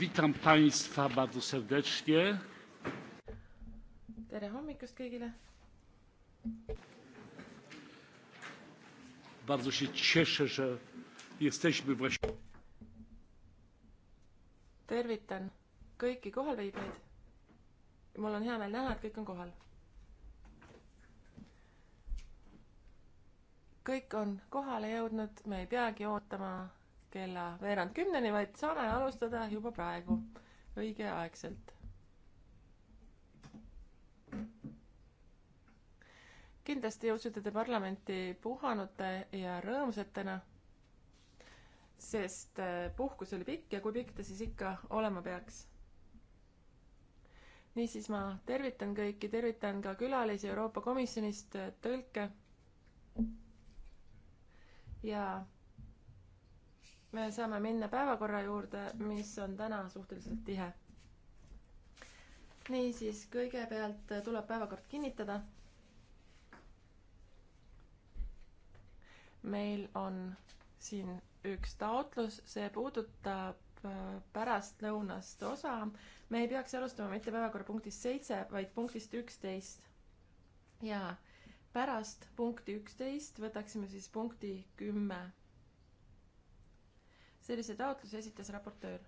witam państwa bardzo serdecznie. tere hommikust kõigile. Bardzo się cieszę, że jesteśmy właśnie. tervitan kõiki kohalviibijaid. mul on hea meel näha, et kõik on kohal. kõik on kohale jõudnud, me ei peagi ootama kella veerand kümneni, vaid saame alustada juba praegu, õigeaegselt. kindlasti jõudsite te parlamenti puhanute ja rõõmsatena, sest äh, puhkus oli pikk ja kui pikk ta siis ikka olema peaks niisiis ma tervitan kõiki, tervitan ka külalisi Euroopa Komisjonist, äh, tõlke. ja me saame minna päevakorra juurde, mis on täna suhteliselt tihe. niisiis, kõigepealt tuleb päevakord kinnitada. meil on siin üks taotlus, see puudutab äh, pärastlõunast osa. me ei peaks alustama mitte päevakorrapunktist seitse, vaid punktist üksteist. ja pärast punkti üksteist võtaksime siis punkti kümme sellise taotluse esitas raportöör.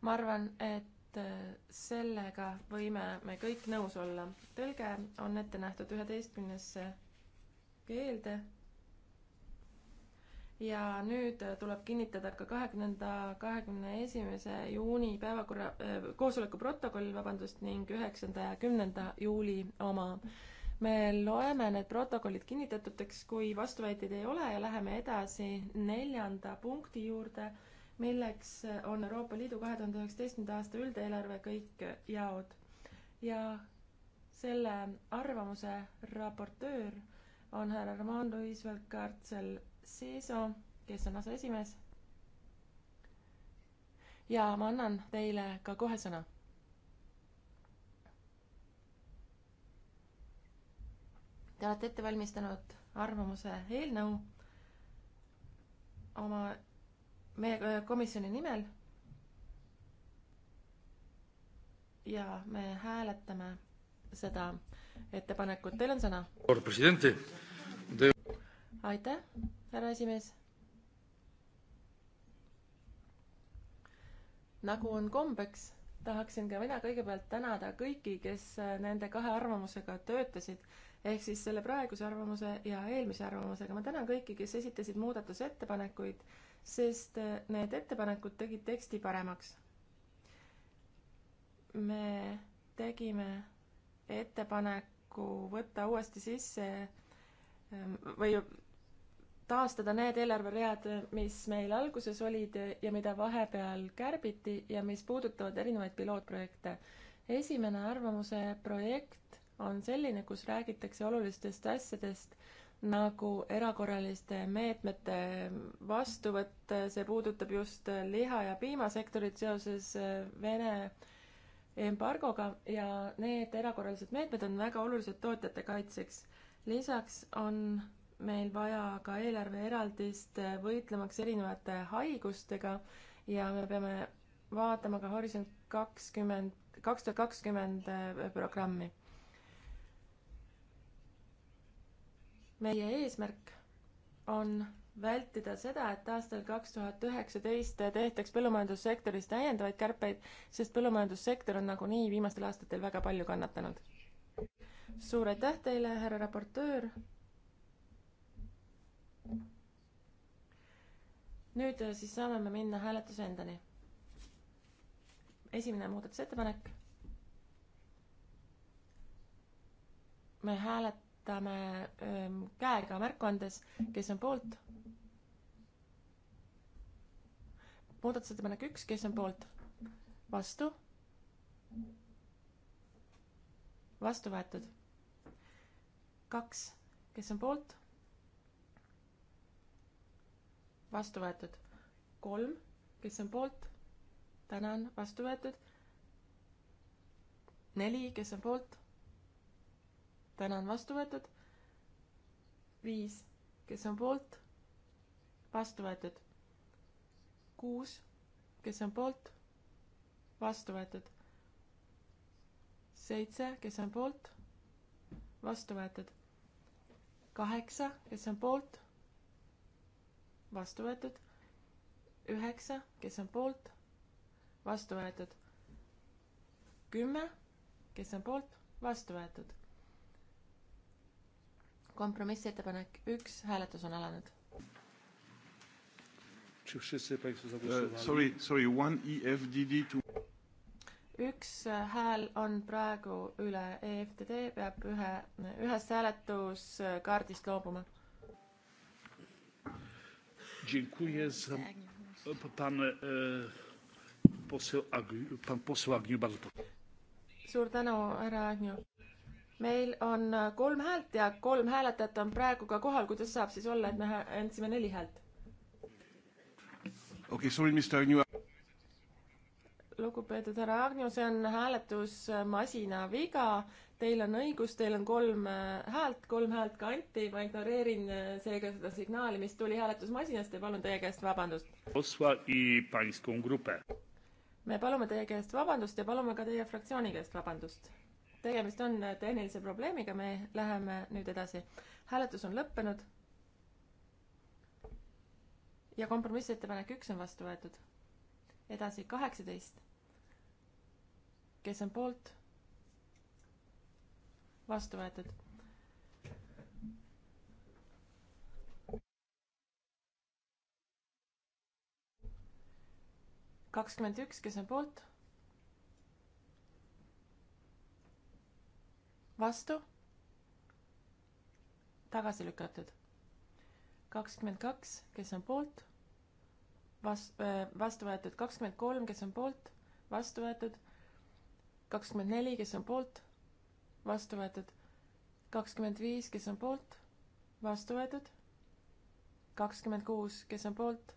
ma arvan, et äh, sellega võime me kõik nõus olla. tõlge on ette nähtud üheteistkümnesse keelde. ja nüüd äh, tuleb kinnitada ka kahekümnenda, kahekümne esimese juuni päevakorra äh,, koosoleku protokoll, vabandust, ning üheksanda ja kümnenda juuli oma me loeme need protokollid kinnitatuteks, kui vastuväiteid ei ole ja läheme edasi neljanda punkti juurde, milleks on Euroopa Liidu kahe tuhande üheksateistkümnenda aasta üldeelarve kõik jaod. ja selle arvamuse raportöör on härra Roman Luis Velkartsel Seeso, kes on aseesimees. ja ma annan teile ka kohe sõna Te olete ette valmistanud arvamuse eelnõu oma, meie komisjoni nimel. ja me hääletame seda ettepanekut, teil on sõna. aitäh, härra esimees. nagu on kombeks tahaksin ka mina kõigepealt tänada kõiki, kes nende kahe arvamusega töötasid ehk siis selle praeguse arvamuse ja eelmise arvamusega. ma tänan kõiki, kes esitasid muudatusettepanekuid, sest äh, need ettepanekud tegid teksti paremaks. me tegime ettepaneku võtta uuesti sisse ähm, või taastada need eelarveread, mis meil alguses olid ja mida vahepeal kärbiti ja mis puudutavad erinevaid pilootprojekte. esimene arvamuse projekt on selline, kus räägitakse olulistest asjadest nagu erakorraliste meetmete vastuvõtt, see puudutab just liha- ja piimasektorit seoses äh, Vene embargoga ja need erakorralised meetmed on väga olulised tootjate kaitseks. lisaks on meil vaja ka eelarveeraldist äh, võitlemaks erinevate haigustega ja me peame vaatama ka Horisont kakskümmend, kaks tuhat kakskümmend äh, programmi meie eesmärk on vältida seda, et aastal kaks tuhat üheksateist tehtaks põllumajandussektoris täiendavaid kärpeid, sest põllumajandussektor on nagunii viimastel aastatel väga palju kannatanud. suur aitäh teile, härra raportöör. nüüd siis saame me minna hääletuse endani. esimene muudatusettepanek. me hääletame hääletame ähm, käega märku andes, kes on poolt. muudatusettepanek üks, kes on poolt? vastu? vastu võetud. kaks, kes on poolt? vastu võetud. kolm, kes on poolt? tänan, vastu võetud. neli, kes on poolt? tänan, vastu võetud. viis, kes on poolt, vastu võetud. kuus, kes on poolt, vastu võetud. seitse, kes on poolt, vastu võetud. kaheksa, kes on poolt, vastu võetud. üheksa, kes on poolt, vastu võetud. kümme, kes on poolt, vastu võetud kompromissettepanek üks, hääletus on alanud. E, e üks hääl on praegu üle, EFTD peab ühe, ühest hääletuskaardist loobuma. Dziękuję za pan e, poseł Agniu, pan poseł Agniu bardzo. Suur tänu, härra Agniu meil on äh, kolm häält ja kolm hääletajat on praegu ka kohal, kuidas saab siis olla, et me andsime neli häält? okei okay,, sorry, Mr Agnew. lugupeetud härra Agnew, see on hääletusmasina viga. Teil on õigus, teil on kolm äh, häält, kolm häält ka anti, ma ignoreerin äh, seega seda signaali, mis tuli hääletusmasinast ja palun teie käest vabandust. me palume teie käest vabandust ja palume ka teie fraktsiooni käest vabandust tegemist on tehnilise probleemiga, me läheme nüüd edasi. hääletus on lõppenud. ja kompromissettepanek üks on vastu võetud. edasi kaheksateist. kes on poolt? vastu võetud. kakskümmend üks, kes on poolt vastu, tagasi lükatud. kakskümmend kaks, kes on poolt, vas-, äh, vastu võetud, kakskümmend kolm, kes on poolt, vastu võetud, kakskümmend neli, kes on poolt, vastu võetud, kakskümmend viis, kes on poolt, vastu võetud, kakskümmend kuus, kes on poolt,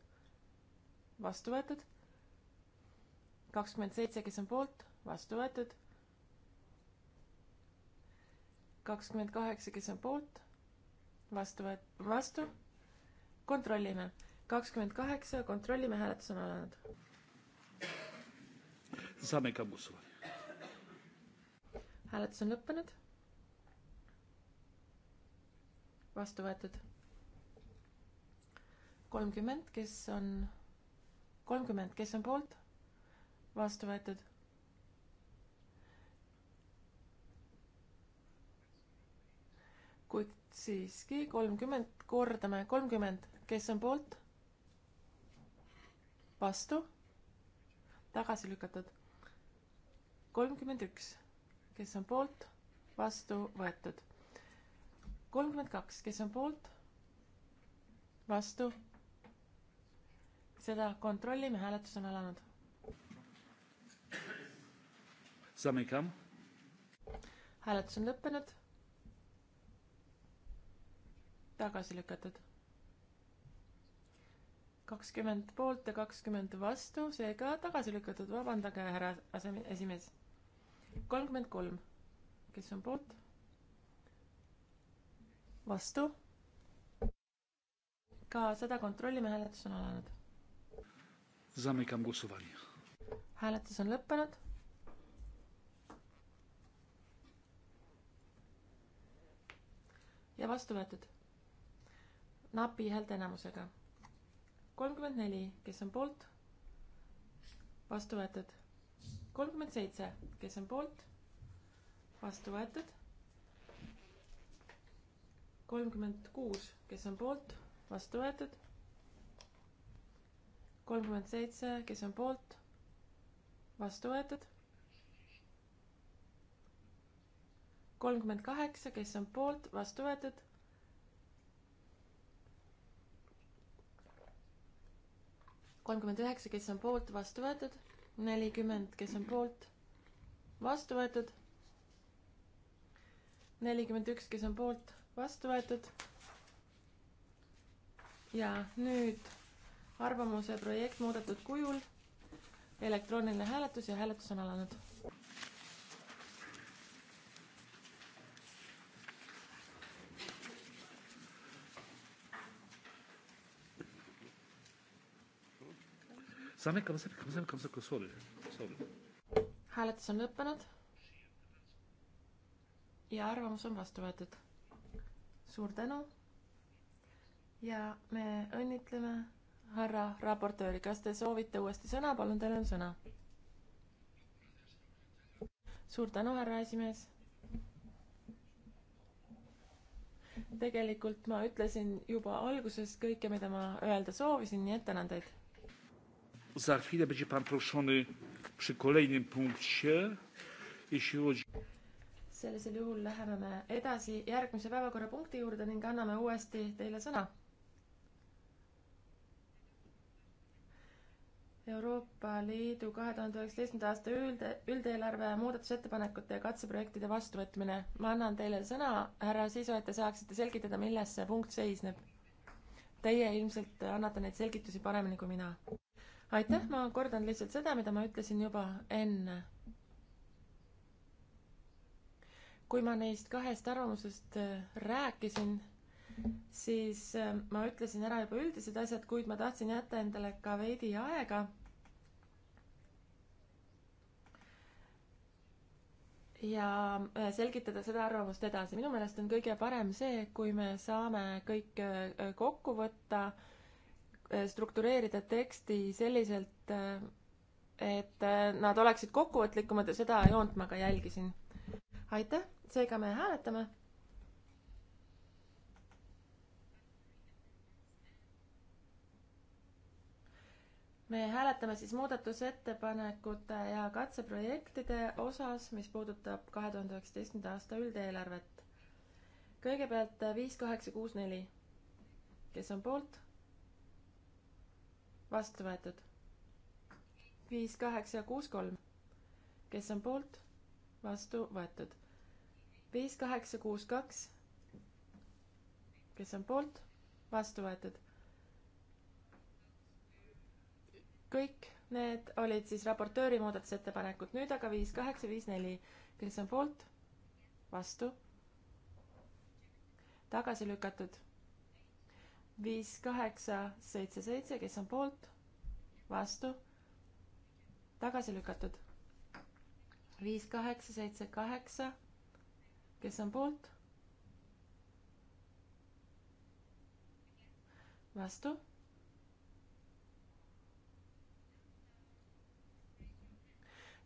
vastu võetud, kakskümmend seitse, kes on poolt, vastu võetud kakskümmend kaheksa, kes on poolt, vastu võet-, vastu, kontrollime. kakskümmend kaheksa, kontrollime, hääletus on alanud. saame ka musu. hääletus on lõppenud. vastu võetud. kolmkümmend, kes on, kolmkümmend, kes on poolt, vastu võetud siiski kolmkümmend, kordame, kolmkümmend, kes on poolt? vastu? tagasi lükatud. kolmkümmend üks, kes on poolt? vastu võetud. kolmkümmend kaks, kes on poolt? vastu? seda kontrollime, hääletus on alanud. hääletus on lõppenud tagasi lükatud. kakskümmend poolt ja kakskümmend vastu, seega tagasi lükatud, vabandage, härra asem-, esimees. kolmkümmend kolm, kes on poolt? vastu? ka seda kontrollime, hääletus on alanud. hääletus on lõppenud ja vastu võetud napi häälteenamusega. kolmkümmend neli, kes on poolt, vastu võetud. kolmkümmend seitse, kes on poolt, vastu võetud. kolmkümmend kuus, kes on poolt, vastu võetud. kolmkümmend seitse, kes on poolt, vastu võetud. kolmkümmend kaheksa, kes on poolt, vastu võetud kolmkümmend üheksa, kes on poolt, vastu võetud. nelikümmend, kes on poolt, vastu võetud. nelikümmend üks, kes on poolt, vastu võetud. ja nüüd arvamuse projekt muudetud kujul. elektrooniline hääletus ja hääletus on alanud Zamykam, zamykam, zamykam, zamykam, sorry, sorry. hääletus on lõppenud. ja arvamus on vastu võetud. suur tänu. ja me õnnitleme härra raportööri, kas te soovite uuesti sõna, palun, teil on sõna. suur tänu, härra esimees. tegelikult ma ütlesin juba alguses kõike, mida ma öelda soovisin, nii et tänan teid Za chwilę będzie pan proszony przy kolejnym punkcie, jeśli chodzi sellisel juhul läheme me edasi järgmise päevakorrapunkti juurde ning anname uuesti teile sõna. Euroopa Liidu kahe tuhande üheksateistkümnenda aasta ülde, üldeelarve muudatusettepanekute ja katseprojektide vastuvõtmine. ma annan teile sõna, härra Sisu, et te saaksite selgitada, milles see punkt seisneb. Teie ilmselt annate neid selgitusi paremini kui mina aitäh, ma kordan lihtsalt seda, mida ma ütlesin juba enne. kui ma neist kahest arvamusest äh, rääkisin, siis äh, ma ütlesin ära juba üldised asjad, kuid ma tahtsin jätta endale ka veidi aega ja äh, selgitada seda arvamust edasi. minu meelest on kõige parem see, kui me saame kõik kokku võtta äh, struktureerida teksti selliselt, äh, et äh, nad oleksid kokkuvõtlikumad ja seda joont ma ka jälgisin. aitäh, seega me hääletame. me hääletame siis muudatusettepanekute ja katseprojektide osas, mis puudutab kahe tuhande üheksateistkümnenda aasta üldeelarvet. kõigepealt viis, kaheksa, kuus, neli. kes on poolt? vastu võetud. viis, kaheksa ja kuus, kolm. kes on poolt? vastu võetud. viis, kaheksa, kuus, kaks. kes on poolt? vastu võetud. kõik need olid siis raportööri muudatusettepanekud, nüüd aga viis, kaheksa, viis, neli. kes on poolt? vastu? tagasi lükatud viis, kaheksa, seitse, seitse, kes on poolt, vastu, tagasi lükatud. viis, kaheksa, seitse, kaheksa, kes on poolt, vastu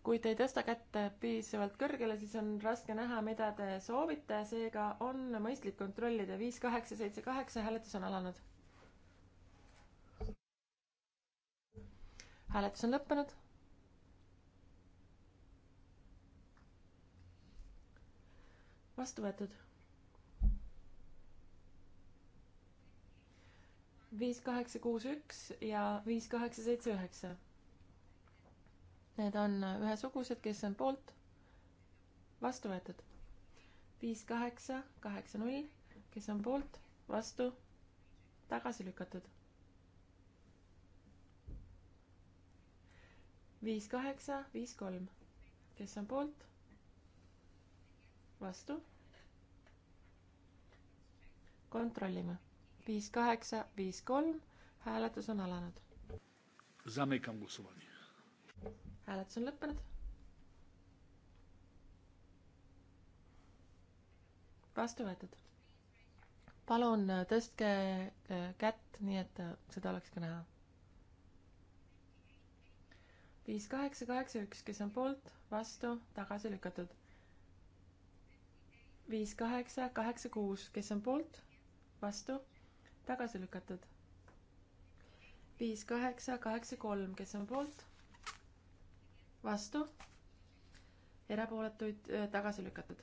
kui te ei tõsta kätt piisavalt kõrgele, siis on raske näha, mida te soovite, seega on mõistlik kontrollida. viis, kaheksa, seitse, kaheksa, hääletus on alanud. hääletus on lõppenud. vastu võetud. viis, kaheksa, kuus, üks ja viis, kaheksa, seitse, üheksa Need on ühesugused, kes on poolt, vastu võetud. viis, kaheksa, kaheksa, null, kes on poolt, vastu, tagasi lükatud. viis, kaheksa, viis, kolm, kes on poolt, vastu. kontrollime. viis, kaheksa, viis, kolm, hääletus on alanud. Zamykam głosowanie hääletus on lõppenud. vastu võetud. palun äh, tõstke äh, kätt, nii et äh, seda oleks ka näha. viis, kaheksa, kaheksa, üks, kes on poolt, vastu, tagasi lükatud. viis, kaheksa, kaheksa, kuus, kes on poolt, vastu, tagasi lükatud. viis, kaheksa, kaheksa, kolm, kes on poolt, vastu, erapooletuid tagasi lükatud.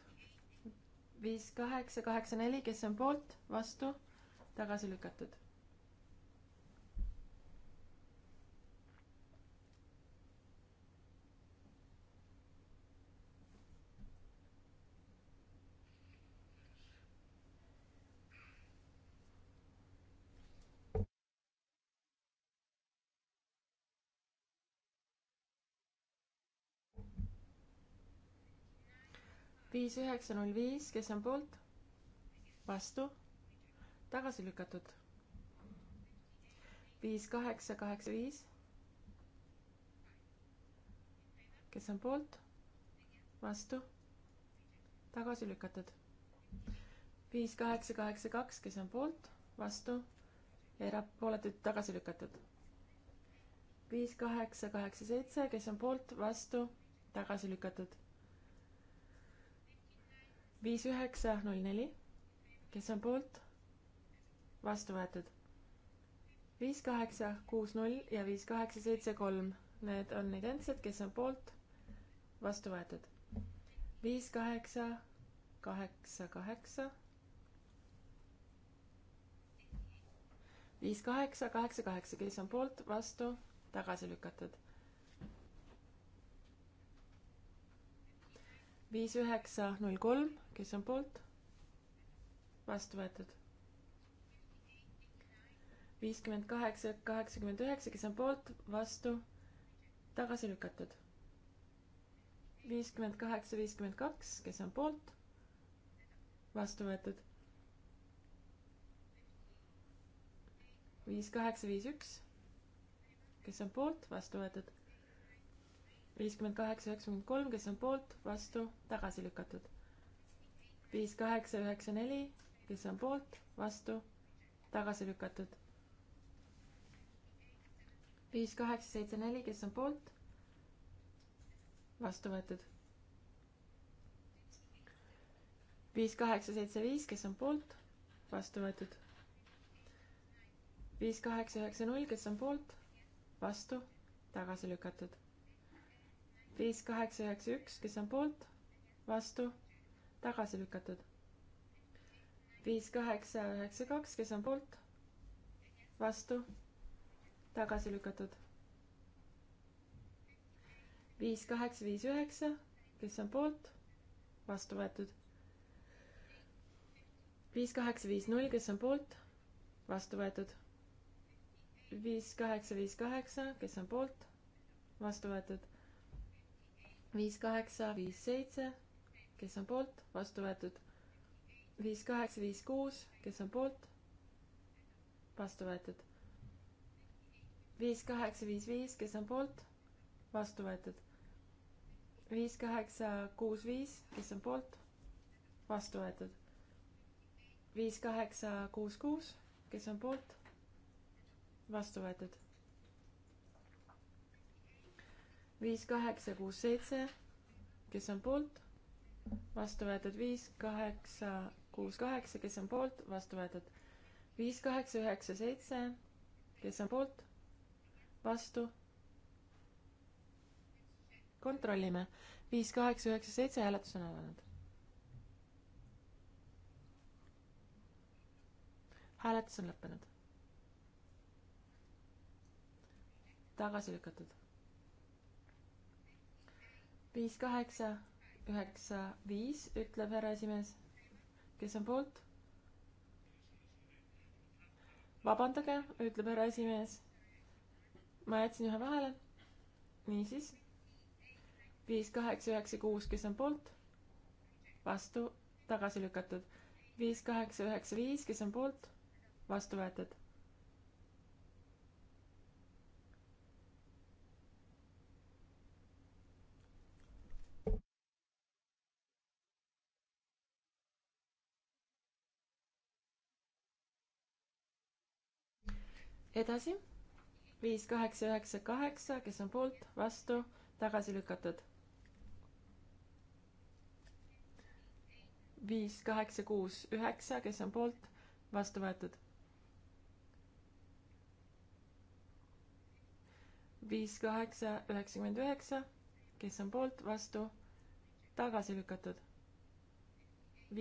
viis, kaheksa, kaheksa, neli, kes on poolt, vastu, tagasi lükatud viis üheksa null viis, kes on poolt? vastu? tagasi lükatud. viis kaheksa kaheksa viis. kes on poolt? vastu? tagasi lükatud. viis kaheksa kaheksa kaks, kes on poolt? vastu? erapooletuid tagasi lükatud. viis kaheksa kaheksa seitse, kes on poolt? vastu? tagasi lükatud viis üheksa null neli, kes on poolt, vastu võetud. viis kaheksa kuus null ja viis kaheksa seitse kolm, need on identsed, kes on poolt, vastu võetud. viis kaheksa kaheksa kaheksa. viis kaheksa kaheksa kaheksa, kes on poolt, vastu, tagasi lükatud viis üheksa null kolm, kes on poolt? vastu võetud. viiskümmend kaheksa, kaheksakümmend üheksa, kes on poolt, vastu, tagasi lükatud. viiskümmend kaheksa, viiskümmend kaks, kes on poolt, vastu võetud. viis kaheksa, viis üks, kes on poolt, vastu võetud viiskümmend kaheksa, üheksakümmend kolm, kes on poolt, vastu, tagasi lükatud. viis, kaheksa, üheksa, neli, kes on poolt, vastu, tagasi lükatud. viis, kaheksa, seitse, neli, kes on poolt, vastu võetud. viis, kaheksa, seitse, viis, kes on poolt, vastu võetud. viis, kaheksa, üheksa, null, kes on poolt, vastu, tagasi lükatud viis, kaheksa, üheksa, üks, kes on poolt, vastu, tagasi lükatud. viis, kaheksa, üheksa, kaks, kes on poolt, vastu, tagasi lükatud. viis, kaheksa, viis, üheksa, kes on poolt, vastu võetud. viis, kaheksa, viis, null, kes on poolt, vastu võetud. viis, kaheksa, viis, kaheksa, kes on poolt, vastu võetud viis, kaheksa, viis, seitse, kes on poolt, vastu võetud. viis, kaheksa, viis, kuus, kes on poolt, vastu võetud. viis, kaheksa, viis, viis, kes on poolt, vastu võetud. viis, kaheksa, kuus, viis, kes on poolt, vastu võetud. viis, kaheksa, kuus, kuus, kes on poolt, vastu võetud viis, kaheksa, kuus, seitse, kes on poolt, vastu võetud viis, kaheksa, kuus, kaheksa, kes on poolt, vastu võetud viis, kaheksa, üheksa, seitse, kes on poolt, vastu. kontrollime, viis, kaheksa, üheksa, seitse, hääletus on alanud. hääletus on lõppenud. tagasi lükatud viis, kaheksa, üheksa, viis, ütleb härra esimees. kes on poolt? vabandage, ütleb härra esimees. ma jätsin ühe vahele. niisiis. viis, kaheksa, üheksa, kuus, kes on poolt? vastu, tagasi lükatud. viis, kaheksa, üheksa, viis, kes on poolt? vastu võetud edasi, viis, kaheksa, üheksa, kaheksa, kes on poolt, vastu, tagasi lükatud. viis, kaheksa, kuus, üheksa, kes on poolt, vastu võetud. viis, kaheksa, üheksakümmend üheksa, kes on poolt, vastu, tagasi lükatud.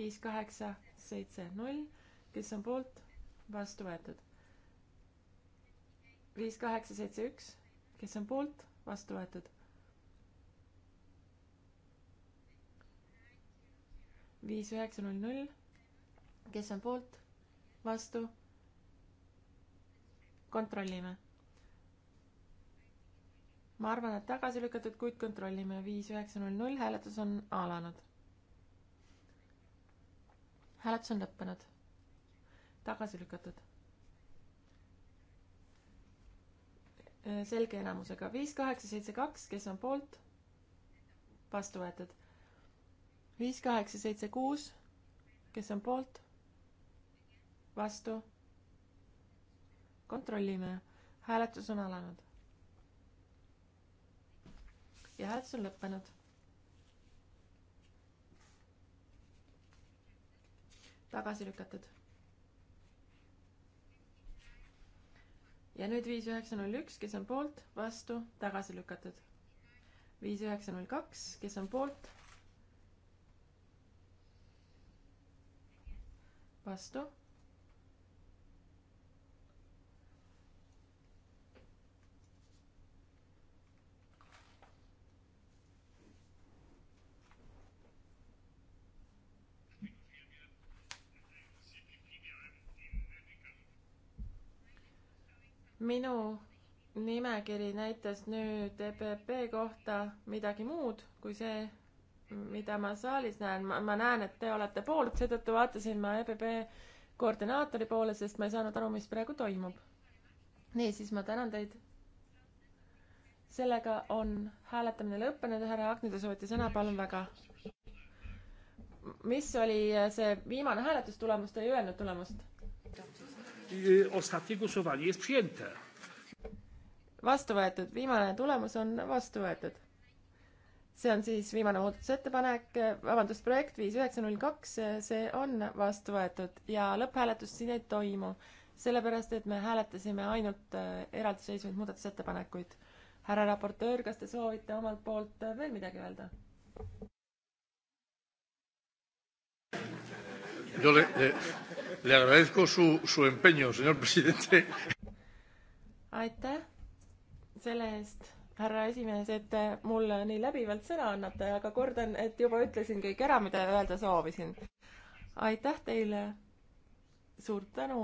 viis, kaheksa, seitse, null, kes on poolt, vastu võetud viis, kaheksa, seitse, üks, kes on poolt, vastu võetud. viis, üheksa, null, null, kes on poolt, vastu. kontrollime. ma arvan, et tagasi lükatud, kuid kontrollime. viis, üheksa, null, null, hääletus on alanud. hääletus on lõppenud. tagasi lükatud selge enamusega. viis, kaheksa, seitse, kaks, kes on poolt? vastu võetud. viis, kaheksa, seitse, kuus, kes on poolt? vastu. kontrollime. hääletus on alanud. ja hääletus on lõppenud. tagasi lükatud ja nüüd viis üheksa null üks, kes on poolt, vastu, tagasi lükatud. viis üheksa null kaks, kes on poolt, vastu minu nimekiri näitas nüüd EPP kohta midagi muud kui see, mida ma saalis näen. ma näen, et te olete poolt, seetõttu vaatasin ma EPP koordinaatori poole, sest ma ei saanud aru, mis praegu toimub. niisiis, ma tänan teid. sellega on hääletamine lõppenud, härra Agnide soovitas sõna, palun väga. mis oli see viimane hääletustulemus, te ei öelnud tulemust ostatnie głosowanie jest przyjęte. vastu võetud, viimane tulemus on vastu võetud. see on siis viimane muudatusettepanek, vabandust, projekt viis üheksa null kaks, see on vastu võetud ja lõpphääletust siin ei toimu, sellepärast et me hääletasime ainult äh, eraldiseisvaid muudatusettepanekuid. härra raportöör, kas te soovite omalt poolt veel midagi öelda? Yo le, le, eh, Le agradezco su, su empeño, señor presidente. aitäh selle eest, härra esimees, et te mulle nii läbivalt sõna annate, aga kordan, et juba ütlesin kõik ära, mida öelda soovisin. aitäh teile. suur tänu.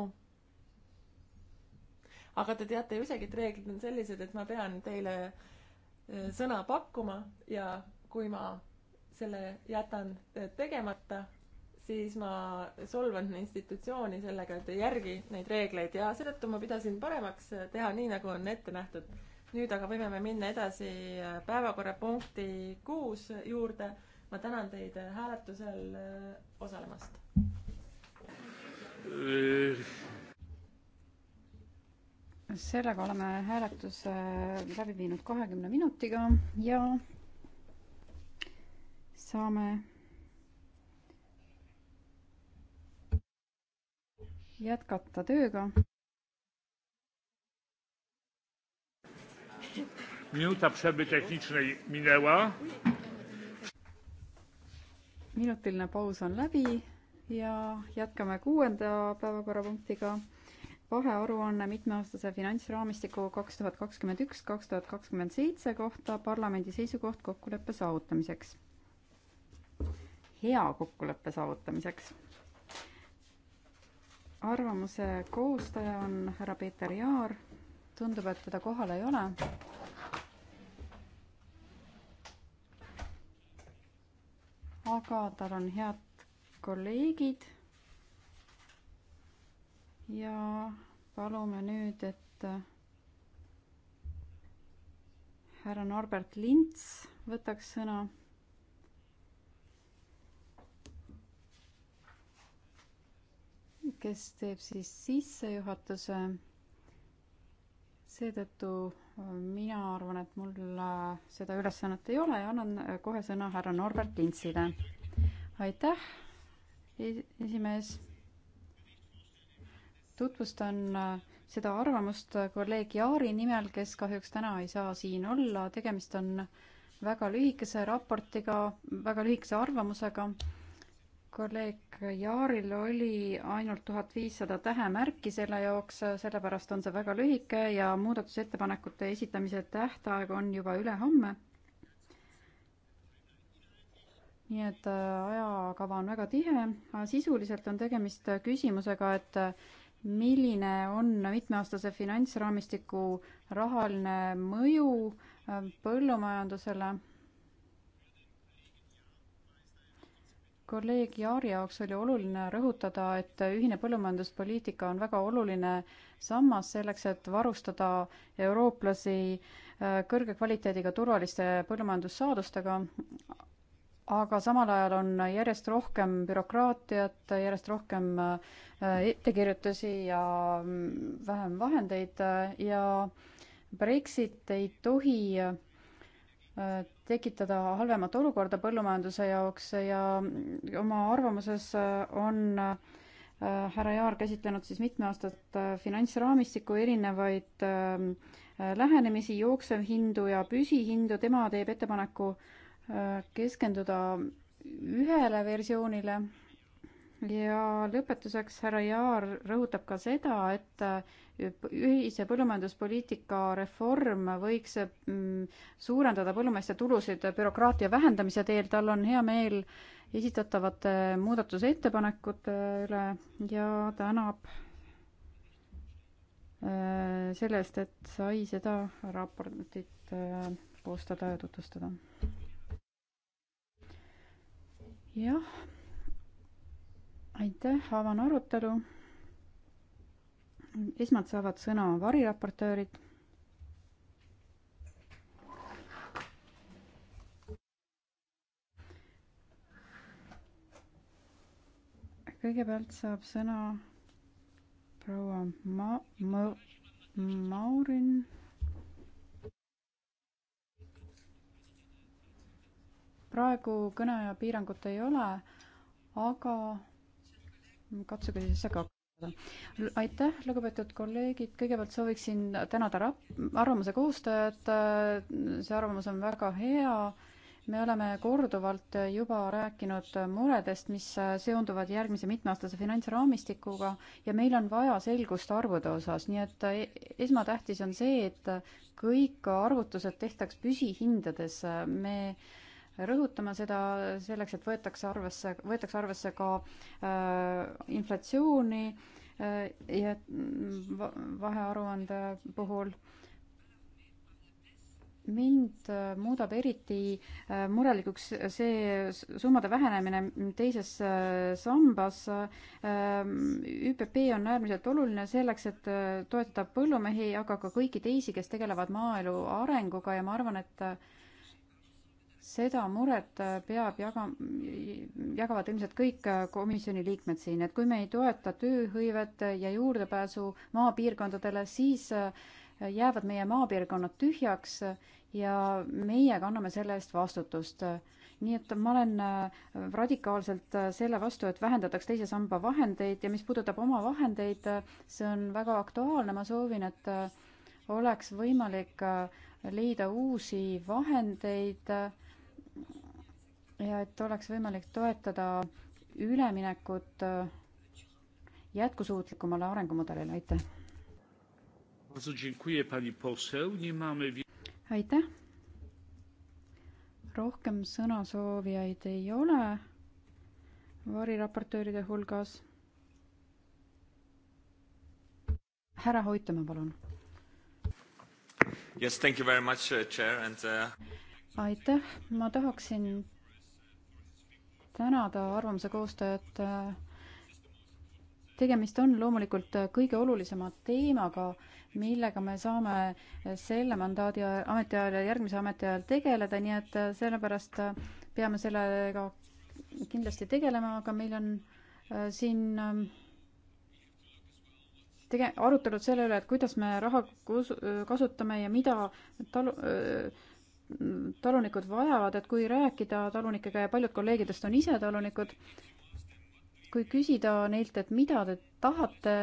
aga te teate ju isegi, et reeglid on sellised, et ma pean teile eh, sõna pakkuma ja kui ma selle jätan eh, tegemata siis ma solvan institutsiooni sellega, et ei järgi neid reegleid ja seetõttu ma pidasin paremaks teha nii, nagu on ette nähtud. nüüd aga võime me minna edasi päevakorrapunkti kuus juurde. ma tänan teid hääletusel äh, osalemast. sellega oleme hääletuse läbi viinud kahekümne minutiga ja saame jätkata tööga. minuta przerwy tehnicznej minęła. minutiline paus on läbi ja jätkame kuuenda päevakorrapunktiga. vahearuanne mitmeaastase finantsraamistiku kaks tuhat kakskümmend üks, kaks tuhat kakskümmend seitse kohta parlamendi seisukoht kokkuleppe saavutamiseks. hea kokkuleppe saavutamiseks arvamuse koostaja on härra Peeter Jaar. tundub, et teda kohal ei ole. aga tal on head kolleegid. ja palume nüüd, et härra Norbert Lints võtaks sõna kes teeb siis sissejuhatuse. seetõttu äh, mina arvan, et mul äh, seda ülesannet ei ole ja annan äh, kohe sõna härra Norbert Intsile. aitäh, esimees. tutvustan seda arvamust kolleeg Jaari nimel, kes kahjuks täna ei saa siin olla, tegemist on väga lühikese raportiga, väga lühikese arvamusega kolleeg Jaaril oli ainult tuhat viissada tähemärki selle jaoks, sellepärast on see väga lühike ja muudatusettepanekute esitamise tähtaeg on juba ülehomme. nii et äh, ajakava on väga tihe, sisuliselt on tegemist küsimusega, et äh, milline on mitmeaastase finantsraamistiku rahaline mõju äh, põllumajandusele kolleeg Jaari jaoks oli oluline rõhutada, et ühine põllumajanduspoliitika on väga oluline sammas selleks, et varustada eurooplasi äh, kõrge kvaliteediga turvaliste põllumajandussaadustega, aga samal ajal on järjest rohkem bürokraatiat, järjest rohkem äh, ettekirjutusi ja mm, vähem vahendeid äh, ja Brexit ei tohi tekitada halvemat olukorda põllumajanduse jaoks ja oma arvamuses äh, on äh, härra Jaar käsitlenud siis mitme aastat äh, finantsraamistiku erinevaid ähm, lähenemisi, jooksevhindu ja püsihindu, tema teeb ettepaneku keskenduda ühele versioonile ja lõpetuseks härra Jaar rõhutab ka seda, et äh, ühise põllumajanduspoliitika reform võiks mm, suurendada põllumeeste tulusid bürokraatia vähendamise teel, tal on hea meel esitatavate muudatusettepanekute üle ja tänab äh, selle eest, et sai seda raportit äh, koostada ja tutvustada. jah aitäh, avan arutelu. esmalt saavad sõna variraportöörid. kõigepealt saab sõna proua Ma-, Ma-, Maurin. praegu kõneaja piirangut ei ole, aga katsuge siis ise ka aitäh, lugupeetud kolleegid, kõigepealt sooviksin tänada rap-, arvamuse koostajat, see arvamus on väga hea, me oleme korduvalt juba rääkinud muredest, mis seonduvad järgmise mitmeaastase finantsraamistikuga ja meil on vaja selgust arvude osas, nii et e-, esmatähtis on see, et kõik arvutused tehtaks püsihindades, me äh, rõhutama seda selleks, et võetakse arvesse, võetakse arvesse ka äh, inflatsiooni äh, ja mm, vahearuande puhul mind äh, muudab eriti äh, murelikuks see summade vähenemine teises äh, sambas. Ähm, ÜPP on äärmiselt oluline selleks, et toetada põllumehi, aga ka kõiki teisi, kes tegelevad maaelu arenguga ja ma arvan, et seda muret äh, peab jaga-, jagavad ilmselt kõik äh, komisjoni liikmed siin, et kui me ei toeta tööhõivet ja juurdepääsu maapiirkondadele, siis äh, jäävad meie maapiirkonnad tühjaks ja meie kanname selle eest vastutust. nii et ma olen radikaalselt selle vastu, et vähendataks teise samba vahendeid ja mis puudutab oma vahendeid, see on väga aktuaalne, ma soovin, et oleks võimalik leida uusi vahendeid äh, ja et oleks võimalik toetada üleminekut äh, jätkusuutlikumale arengumudelile, aitäh! aitäh! rohkem sõnasoovijaid ei ole variraportööride hulgas. härra Hoitamaa, palun. Yes, thank you very much, uh, chair and uh.... aitäh, ma tahaksin tänada arvamuse koostajat. tegemist on loomulikult kõige olulisema teemaga, millega me saame selle mandaadi ametiajal ja järgmise ametiajal tegeleda, nii et sellepärast peame sellega kindlasti tegelema, aga meil on äh, siin ähm, tege-, arutelud selle üle, et kuidas me raha kus-, kasutame ja mida talu-, äh, talunikud vajavad, et kui rääkida talunikega ja paljud kolleegidest on ise talunikud, kui küsida neilt, et mida te tahate,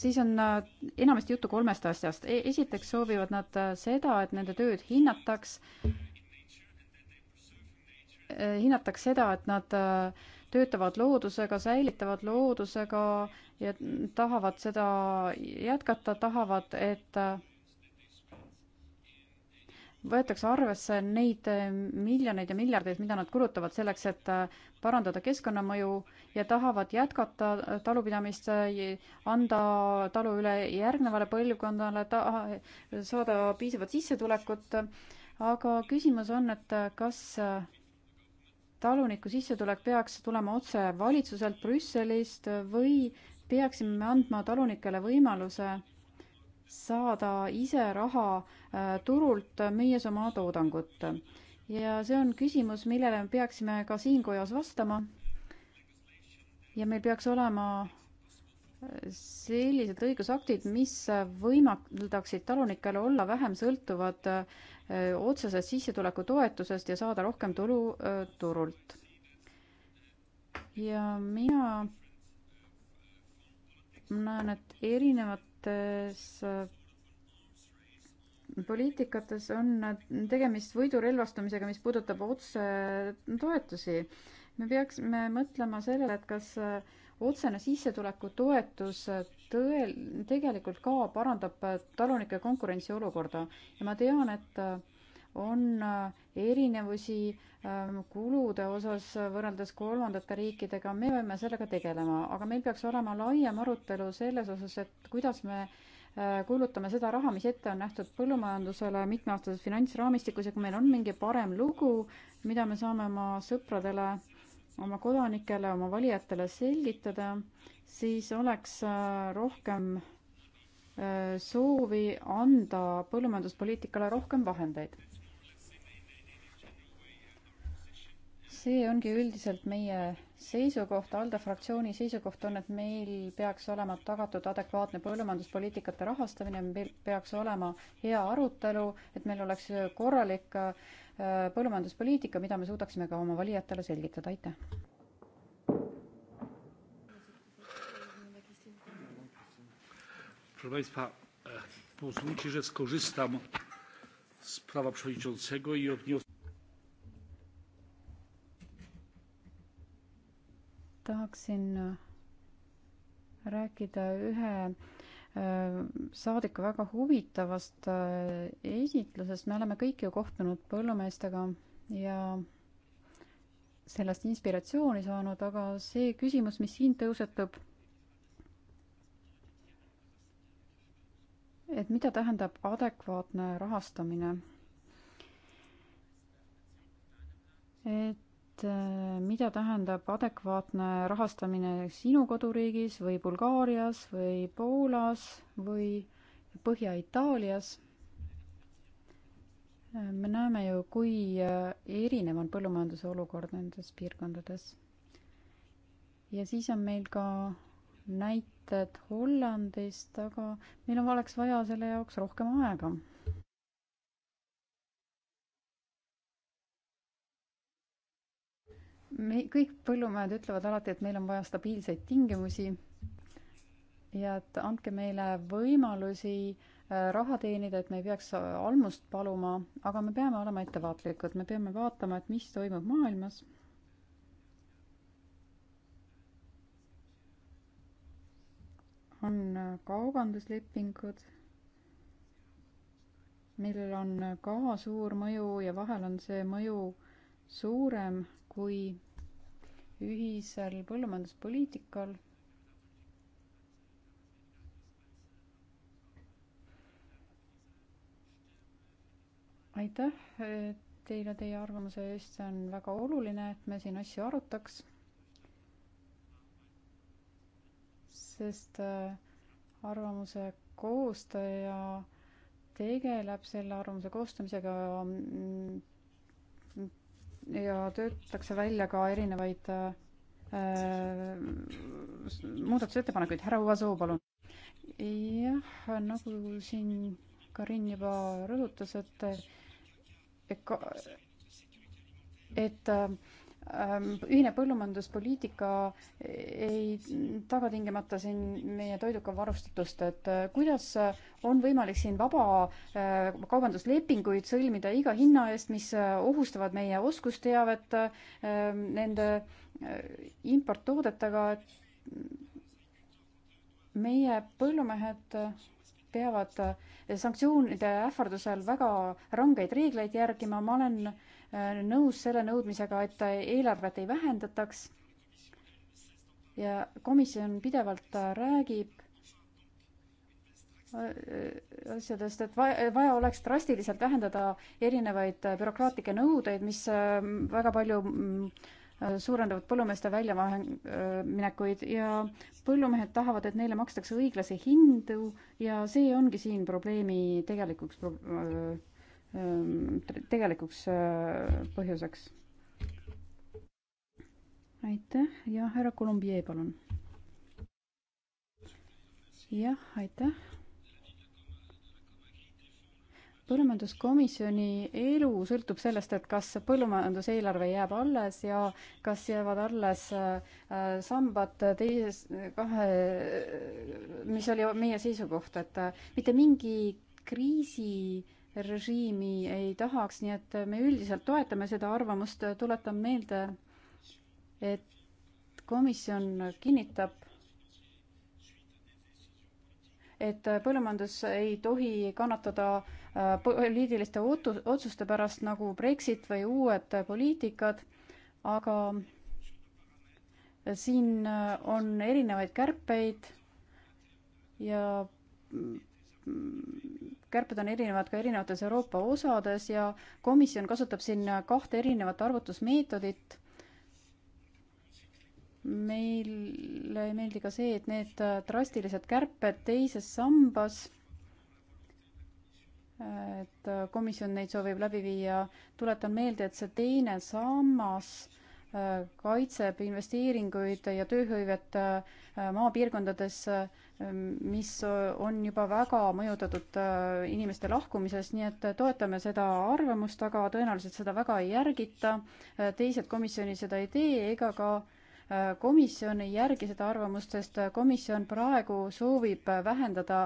siis on äh, enamasti juttu kolmest asjast. E, esiteks soovivad nad äh, seda, et nende tööd hinnataks, äh, hinnataks seda, et nad töötavad loodusega, säilitavad loodusega ja tahavad seda jätkata, tahavad, et võetakse arvesse neid äh, miljoneid ja miljardeid, mida nad kulutavad selleks, et äh, parandada keskkonnamõju ja tahavad jätkata äh, talupidamist, anda talu üle järgnevale põlvkonnale, taha, saada piisavat sissetulekut. aga küsimus on, et kas taluniku sissetulek peaks tulema otse valitsuselt Brüsselist või peaksime andma talunikele võimaluse saada ise raha äh, turult, müües oma toodangut. ja see on küsimus, millele me peaksime ka siin kojas vastama. ja meil peaks olema äh, sellised õigusaktid, mis võimaldaksid talunikele olla vähem sõltuvad äh, otsesest sissetulekutoetusest ja saada rohkem tulu öö, turult. ja mina näen, et erinevad erinevates äh, poliitikates on tegemist võidurelvastumisega, mis puudutab otsetoetusi. me peaksime mõtlema sellele, et kas äh, otsene sissetulekutoetus äh, tõel-, tegelikult ka parandab talunike konkurentsiolukorda ja ma tean, et on äh, erinevusi ähm, kulude osas võrreldes kolmandate riikidega, me peame sellega tegelema, aga meil peaks olema laiem arutelu selles osas, et kuidas me äh, kulutame seda raha, mis ette on nähtud põllumajandusele mitmeaastases finantsraamistikus ja kui meil on mingi parem lugu, mida me saame oma sõpradele, oma kodanikele, oma valijatele selgitada, siis oleks äh, rohkem soovi anda põllumajanduspoliitikale rohkem vahendeid see ongi üldiselt meie seisukoht, ALDE fraktsiooni seisukoht on, et meil peaks olema tagatud adekvaatne põllumajanduspoliitikate rahastamine, meil peaks olema hea arutelu, et meil oleks korralik äh, põllumajanduspoliitika, mida me suudaksime ka oma valijatele selgitada, aitäh. Proszę Państwa, e, pozwólcie, że skorzystam z prawa przewodniczącego i odniosę. tahaksin äh, rääkida ühe äh, saadiku väga huvitavast äh, esitlusest, me oleme kõik ju kohtunud põllumeestega ja sellest inspiratsiooni saanud, aga see küsimus, mis siin tõusetub, et mida tähendab adekvaatne rahastamine? et et äh, mida tähendab adekvaatne rahastamine sinu koduriigis või Bulgaarias või Poolas või Põhja-Itaalias. Äh, me näeme ju, kui äh, erinev on põllumajanduse olukord nendes piirkondades. ja siis on meil ka näited Hollandist, aga meil on, oleks vaja selle jaoks rohkem aega me, kõik põllumehed ütlevad alati, et meil on vaja stabiilseid tingimusi ja et andke meile võimalusi äh, raha teenida, et me ei peaks äh, almust paluma, aga me peame olema ettevaatlikud, me peame vaatama, et mis toimub maailmas. on äh, kaubanduslepingud, millel on ka suur mõju ja vahel on see mõju suurem kui ühisel põllumajanduspoliitikal. aitäh eh, teile teie arvamuse eest, see on väga oluline, et me siin asju arutaks. sest eh, arvamuse koostaja tegeleb selle arvamuse koostamisega mm, ja töötatakse välja ka erinevaid äh, muudatusettepanekuid. härra Uasoo, palun. jah, nagu siin Karin juba rõhutas, et et ka, et äh, Ähm, ühine põllumajanduspoliitika ei taga tingimata siin meie toiduga varustatust, et äh, kuidas äh, on võimalik siin vaba äh, kaubanduslepinguid sõlmida iga hinna eest, mis ohustavad meie oskusteavet nende importtoodetega, et meie põllumehed peavad sanktsioonide ähvardusel väga rangeid reegleid järgima, ma olen äh, Äh, nõus selle nõudmisega, et eelarvet ei vähendataks. ja komisjon pidevalt äh, räägib äh, asjadest, et vaja oleks drastiliselt vähendada erinevaid bürokraatlikke nõudeid, mis väga palju mm, suurendavad põllumeeste väljaminekuid ja põllumehed tahavad, et neile makstakse õiglasi hindu ja see ongi siin probleemi tegelikuks pro Ehm, tegelikuks äh, põhjuseks. aitäh ja härra Colombier, palun. jah, aitäh. põllumajanduskomisjoni elu sõltub sellest, et kas põllumajanduseelarve jääb alles ja kas jäävad alles äh, sambad teises, kahe, mis oli meie seisukoht, et mitte mingi kriisi režiimi ei tahaks, nii et me üldiselt toetame seda arvamust, tuletan meelde, et komisjon kinnitab, et põllumajandus ei tohi kannatada äh, poliitiliste otu-, otsuste pärast nagu Brexit või uued poliitikad, aga siin äh, on erinevaid kärpeid ja mm, kärped on erinevad ka erinevates Euroopa osades ja komisjon kasutab siin kahte erinevat arvutusmeetodit. meile ei meeldi ka see, et need drastilised kärped teises sambas, et komisjon neid soovib läbi viia, tuletan meelde, et see teine sammas äh, kaitseb investeeringuid ja tööhõivet äh, maapiirkondades äh, Ähm, mis äh, on juba väga mõjutatud äh, inimeste lahkumisest, nii et äh, toetame seda arvamust, aga tõenäoliselt seda väga ei järgita. teised komisjoni seda ei tee ega ka komisjon ei järgi seda arvamust, sest komisjon praegu soovib vähendada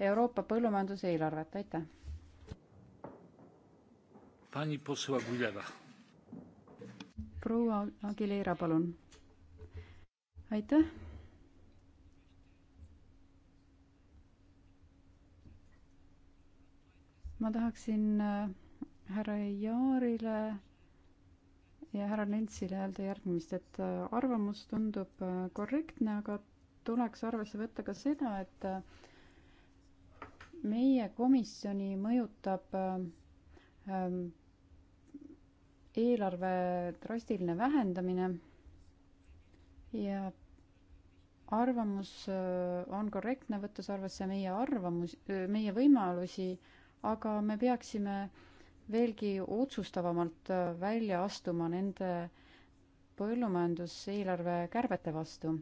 Euroopa põllumajanduse eelarvet, aitäh. proua Aguilera, palun. aitäh ma tahaksin äh, härra Jaarile ja härra Lentsile öelda järgmist, et äh, arvamus tundub äh, korrektne, aga tuleks arvesse võtta ka seda, et meie komisjoni mõjutab ähm, eelarve drastiline vähendamine ja arvamus on korrektne, võttes arvesse meie arvamus, meie võimalusi aga me peaksime veelgi otsustavamalt äh, välja astuma nende põllumajanduseelarve kärbete vastu.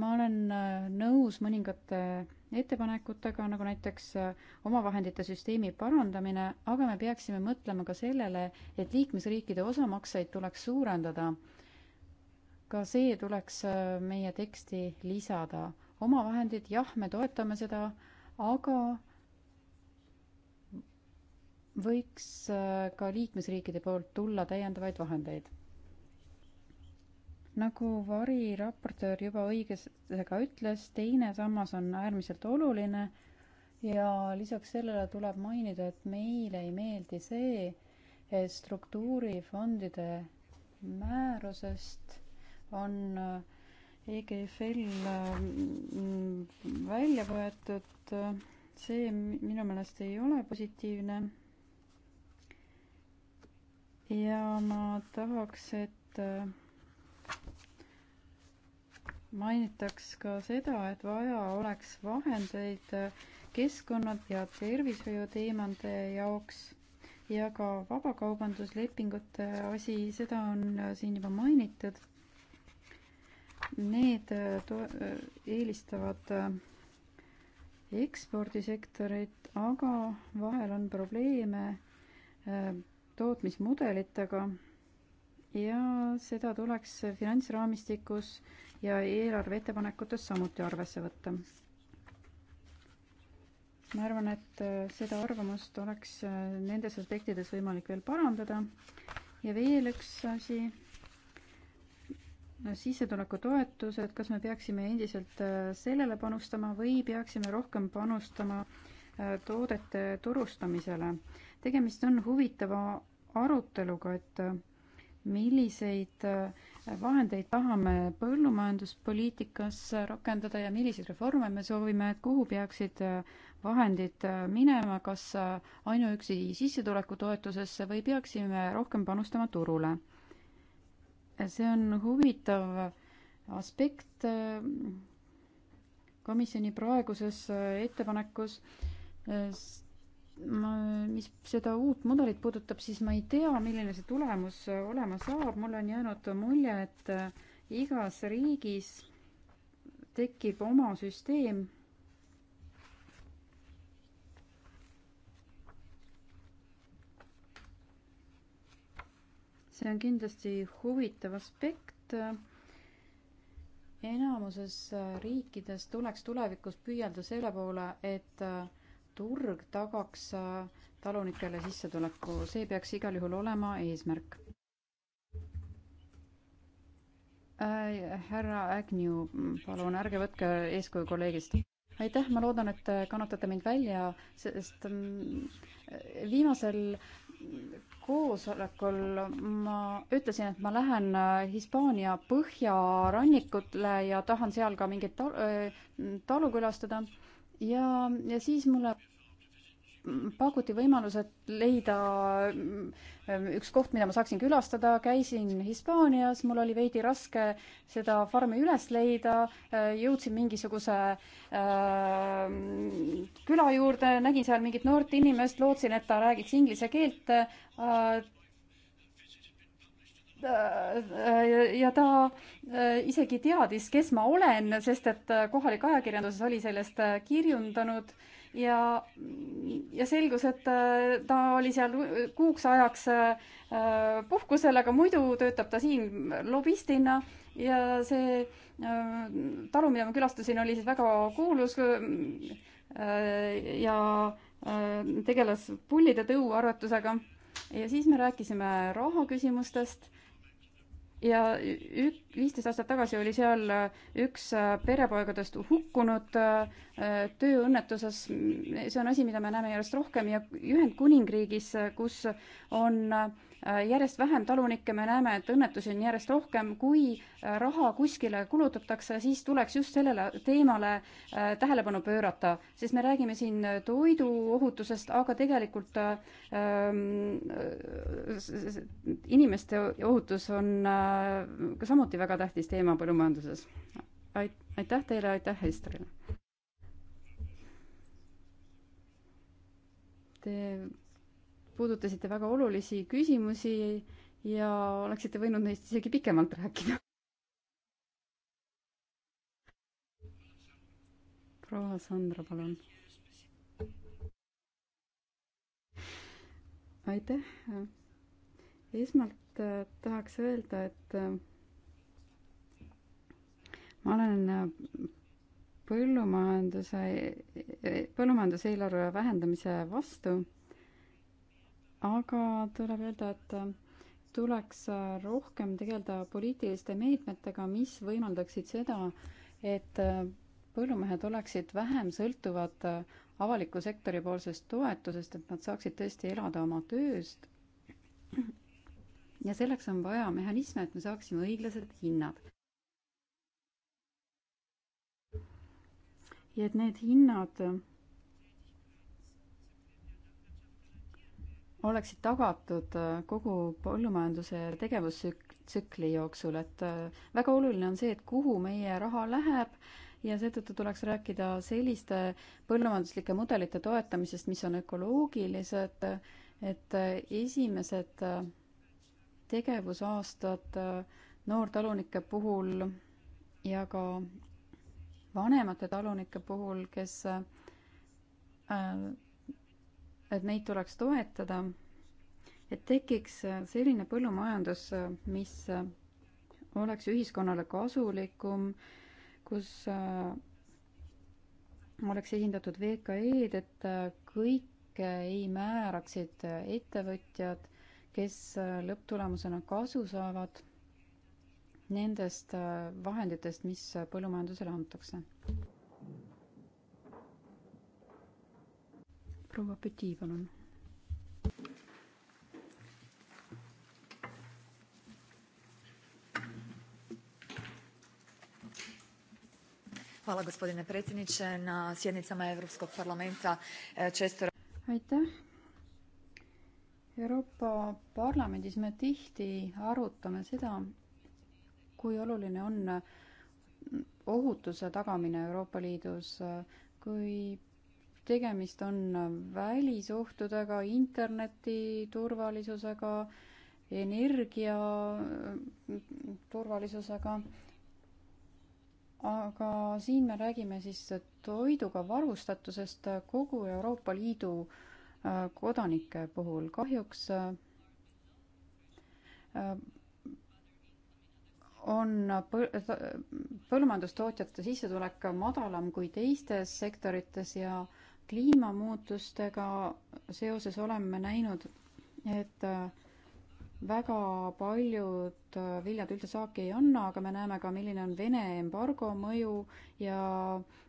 ma olen äh, nõus mõningate ettepanekutega, nagu näiteks äh, omavahendite süsteemi parandamine, aga me peaksime mõtlema ka sellele, et liikmesriikide osamakseid tuleks suurendada. ka see tuleks meie teksti lisada. omavahendid, jah, me toetame seda, aga võiks äh, ka liikmesriikide poolt tulla täiendavaid vahendeid. nagu variraportöör juba õigusega ütles, teine sammas on äärmiselt oluline ja lisaks sellele tuleb mainida, et meile ei meeldi see, et struktuurifondide määrusest on äh, EGFL äh, välja võetud, see minu meelest ei ole positiivne ja ma tahaks, et äh, mainitaks ka seda, et vaja oleks vahendeid äh, keskkonna ja tervishoiu teemade jaoks ja ka vabakaubanduslepingute asi, seda on äh, siin juba mainitud. Need eelistavad ekspordisektorit, aga vahel on probleeme tootmismudelitega ja seda tuleks finantsraamistikus ja eelarve ettepanekutes samuti arvesse võtta. ma arvan, et äh, seda arvamust oleks äh, nendes aspektides võimalik veel parandada ja veel üks asi sissetulekutoetused, kas me peaksime endiselt äh, sellele panustama või peaksime rohkem panustama toodete turustamisele. tegemist on huvitava aruteluga, et äh, milliseid äh, vahendeid tahame põllumajanduspoliitikas rakendada ja milliseid reforme me soovime, et kuhu peaksid äh, vahendid minema, kas ainuüksi sissetulekutoetusesse või peaksime rohkem panustama turule. see on huvitav aspekt komisjoni praeguses ettepanekus mis seda uut mudelit puudutab, siis ma ei tea, milline see tulemus äh, olema saab, mul on jäänud mulje, et äh, igas riigis tekib oma süsteem. see on kindlasti huvitav aspekt. enamuses äh, riikides tuleks tulevikus püüelda selle poole, et turg tagaks äh, talunikele sissetuleku, see peaks igal juhul olema eesmärk äh,. härra Agnew, palun ärge võtke eeskuju kolleegist. aitäh, ma loodan, et kannatate mind välja, sest mm, viimasel koosolekul ma ütlesin, et ma lähen äh, Hispaania põhjarannikutele ja tahan seal ka mingeid talu, äh, talu külastada ja, ja siis mulle pakuti võimalus, et leida ähm, üks koht, mida ma saaksin külastada, käisin Hispaanias, mul oli veidi raske seda farmi üles leida, äh, jõudsin mingisuguse äh, küla juurde, nägin seal mingit noort inimest, lootsin, et ta räägiks inglise keelt äh, äh ja ta äh, isegi teadis, kes ma olen, sest et kohalik ajakirjanduses oli sellest kirjundanud äh, ja, ja selgus, et äh, ta oli seal kuuks ajaks äh, puhkusel, aga muidu töötab ta siin lobistina ja see äh, talu, mida ma külastasin, oli siis väga kuulus ja tegeles pullide tõuaretusega. ja siis me rääkisime raha küsimustest ja ük-, viisteist aastat tagasi oli seal äh, üks äh, perepoegadest hukkunud äh, tööõnnetuses, see on asi, mida me näeme järjest rohkem ja Ühendkuningriigis, kus on äh, Äh, järjest vähem talunikke, me näeme, et õnnetusi on järjest rohkem, kui äh, raha kuskile kulutatakse, siis tuleks just sellele teemale äh, tähelepanu pöörata, sest me räägime siin toiduohutusest, aga tegelikult ähm, inimeste ohutus on äh, ka samuti väga tähtis teema põllumajanduses. aitäh teile, aitäh Esterile! Te puudutasite väga olulisi küsimusi ja oleksite võinud neist isegi pikemalt rääkida. proua Sandra, palun. aitäh. esmalt äh, tahaks öelda, et äh, ma olen äh, põllumajanduse, põllumajanduseelarve vähendamise vastu aga tuleb öelda, et äh, tuleks äh, rohkem tegeleda poliitiliste meetmetega, mis võimaldaksid seda, et äh, põllumehed oleksid vähem sõltuvad avaliku sektori poolsest toetusest, et nad saaksid tõesti elada oma tööst. ja selleks on vaja mehhanisme, et me saaksime õiglased hinnad. ja et need hinnad oleksid tagatud äh, kogu põllumajanduse tegevustsükli jooksul, et äh, väga oluline on see, et kuhu meie raha läheb ja seetõttu tuleks rääkida selliste põllumajanduslike mudelite toetamisest, mis on ökoloogilised, et äh, esimesed tegevusaastad noortalunike puhul ja ka vanemate talunike puhul, kes et neid tuleks toetada, et tekiks selline põllumajandus, mis oleks ühiskonnale kasulikum, kus äh, oleks esindatud VKE-d, et äh, kõike ei määraksid ettevõtjad, kes äh, lõpptulemusena kasu saavad nendest vahenditest, mis põllumajandusele antakse. proua Peti, palun. Hvala gospodine predsjedniče na sjednicama Europskog parlamenta e, često. aitäh. Euroopa Parlamendis me tihti arutame seda, kui oluline on ohutuse tagamine Euroopa Liidus, kui tegemist on välisohtudega, interneti turvalisusega, energia mm, turvalisusega. aga siin me räägime siis toiduga varustatusest kogu Euroopa Liidu äh, kodanike puhul. kahjuks äh, on põllumajandustootjate sissetulek madalam kui teistes sektorites ja äh, kliimamuutustega seoses oleme näinud, et äh, väga paljud äh, viljad üldse saaki ei anna, aga me näeme ka, milline on Vene embargo mõju ja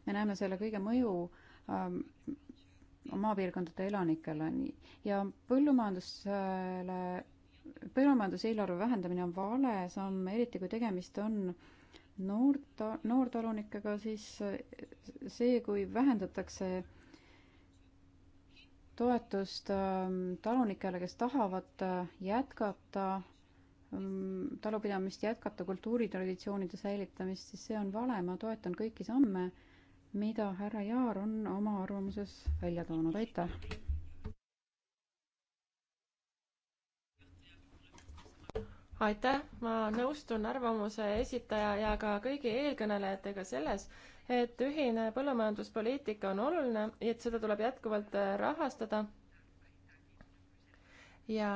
me näeme selle kõige mõju ähm, maapiirkondade elanikele. ja põllumajandusele, põllumajanduseelarve vähendamine on vale samm, eriti kui tegemist on noort, noortalunikega, siis äh, see, kui vähendatakse äh, toetust ähm, talunikele, kes tahavad äh, jätkata ähm, talupidamist, jätkata kultuuritraditsioonide säilitamist, siis see on vale, ma toetan kõiki samme, mida härra Jaar on oma arvamuses välja toonud, aitäh! aitäh, ma nõustun arvamuse esitaja ja ka kõigi eelkõnelejatega selles, et ühine põllumajanduspoliitika on oluline, et seda tuleb jätkuvalt äh, rahastada ja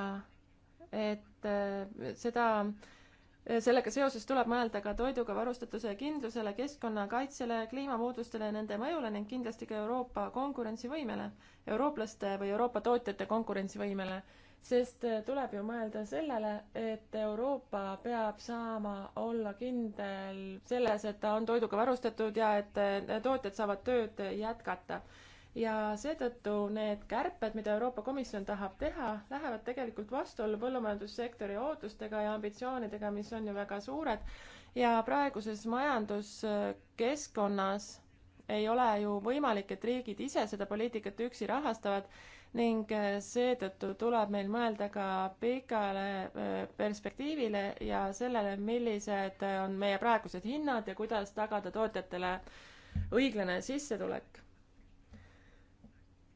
et äh, seda, äh, sellega seoses tuleb mõelda ka toiduga varustatuse kindlusele, keskkonnakaitsele, kliimamuutustele ja nende mõjule ning kindlasti ka Euroopa konkurentsivõimele, eurooplaste või Euroopa tootjate konkurentsivõimele sest äh, tuleb ju mõelda sellele, et Euroopa peab saama olla kindel selles, et ta on toiduga varustatud ja et äh, tootjad saavad tööd jätkata. ja seetõttu need kärped, mida Euroopa Komisjon tahab teha, lähevad tegelikult vastuollu põllumajandussektori ootustega ja ambitsioonidega, mis on ju väga suured ja praeguses majanduskeskkonnas ei ole ju võimalik, et riigid ise seda poliitikat üksi rahastavad ning äh, seetõttu tuleb meil mõelda ka pikale äh, perspektiivile ja sellele, millised äh, on meie praegused hinnad ja kuidas tagada tootjatele õiglane sissetulek.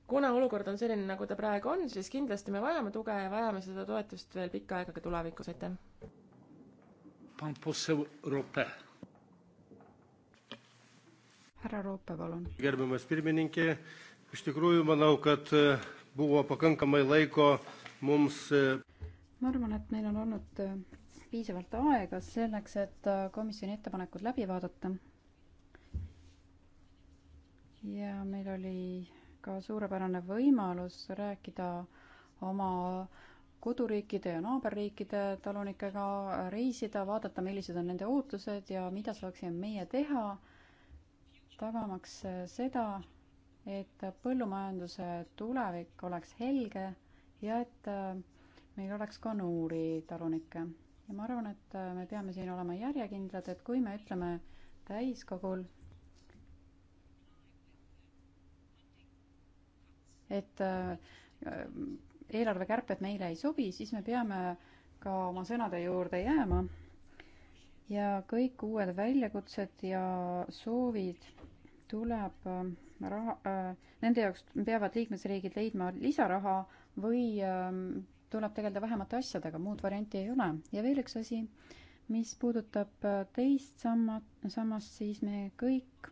kuna olukord on selline, nagu ta praegu on, siis kindlasti me vajame tuge ja vajame seda toetust veel pikka aega ka tulevikus, aitäh. härra Roope, palun buvo pakankamai laiko mums. E, ma arvan, et meil on olnud e, piisavalt aega selleks, et e, komisjoni ettepanekud läbi vaadata. ja meil oli ka suurepärane võimalus rääkida oma koduriikide ja naaberriikide talunikega, reisida, vaadata, millised on nende ootused ja mida saaksime meie teha, tagamaks seda, et põllumajanduse tulevik oleks helge ja et äh, meil oleks ka noori talunikke. ja ma arvan, et äh, me peame siin olema järjekindlad, et kui me ütleme täiskogul, et äh, eelarvekärped meile ei sobi, siis me peame ka oma sõnade juurde jääma. ja kõik uued väljakutsed ja soovid tuleb raha äh,, nende jaoks peavad liikmesriigid leidma lisaraha või äh, tuleb tegeleda vähemate asjadega, muud varianti ei ole. ja veel üks asi, mis puudutab äh, teist samma, sammast, siis me kõik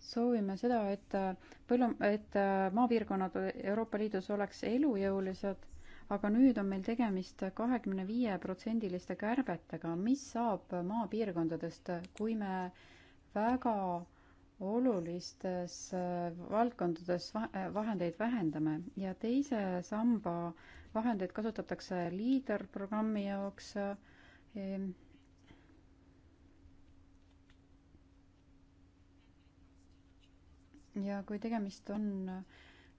soovime seda, et äh, põllu, et äh, maapiirkonnad Euroopa Liidus oleks elujõulised, aga nüüd on meil tegemist kahekümne viie protsendiliste kärbetega, mis saab maapiirkondadest, kui me väga olulistes äh, valdkondades äh, vahendeid vähendame ja teise samba vahendeid kasutatakse Leader programmi jaoks. Äh, ja kui tegemist on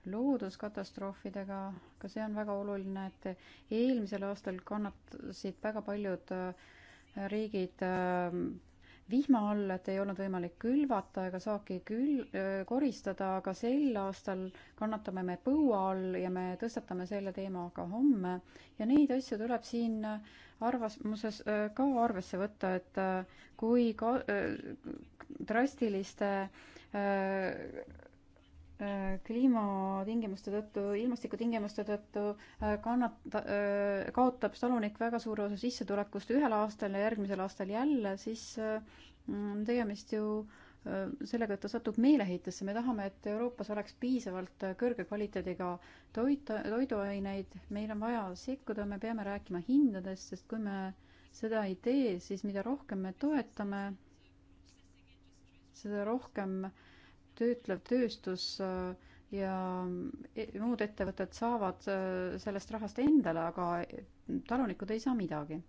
looduskatastroofidega, ka see on väga oluline, et eelmisel aastal kannatasid väga paljud riigid vihma all, et ei olnud võimalik külvata ega saaki küll koristada, aga sel aastal kannatame me põua all ja me tõstatame selle teema ka homme. ja neid asju tuleb siin arvamuses ka arvesse võtta, et kui ka äh, drastiliste äh, Äh, kliimatingimuste tõttu, ilmastikutingimuste tõttu äh, kannata-, äh, kaotab talunik väga suure osa sissetulekust ühel aastal ja järgmisel aastal jälle, siis on tegemist ju sellega, et ta satub meeleheitesse, me tahame, et Euroopas oleks piisavalt kõrge kvaliteediga toit, toiduaineid, meil on vaja sekkuda, me peame rääkima hindadest, sest kui me seda ei tee, siis mida rohkem me toetame, seda rohkem äh, töötlev tööstus äh, e, ja muud ettevõtted saavad äh, sellest rahast endale, aga e, talunikud ei saa midagi.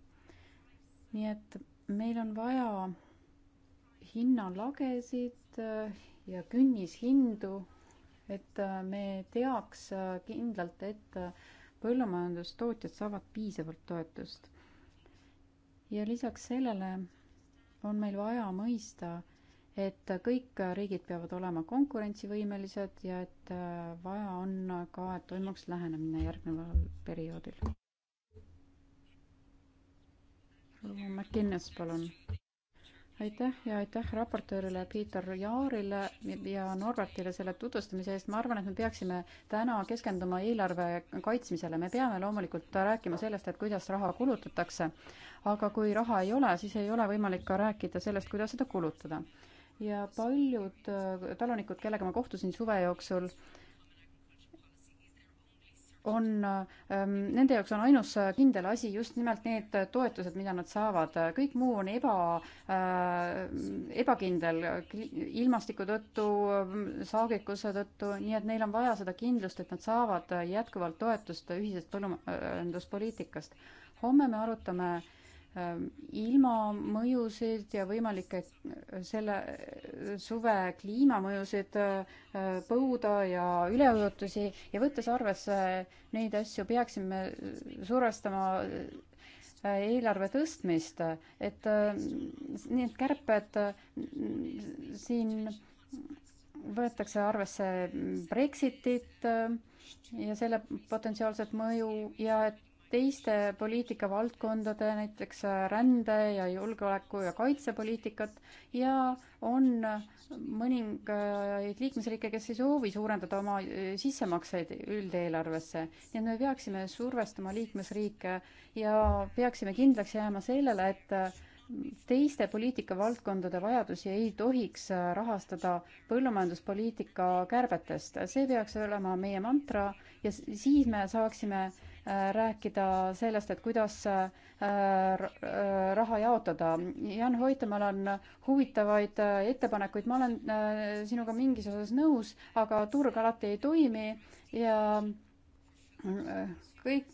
nii et meil on vaja hinnalagesid äh, ja künnishindu, et me teaks kindlalt, et põllumajandustootjad saavad piisavalt toetust. ja lisaks sellele on meil vaja mõista, et kõik riigid peavad olema konkurentsivõimelised ja et äh, vaja on ka, et toimuks lähenemine järgneval perioodil. proua McInnes, palun aitäh ja aitäh raportöörile Peter Jaarile ja Norbertile selle tutvustamise eest. ma arvan, et me peaksime täna keskenduma eelarve kaitsmisele. me peame loomulikult rääkima sellest, et kuidas raha kulutatakse, aga kui raha ei ole, siis ei ole võimalik ka rääkida sellest, kuidas seda kulutada ja paljud äh, talunikud, kellega ma kohtusin suve jooksul, on, ähm, nende jaoks on ainus äh, kindel asi just nimelt need toetused, mida nad saavad, kõik muu on eba, äh, ebakindel ilmastiku tõttu, saagikuse tõttu, nii et neil on vaja seda kindlust, et nad saavad jätkuvalt toetust ühisest põllumajanduspoliitikast. homme me arutame äh, Ähm, ilmamõjusid ja võimalikke selle suve kliimamõjusid, äh, põuda ja üleujutusi ja võttes arvesse neid asju, peaksime survestama äh, eelarve tõstmist, et äh, need kärped siin võetakse arvesse Brexitit ja selle potentsiaalset mõju ja et teiste poliitikavaldkondade, näiteks äh, rände ja julgeoleku ja kaitsepoliitikat ja on mõningaid liikmesriike, kes ei soovi suurendada oma äh, sissemakseid üldeelarvesse. nii et me peaksime survestama liikmesriike ja peaksime kindlaks jääma sellele, et äh, teiste poliitikavaldkondade vajadusi ei tohiks rahastada põllumajanduspoliitika kärbetest. see peaks olema meie mantra ja siis me saaksime äh, rääkida sellest, et kuidas äh, äh, raha jaotada. Jan Hoitamäel on huvitavaid äh, ettepanekuid, ma olen sinuga mingis osas nõus, aga turg alati ei toimi ja kõik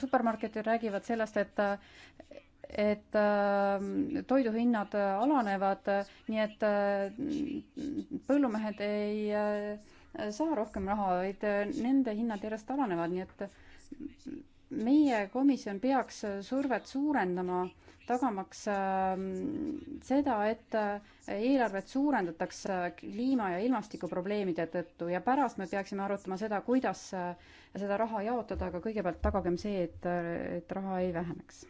supermarketid räägivad sellest, et et äh, toiduhinnad alanevad, nii et äh, põllumehed ei äh, saa rohkem raha, vaid nende hinnad järjest alanevad, nii et meie komisjon peaks survet suurendama, tagamaks ähm, seda, et äh, eelarvet suurendatakse kliima- ja ilmastikuprobleemide tõttu ja pärast me peaksime arutama seda, kuidas äh, seda raha jaotada, aga kõigepealt tagagem see, et, äh, et raha ei väheneks.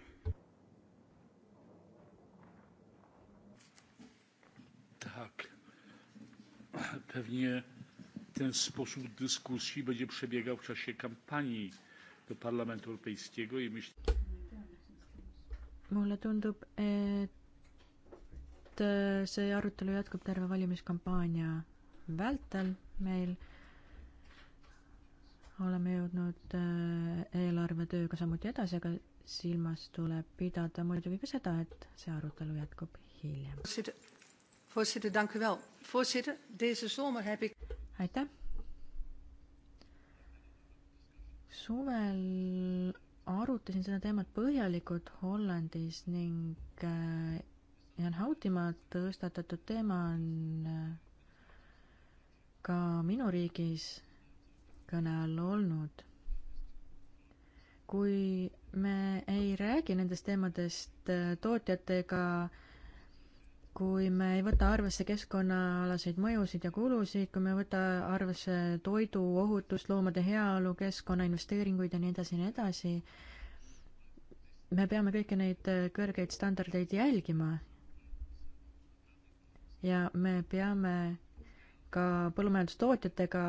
Tak. Pewnie ten sposób dyskusji będzie przebiegał w czasie kampanii do Parlamentu Europejskiego i myślę... Mulle tundub, et see arutelu jätkub terve valimiskampaania vältel meil. Oleme jõudnud äh, eelarvetööga samuti edasi, aga silmas tuleb pidada muidugi ka seda, et see arutelu jätkub hiljem. Voorzitter, dank u wel. Voorzitter, deze zomer heb ik... Aitäh suvel arutasin seda teemat põhjalikult Hollandis ning äh, Jan Hautimaa tõstatatud teema on äh, ka minu riigis kõne all olnud. kui me ei räägi nendest teemadest äh, tootjatega, kui me ei võta arvesse keskkonnaalaseid mõjusid ja kulusid, kui me ei võta arvesse toidu ohutust, loomade heaolu, keskkonnainvesteeringuid ja nii edasi ja nii edasi, me peame kõiki neid kõrgeid standardeid jälgima. ja me peame ka põllumajandustootjatega,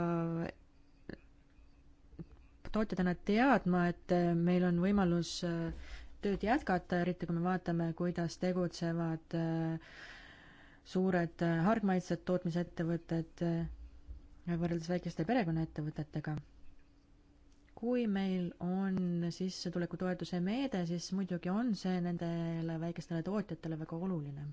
tootjatena teadma, et meil on võimalus tööd jätkata, eriti kui me vaatame, kuidas tegutsevad äh, suured äh, hargmaitsed tootmisettevõtted äh, võrreldes väikeste perekonnaettevõtetega. kui meil on sissetulekutoetuse meede, siis muidugi on see nendele väikestele tootjatele väga oluline.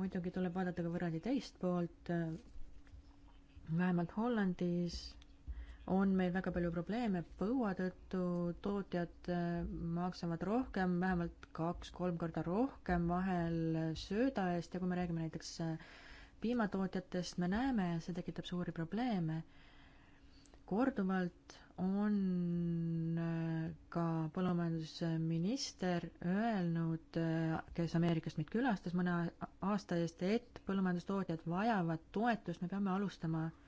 muidugi tuleb vaadata ka võrreldi teist poolt, äh, vähemalt Hollandis on meil väga palju probleeme põua tõttu, tootjad äh, maksavad rohkem, vähemalt kaks-kolm korda rohkem vahel sööda eest ja kui me räägime näiteks äh, piimatootjatest, me näeme, see tekitab suuri probleeme. korduvalt on äh, ka põllumajandusminister öelnud, kes Ameerikast meid külastas mõne aasta eest, et põllumajandustootjad vajavad toetust, me peame alustama äh,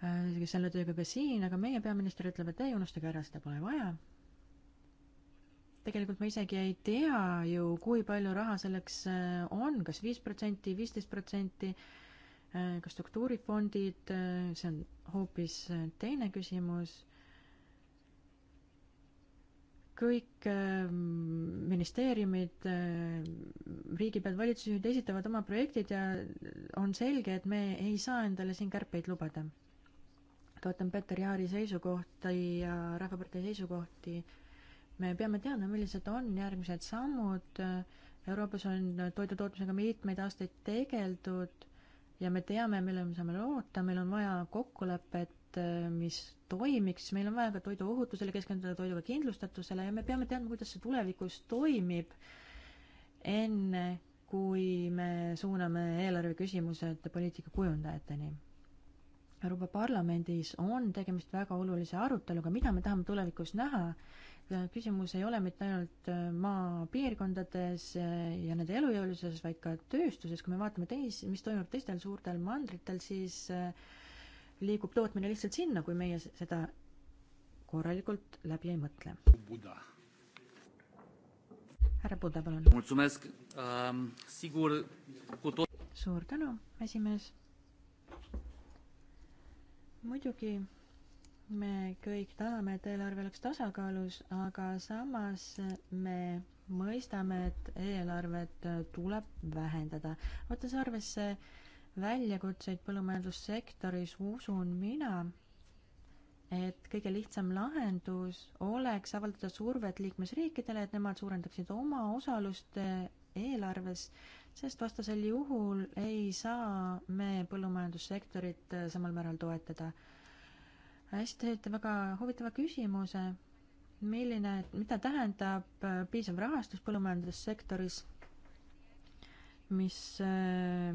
kes äh, selle tööga ka siin, aga meie peaminister ütleb, et ei, unustage ära, seda pole vaja. tegelikult me isegi ei tea ju, kui palju raha selleks äh, on kas, kas viis protsenti, viisteist protsenti, äh, ka struktuurifondid, see on hoopis teine küsimus kõik ministeeriumid, riigipead, valitsusjuhid esitavad oma projektid ja on selge, et me ei saa endale siin kärpeid lubada toetan Peeter Jaari seisukohti ja Rahvapartei seisukohti. me peame teadma, millised on järgmised sammud. Euroopas on toidutootmisega mitmeid aastaid tegeldud ja me teame, millal me saame loota, meil on vaja kokkulepet, mis toimiks, meil on vaja ka toiduohutusele keskenduda, toiduga kindlustatusele ja me peame teadma, kuidas see tulevikus toimib, enne kui me suuname eelarve küsimused poliitika kujundajateni Euroopa Parlamendis on tegemist väga olulise aruteluga, mida me tahame tulevikus näha. küsimus ei ole mitte ainult äh, maapiirkondades äh, ja nende elujõulisuses, vaid ka tööstuses, kui me vaatame teis-, mis toimub teistel suurtel mandritel, siis äh, liigub tootmine lihtsalt sinna, kui meie seda korralikult läbi ei mõtle. härra Buda, palun. suur tänu, esimees muidugi me kõik tahame, et eelarve oleks tasakaalus, aga samas me mõistame, et eelarvet tuleb vähendada. võttes arvesse väljakutseid põllumajandussektoris, usun mina, et kõige lihtsam lahendus oleks avaldada survet liikmesriikidele, et nemad suurendaksid oma osalust eelarves sest vastasel juhul ei saa me põllumajandussektorit äh, samal määral toetada. hästi tõite väga huvitava küsimuse, milline, mida tähendab äh, piisav rahastus põllumajandussektoris, mis äh,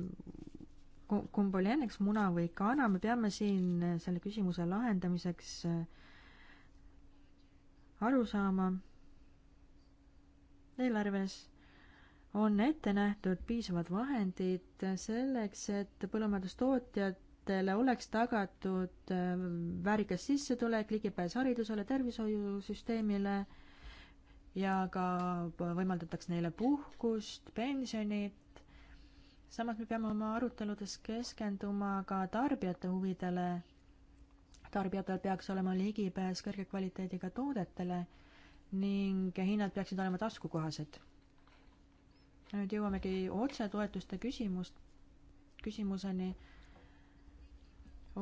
kumb oli õnneks muna või kana, me peame siin selle küsimuse lahendamiseks aru saama eelarves on ette nähtud piisavad vahendid selleks, et põllumajandustootjatele oleks tagatud äh, väärikas sissetulek, ligipääs haridusele, tervishoiusüsteemile ja ka võimaldataks neile puhkust, pensionit. samas me peame oma aruteludes keskenduma ka tarbijate huvidele. tarbijatel peaks olema ligipääs kõrge kvaliteediga toodetele ning hinnad peaksid olema taskukohased ja nüüd jõuamegi otsetoetuste küsimust, küsimuseni.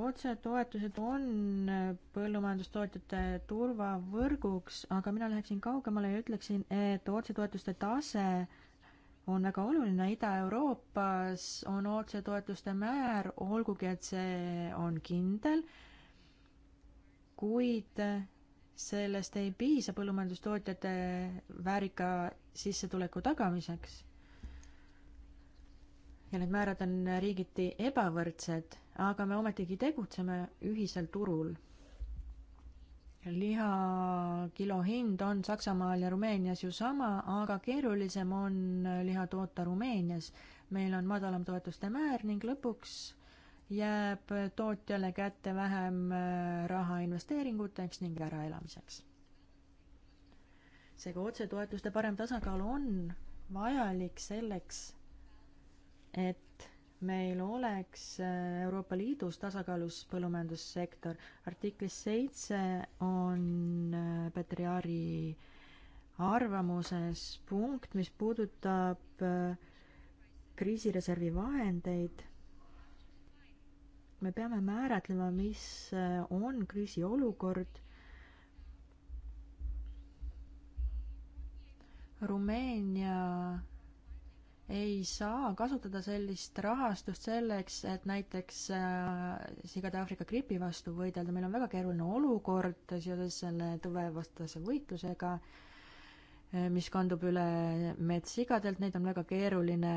otsetoetused on põllumajandustootjate turvavõrguks, aga mina läheksin kaugemale ja ütleksin, et otsetoetuste tase on väga oluline, Ida-Euroopas on otsetoetuste määr, olgugi et see on kindel, kuid sellest ei piisa põllumajandustootjate väärika sissetuleku tagamiseks ja need määrad on riigiti ebavõrdsed, aga me ometigi tegutseme ühisel turul. liha kilo hind on Saksamaal ja Rumeenias ju sama, aga keerulisem on liha toota Rumeenias. meil on madalam toetuste määr ning lõpuks jääb tootjale kätte vähem äh, raha investeeringuteks ning äraelamiseks. seega otsetoetuste parem tasakaal on vajalik selleks, et meil oleks äh, Euroopa Liidus tasakaalus põllumajandussektor. artiklis seitse on äh, Petri Aari arvamuses punkt, mis puudutab äh, kriisireservi vahendeid. me peame määratlema, mis on kriisiolukord. Rumeenia ei saa kasutada sellist rahastust selleks, et näiteks äh, sigade Aafrika gripi vastu võidelda, meil on väga keeruline olukord seoses selle tõvevastase võitlusega, äh, mis kandub üle metssigadelt, neid on väga keeruline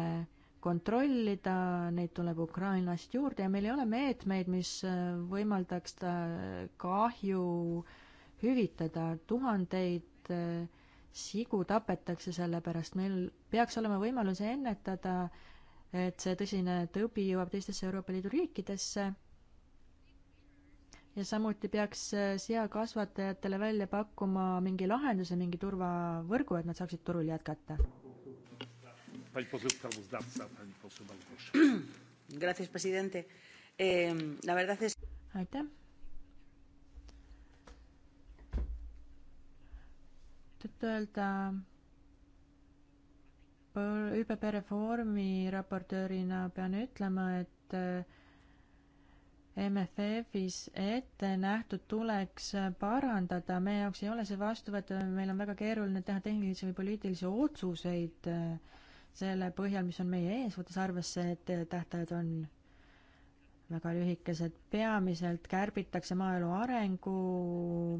kontrollida, neid tuleb Ukrainast juurde ja meil ei ole meetmeid, mis äh, võimaldaks kahju hüvitada, tuhandeid äh, sigu tapetakse selle pärast, meil peaks olema võimalusi ennetada, et see tõsine tõbi jõuab teistesse Euroopa Liidu riikidesse ja samuti peaks seakasvatajatele välja pakkuma mingi lahenduse, mingi turvavõrgu, et nad saaksid turul jätkata. Eh, aitäh. tõtt-öelda ÜPP reformi raportöörina pean ütlema, et MFF-is ette nähtud tuleks parandada, meie jaoks ei ole see vastuvõetav, meil on väga keeruline teha tehnilisi või poliitilisi otsuseid selle põhjal, mis on meie ees, võttes arvesse, et tähtajad on väga lühikesed, peamiselt kärbitakse maaelu arengu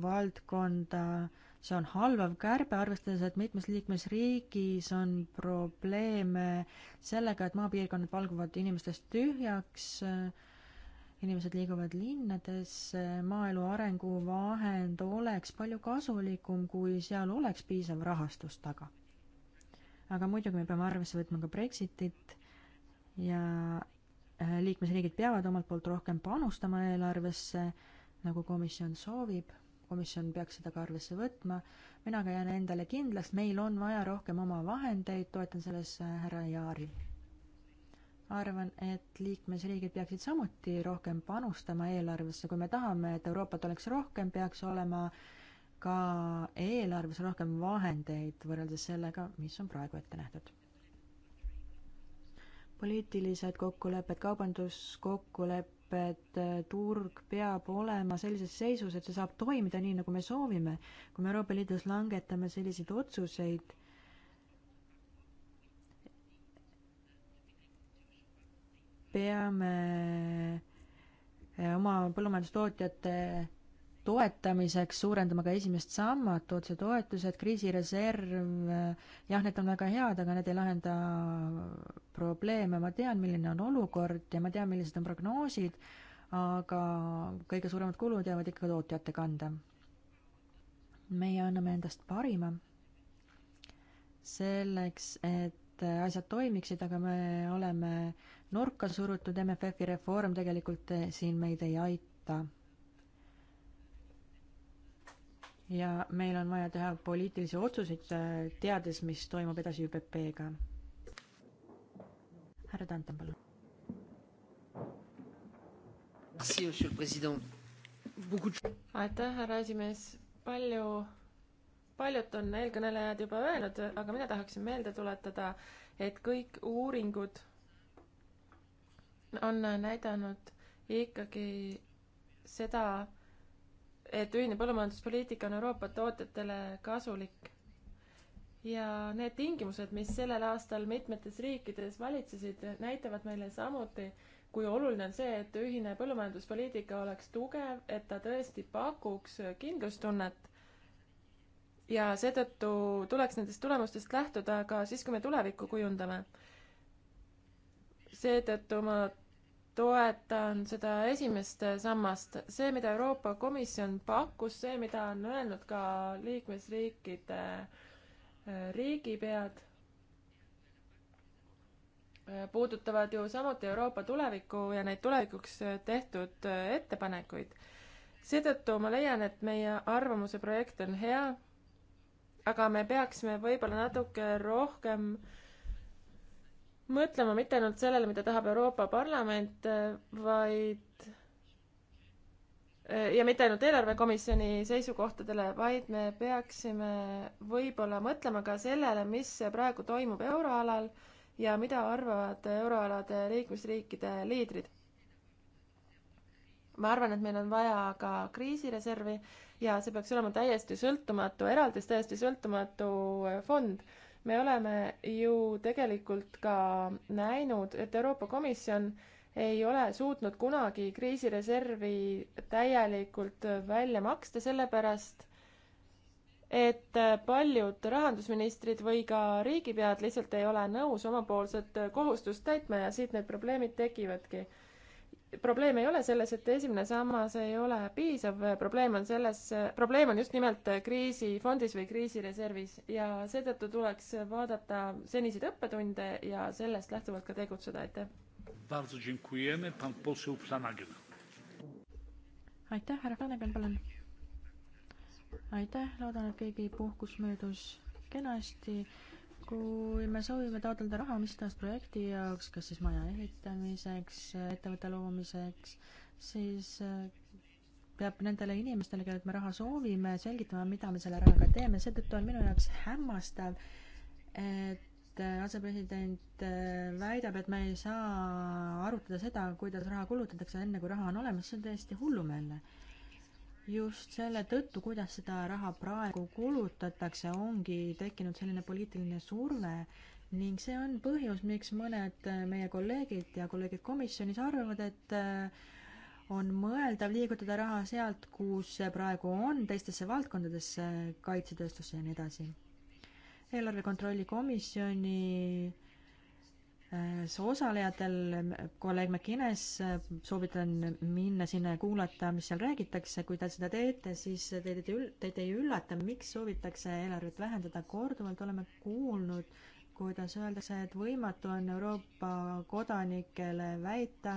valdkonda, see on halvav kärbe, arvestades, et mitmes liikmesriigis on probleeme sellega, et maapiirkonnad valguvad inimestest tühjaks, inimesed liiguvad linnadesse, maaelu arenguvahend oleks palju kasulikum, kui seal oleks piisav rahastus taga. aga muidugi me peame arvesse võtma ka Brexitit ja äh, liikmesriigid peavad omalt poolt rohkem panustama eelarvesse, nagu komisjon soovib komisjon peaks seda ka arvesse võtma. mina ka jään endale kindlaks, meil on vaja rohkem oma vahendeid, toetan selles äh, härra Jaari. arvan, et liikmesriigid peaksid samuti rohkem panustama eelarvesse, kui me tahame, et Euroopat oleks rohkem, peaks olema ka eelarves rohkem vahendeid võrreldes sellega, mis on praegu ette nähtud poliitilised kokkulepped, kaubanduskokkulepped, et äh, turg peab olema sellises seisus, et see saab toimida nii, nagu me soovime. kui me Euroopa Liidus langetame selliseid otsuseid, peame äh, oma põllumajandustootjate toetamiseks suurendama ka esimest sammat, otsetoetused, kriisireserv, jah, need on väga head, aga need ei lahenda probleeme, ma tean, milline on olukord ja ma tean, millised on prognoosid, aga kõige suuremad kulud jäävad ikka tootjate kanda. meie anname endast parima selleks, et asjad toimiksid, aga me oleme nurka surutud, MFF-i reform tegelikult siin meid ei aita ja meil on vaja teha poliitilisi otsuseid, äh, teades, mis toimub edasi ÜPP-ga. härra Tanten, palun. aitäh, härra esimees, palju paljut on eelkõnelejad juba öelnud, aga mina tahaksin meelde tuletada, et kõik uuringud on näidanud ikkagi seda, et ühine põllumajanduspoliitika on Euroopa tootjatele kasulik. ja need tingimused, mis sellel aastal mitmetes riikides valitsesid, näitavad meile samuti, kui oluline on see, et ühine põllumajanduspoliitika oleks tugev, et ta tõesti pakuks kindlustunnet ja seetõttu tuleks nendest tulemustest lähtuda ka siis, kui me tulevikku kujundame. seetõttu ma toetan seda esimest sammast. see, mida Euroopa Komisjon pakkus, see, mida on öelnud ka liikmesriikide äh, riigipead, äh, puudutavad ju samuti Euroopa tulevikku ja neid tulevikuks äh, tehtud ettepanekuid. seetõttu ma leian, et meie arvamuse projekt on hea, aga me peaksime võib-olla natuke rohkem äh, mõtlema mitte ainult sellele, mida tahab Euroopa Parlament, äh, vaid äh, ja mitte ainult eelarvekomisjoni seisukohtadele, vaid me peaksime võib-olla mõtlema ka sellele, mis praegu toimub euroalal ja mida arvavad euroalade liikmesriikide liidrid. ma arvan, et meil on vaja ka kriisireservi ja see peaks olema täiesti sõltumatu eraldis, täiesti sõltumatu fond me oleme ju tegelikult ka näinud, et Euroopa Komisjon ei ole suutnud kunagi kriisireservi täielikult välja maksta, sellepärast et paljud rahandusministrid või ka riigipead lihtsalt ei ole nõus omapoolset kohustust täitma ja siit need probleemid tekivadki probleem ei ole selles, et esimene sammas ei ole piisav, probleem on selles, probleem on just nimelt kriisifondis või kriisireservis ja seetõttu tuleks vaadata seniseid õppetunde ja sellest lähtuvalt ka tegutseda, aitäh. aitäh, härra Flanagan, palun. aitäh, loodan, et kõigi puhkus möödus kenasti kui me soovime taotleda raha mis tahes projekti jaoks, kas siis maja ehitamiseks, ettevõtte loomiseks, siis äh, peab nendele inimestele, kellelt me raha soovime, selgitama, mida me selle rahaga teeme, seetõttu on minu jaoks hämmastav, et äh, asepresident äh, väidab, et me ei saa arutada seda, kuidas raha kulutatakse, enne kui raha on olemas, see on täiesti hullumeelne just selle tõttu, kuidas seda raha praegu kulutatakse, ongi tekkinud selline poliitiline surve ning see on põhjus, miks mõned meie kolleegid ja kolleegid komisjonis arvavad, et äh, on mõeldav liigutada raha sealt, kus see praegu on, teistesse valdkondadesse, kaitsetööstusse ja nii edasi. eelarve kontrolli komisjoni Äh, osalejatel, kolleeg McInnes, äh, soovitan minna sinna ja kuulata, mis seal räägitakse, kui te seda teete, siis teid ei ül-, teid ei üllata, miks soovitakse eelarvet vähendada, korduvalt oleme kuulnud, kuidas öeldakse, et võimatu on Euroopa kodanikele väita,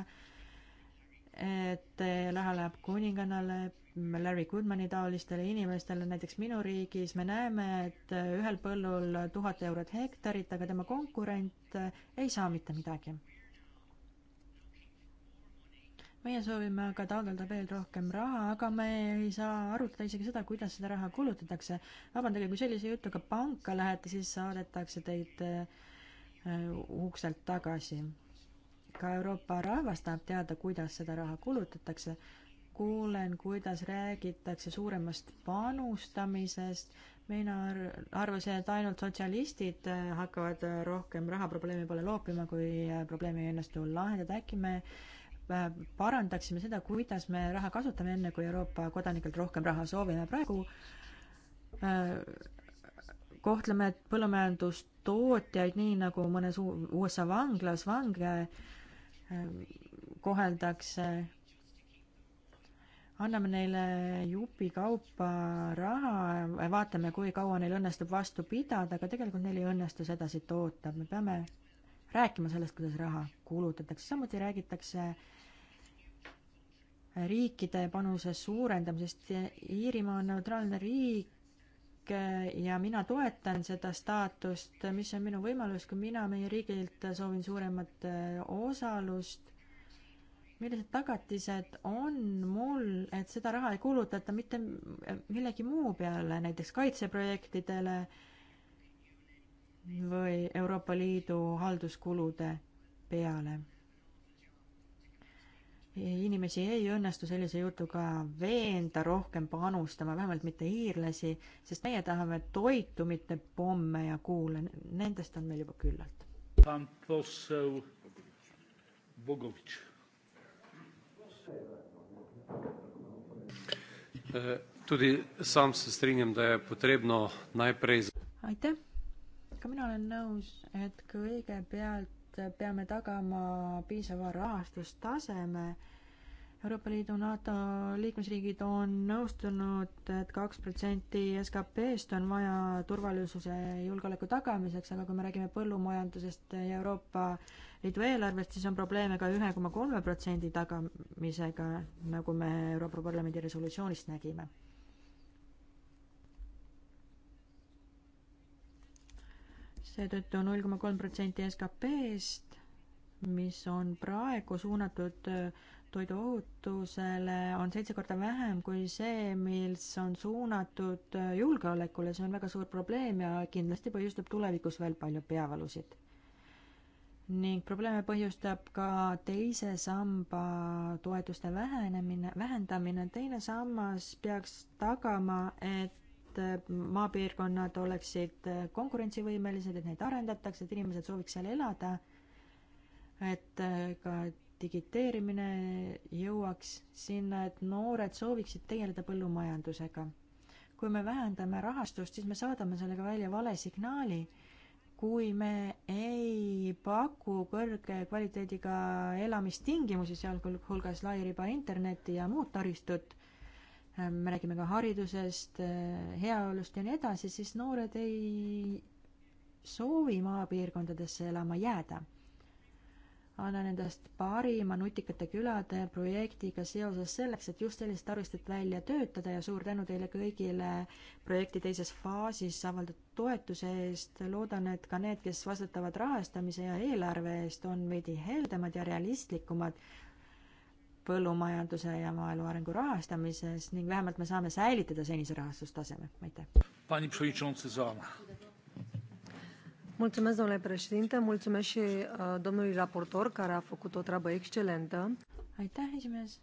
et raha läheb kuningannale, Larry Goodmani taolistele inimestele, näiteks minu riigis me näeme, et ühel põllul tuhat eurot hektarit, aga tema konkurent ei saa mitte midagi. meie soovime aga taotleda veel rohkem raha, aga me ei saa arutada isegi seda, kuidas seda raha kulutatakse. vabandage, kui sellise jutuga panka lähete, siis saadetakse teid äh, ukselt tagasi. ka Euroopa rahvas tahab teada, kuidas seda raha kulutatakse kuulen, kuidas räägitakse suuremast panustamisest, mina ar-, arvasin, et ainult sotsialistid äh, hakkavad äh, rohkem raha probleemi poole loopima, kui äh, probleemi ei õnnestu lahendada, äkki me parandaksime seda, kuidas me raha kasutame, enne kui Euroopa kodanikelt rohkem raha soovime. praegu kohtleme põllumajandustootjaid nii, nagu mõnes USA vanglas vange koheldakse anname neile jupikaupa raha, vaatame, kui kaua neil õnnestub vastu pidada, aga tegelikult neil ei õnnestu seda siit oota, me peame rääkima sellest, kuidas raha kulutatakse, samuti räägitakse riikide panuse suurendamisest, Iirimaa on neutraalne riik ja mina toetan seda staatust, mis on minu võimalus, kui mina meie riigilt soovin suuremat osalust millised tagatised on mul, et seda raha ei kulutata mitte millegi muu peale, näiteks kaitseprojektidele või Euroopa Liidu halduskulude peale? inimesi ei õnnestu sellise jutuga veenda rohkem panustama, vähemalt mitte iirlasi, sest meie tahame toitu, mitte pomme ja kuule, nendest on meil juba küllalt. Pan poseł Bogowicz Tudi sam se strinjam, da je potrebno najprej. aitäh, ka mina olen nõus, et kõigepealt peame tagama piisava rahastustaseme Euroopa Liidu NATO liikmesriigid on nõustunud et, et kaks protsenti SKP-st on vaja turvalisuse ja julgeoleku tagamiseks, aga kui me räägime põllumajandusest ja Euroopa Liidu eelarvest, siis on probleeme ka ühe koma kolme protsendi tagamisega, nagu me Euroopa Parlamendi resolutsioonist nägime. seetõttu null koma kolm protsenti SKP-st, mis on praegu suunatud toiduohutusele on seitse korda vähem kui see, mis on suunatud julgeolekule, see on väga suur probleem ja kindlasti põhjustab tulevikus veel palju peavalusid. ning probleeme põhjustab ka teise samba toetuste vähenemine, vähendamine, teine sammas peaks tagama, et maapiirkonnad oleksid konkurentsivõimelised, et neid arendatakse, et inimesed sooviks seal elada, et ka digiteerimine jõuaks sinna, et noored sooviksid tegeleda põllumajandusega. kui me vähendame rahastust, siis me saadame sellega välja vale signaali. kui me ei paku kõrge kvaliteediga elamistingimusi, sealhulgas lairiba internetti ja muud taristut, me räägime ka haridusest, heaolust ja nii edasi, siis noored ei soovi maapiirkondadesse elama jääda annan endast parima Nutikate külade projektiga seoses selleks, et just sellist tarvistut välja töötada ja suur tänu teile kõigile projekti teises faasis avaldatud toetuse eest. loodan, et ka need, kes vastutavad rahastamise ja eelarve eest, on veidi heldemad ja realistlikumad põllumajanduse ja maaelu arengu rahastamises ning vähemalt me saame säilitada senise rahastustaseme, aitäh. Mulțumesc, domnule președinte, mulțumesc și uh, domnului raportor, care a făcut o treabă excelentă. aitäh, esimees.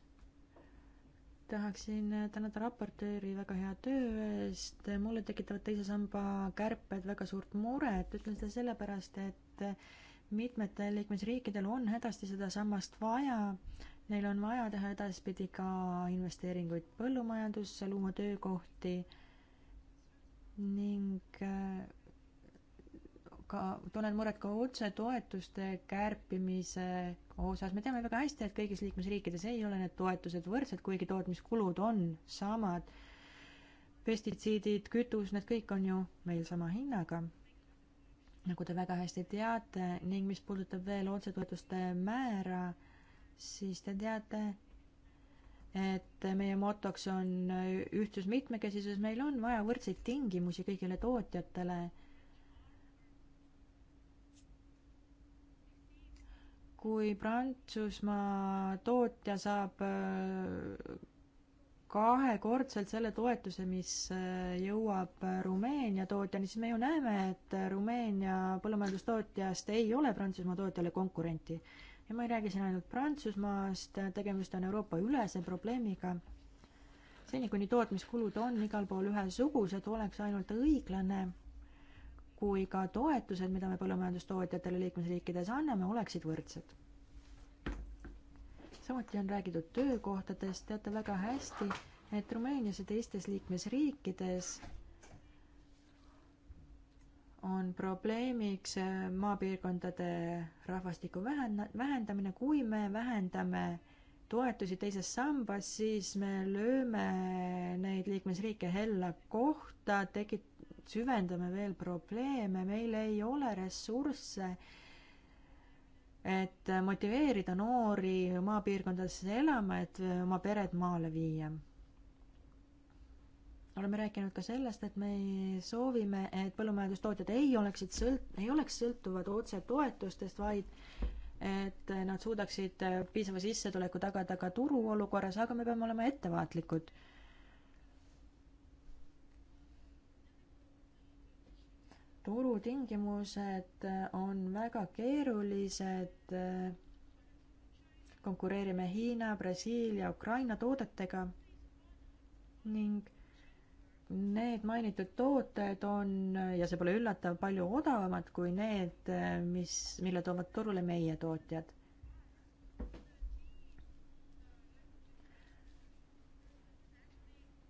tahaksin äh, tänada raportööri väga hea töö eest. mulle tekitavad teise samba kärped väga suurt muret, ütlen seda sellepärast, et äh, mitmetel liikmesriikidel on hädasti seda sammast vaja. Neil on vaja teha edaspidi ka investeeringuid põllumajandusse, luua töökohti ning äh, ka, tunnen muret ka otsetoetuste kärpimise osas. me teame väga hästi, et kõigis liikmesriikides ei ole need toetused võrdsed, kuigi tootmiskulud on samad. pestitsiidid, kütus, need kõik on ju meil sama hinnaga, nagu te väga hästi teate ning mis puudutab veel otsetoetuste määra, siis te teate, et meie motoks on ühtsus mitmekesisuses, meil on vaja võrdseid tingimusi kõigile tootjatele kui Prantsusmaa tootja saab äh, kahekordselt selle toetuse, mis äh, jõuab äh, Rumeenia tootjani, siis me ju näeme, et Rumeenia põllumajandustootjast ei ole Prantsusmaa tootjale konkurenti. ja ma ei räägi siin ainult Prantsusmaast, tegemist on Euroopa-ülese probleemiga. seni, kuni tootmiskulud on igal pool ühesugused, oleks ainult õiglane kui ka toetused, mida me põllumajandustootjatele liikmesriikides anname, oleksid võrdsed. samuti on räägitud töökohtadest, teate väga hästi, et Rumeenias ja teistes liikmesriikides on probleemiks äh, maapiirkondade rahvastiku vähen-, vähendamine, kui me vähendame toetusi teises sambas, siis me lööme neid liikmesriike hella kohta, tekit-, süvendame veel probleeme, meil ei ole ressursse, et motiveerida noori maapiirkondadesse elama, et oma pered maale viia. oleme rääkinud ka sellest, et me soovime, et põllumajandustootjad ei oleksid sõlt-, ei oleks sõltuvad otse toetustest, vaid et nad suudaksid piisava sissetuleku tagada ka turuolukorras, aga me peame olema ettevaatlikud turutingimused on väga keerulised, konkureerime Hiina, Brasiilia, Ukraina toodetega ning need mainitud tooted on, ja see pole üllatav, palju odavamad kui need, mis, mille toovad turule meie tootjad.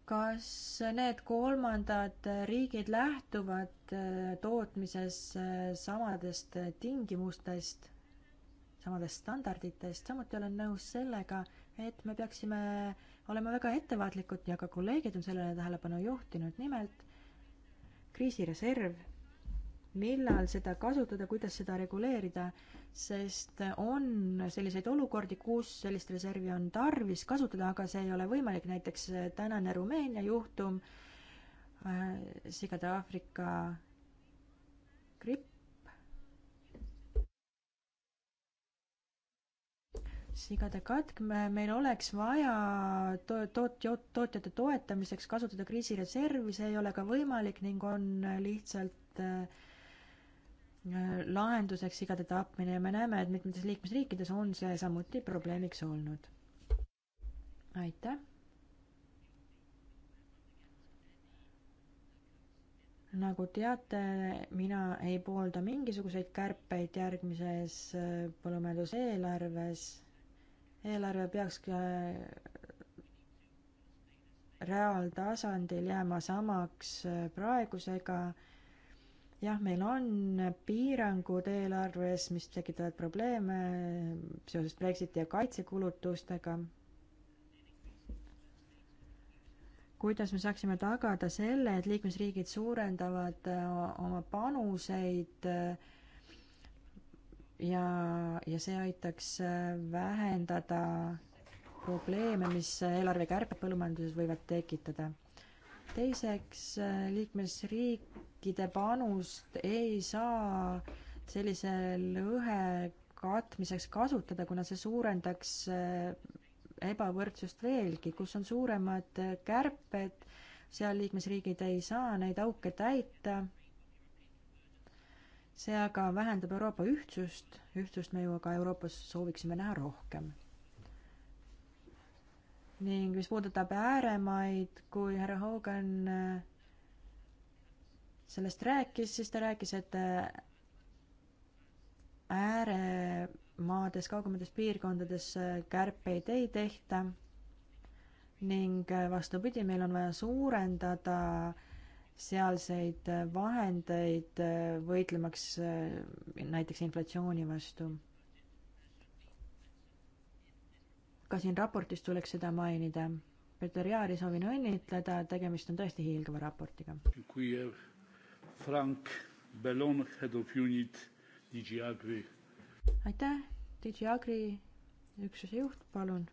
kas need kolmandad riigid lähtuvad äh, tootmises äh, samadest äh, tingimustest, samadest standarditest, samuti olen nõus sellega, et me peaksime olema väga ettevaatlikud ja ka kolleegid on sellele tähelepanu juhtinud, nimelt kriisireserv millal seda kasutada, kuidas seda reguleerida, sest on selliseid olukordi, kus sellist reservi on tarvis kasutada, aga see ei ole võimalik, näiteks tänane Rumeenia juhtum, äh, sigade Aafrika gripp, sigade katk, me, meil oleks vaja to-, toot-, tootjate toetamiseks kasutada kriisireservi, see ei ole ka võimalik ning on lihtsalt äh, lahenduseks sigade tapmine ja me näeme, et mitmetes liikmesriikides on see samuti probleemiks olnud. aitäh. nagu teate, mina ei poolda mingisuguseid kärpeid järgmises äh, põllumajanduseelarves. eelarve peaks äh, reaaltasandil jääma samaks äh, praegusega jah, meil on piirangud eelarves, mis tekitavad probleeme seoses Brexiti ja kaitsekulutustega. kuidas me saaksime tagada selle, et liikmesriigid suurendavad äh, oma panuseid äh, ja, ja see aitaks äh, vähendada probleeme, mis eelarvekärbed põllumajanduses võivad tekitada teiseks, liikmesriikide panust ei saa sellise lõhe katmiseks kasutada, kuna see suurendaks äh, ebavõrdsust veelgi, kus on suuremad kärped, seal liikmesriigid ei saa neid auke täita. see aga vähendab Euroopa ühtsust, ühtsust me ju aga Euroopas sooviksime näha rohkem ning mis puudutab ääremaid, kui härra Hogan äh, sellest rääkis, siis ta rääkis, et äh, ääremaades, kaugemates piirkondades äh, kärpeid ei tehta ning vastupidi, meil on vaja suurendada sealseid vahendeid võitlemaks näiteks inflatsiooni vastu ka siin raportis tuleks seda mainida. Peeter Jaari soovin õnnitleda, tegemist on tõesti hiilgava raportiga. Frank Bellon, head of unit, DG Agri. aitäh, DG Agri üksuse juht, palun.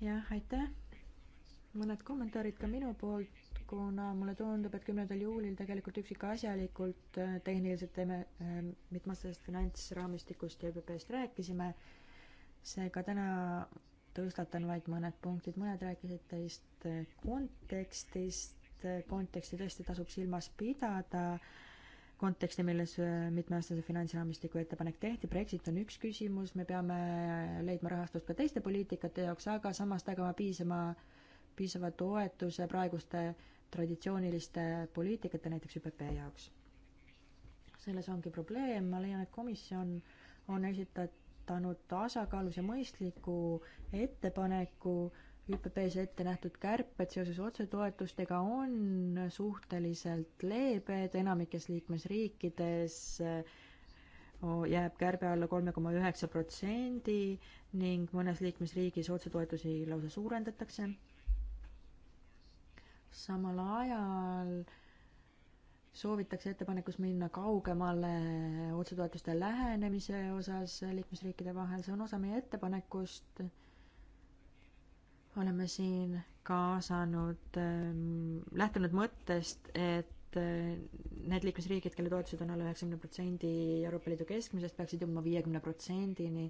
jah, aitäh. mõned kommentaarid ka minu poolt kuna mulle tundub, et kümnendal juulil tegelikult üksikasjalikult äh, tehniliselt teeme äh, mitmest finantsraamistikust ja ÜPP-st rääkisime seega täna tõstatan vaid mõned punktid, mõned rääkisid teist kontekstist, konteksti tõesti tasub silmas pidada, konteksti, milles äh, mitmeaastase finantsraamistiku ettepanek tehti, Brexit on üks küsimus, me peame leidma rahastust ka teiste poliitikate jaoks, aga samas tagama piisama, piisava toetuse praeguste traditsiooniliste poliitikate, näiteks ÜPP jaoks selles ongi probleem, ma leian, et komisjon on esitat-, esitanud tasakaalus ja mõistliku ettepaneku, ÜPP-s ette nähtud kärped seoses otsetoetustega on suhteliselt leebed, enamikes liikmesriikides äh, jääb kärbe alla kolme koma üheksa protsendi ning mõnes liikmesriigis otsetoetusi lausa suurendatakse. samal ajal äh, soovitakse ettepanekus minna kaugemale otsetoetuste lähenemise osas liikmesriikide vahel, see on osa meie ettepanekust. oleme siin kaasanud, ähm, lähtunud mõttest, et äh, need liikmesriigid, kelle toetused on alla üheksakümne protsendi Euroopa Liidu keskmisest, peaksid jõudma viiekümne protsendini.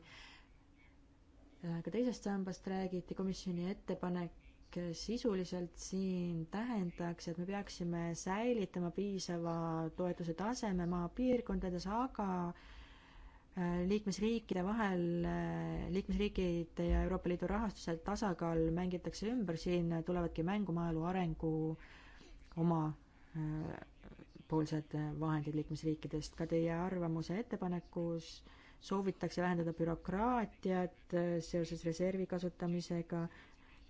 Äh, ka teisest sambast räägiti, komisjoni ettepanek sisuliselt siin tähendaks, et me peaksime säilitama piisava toetuse taseme maapiirkondades, aga äh, liikmesriikide vahel, äh, liikmesriikide ja Euroopa Liidu rahastusel tasakaal mängitakse ümber, siin tulevadki mängu maaelu arengu oma äh, poolsed vahendid liikmesriikidest, ka teie arvamuse ettepanekus soovitakse vähendada bürokraatiat seoses reservi kasutamisega,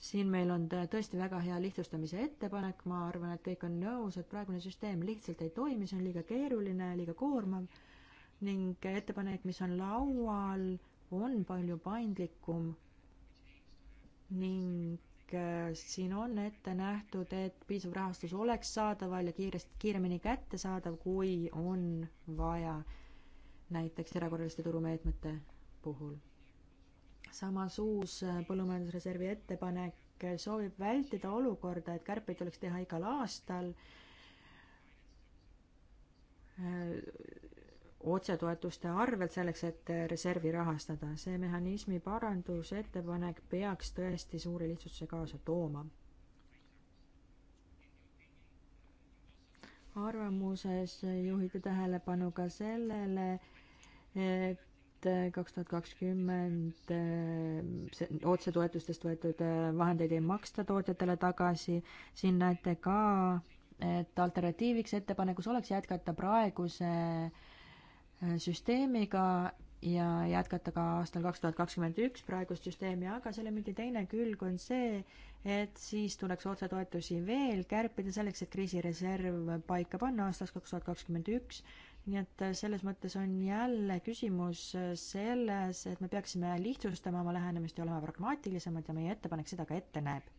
siin meil on tõesti väga hea lihtsustamise ettepanek, ma arvan, et kõik on nõus, et praegune süsteem lihtsalt ei toimi, see on liiga keeruline, liiga koormav ning ettepanek, mis on laual, on palju paindlikum ning äh, siin on ette nähtud, et piisav rahastus oleks saadaval ja kiiresti, kiiremini kättesaadav, kui on vaja näiteks erakorraliste turumeetmete puhul samas uus äh, põllumajandusreservi ettepanek äh, soovib vältida olukorda, et kärpeid tuleks teha igal aastal äh, otsetoetuste arvelt selleks, et reservi rahastada. see mehhanismi parandusettepanek peaks tõesti suure lihtsustuse kaasa tooma. arvamuses juhiti tähelepanu ka sellele, et Äh, kaks tuhat kakskümmend äh, otsetoetustest võetud äh, vahendeid ei maksta tootjatele tagasi, siin näete ka, et alternatiiviks ettepanekus oleks jätkata praeguse süsteemiga ja jätkata ka aastal kaks tuhat kakskümmend üks praegust süsteemi, aga selle mingi teine külg on see, et siis tuleks otsetoetusi veel kärpida selleks, et kriisireserv paika panna aastaks kaks tuhat kakskümmend üks nii et äh, selles mõttes on jälle küsimus äh, selles, et me peaksime lihtsustama oma lähenemist ja olema pragmaatilisemad ja meie ettepanek seda ka ette näeb.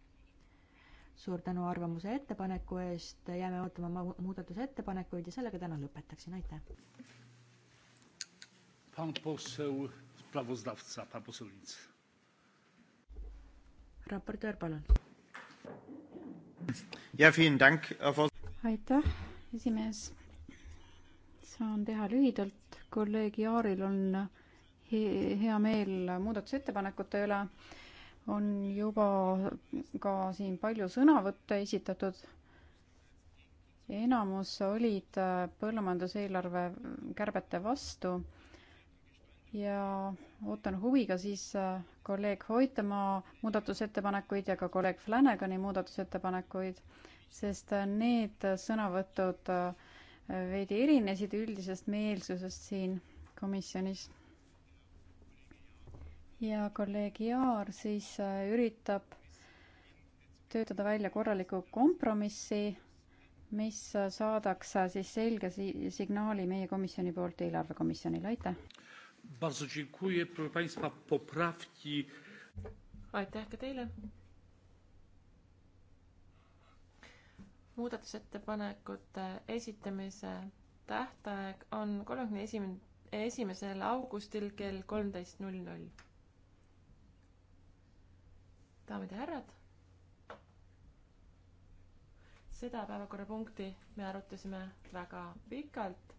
suur tänu arvamuse ettepaneku eest, jääme ootama muudatusettepanekuid ja sellega täna lõpetaksin, aitäh. raportöör, palun. aitäh, esimees saan teha lühidalt, kolleeg Jaaril on hea meel muudatusettepanekute üle. on juba ka siin palju sõnavõtte esitatud. enamus olid põllumajanduseelarve kärbete vastu ja ootan huviga siis kolleeg Hoitamaa muudatusettepanekuid ja ka kolleeg Flanagani muudatusettepanekuid, sest need sõnavõtud äh, veidi erinesid üldisest meelsusest siin komisjonis. ja kolleeg Jaar siis äh, üritab töötada välja korraliku kompromissi, mis äh, saadaks äh, siis selge si-, signaali meie komisjoni poolt eelarvekomisjonile, aitäh! aitäh ka teile! muudatusettepanekute esitamise tähtaeg on kolmekümne esimene, esimesel augustil kell kolmteist null null. daamid ja härrad, seda päevakorrapunkti me arutasime väga pikalt,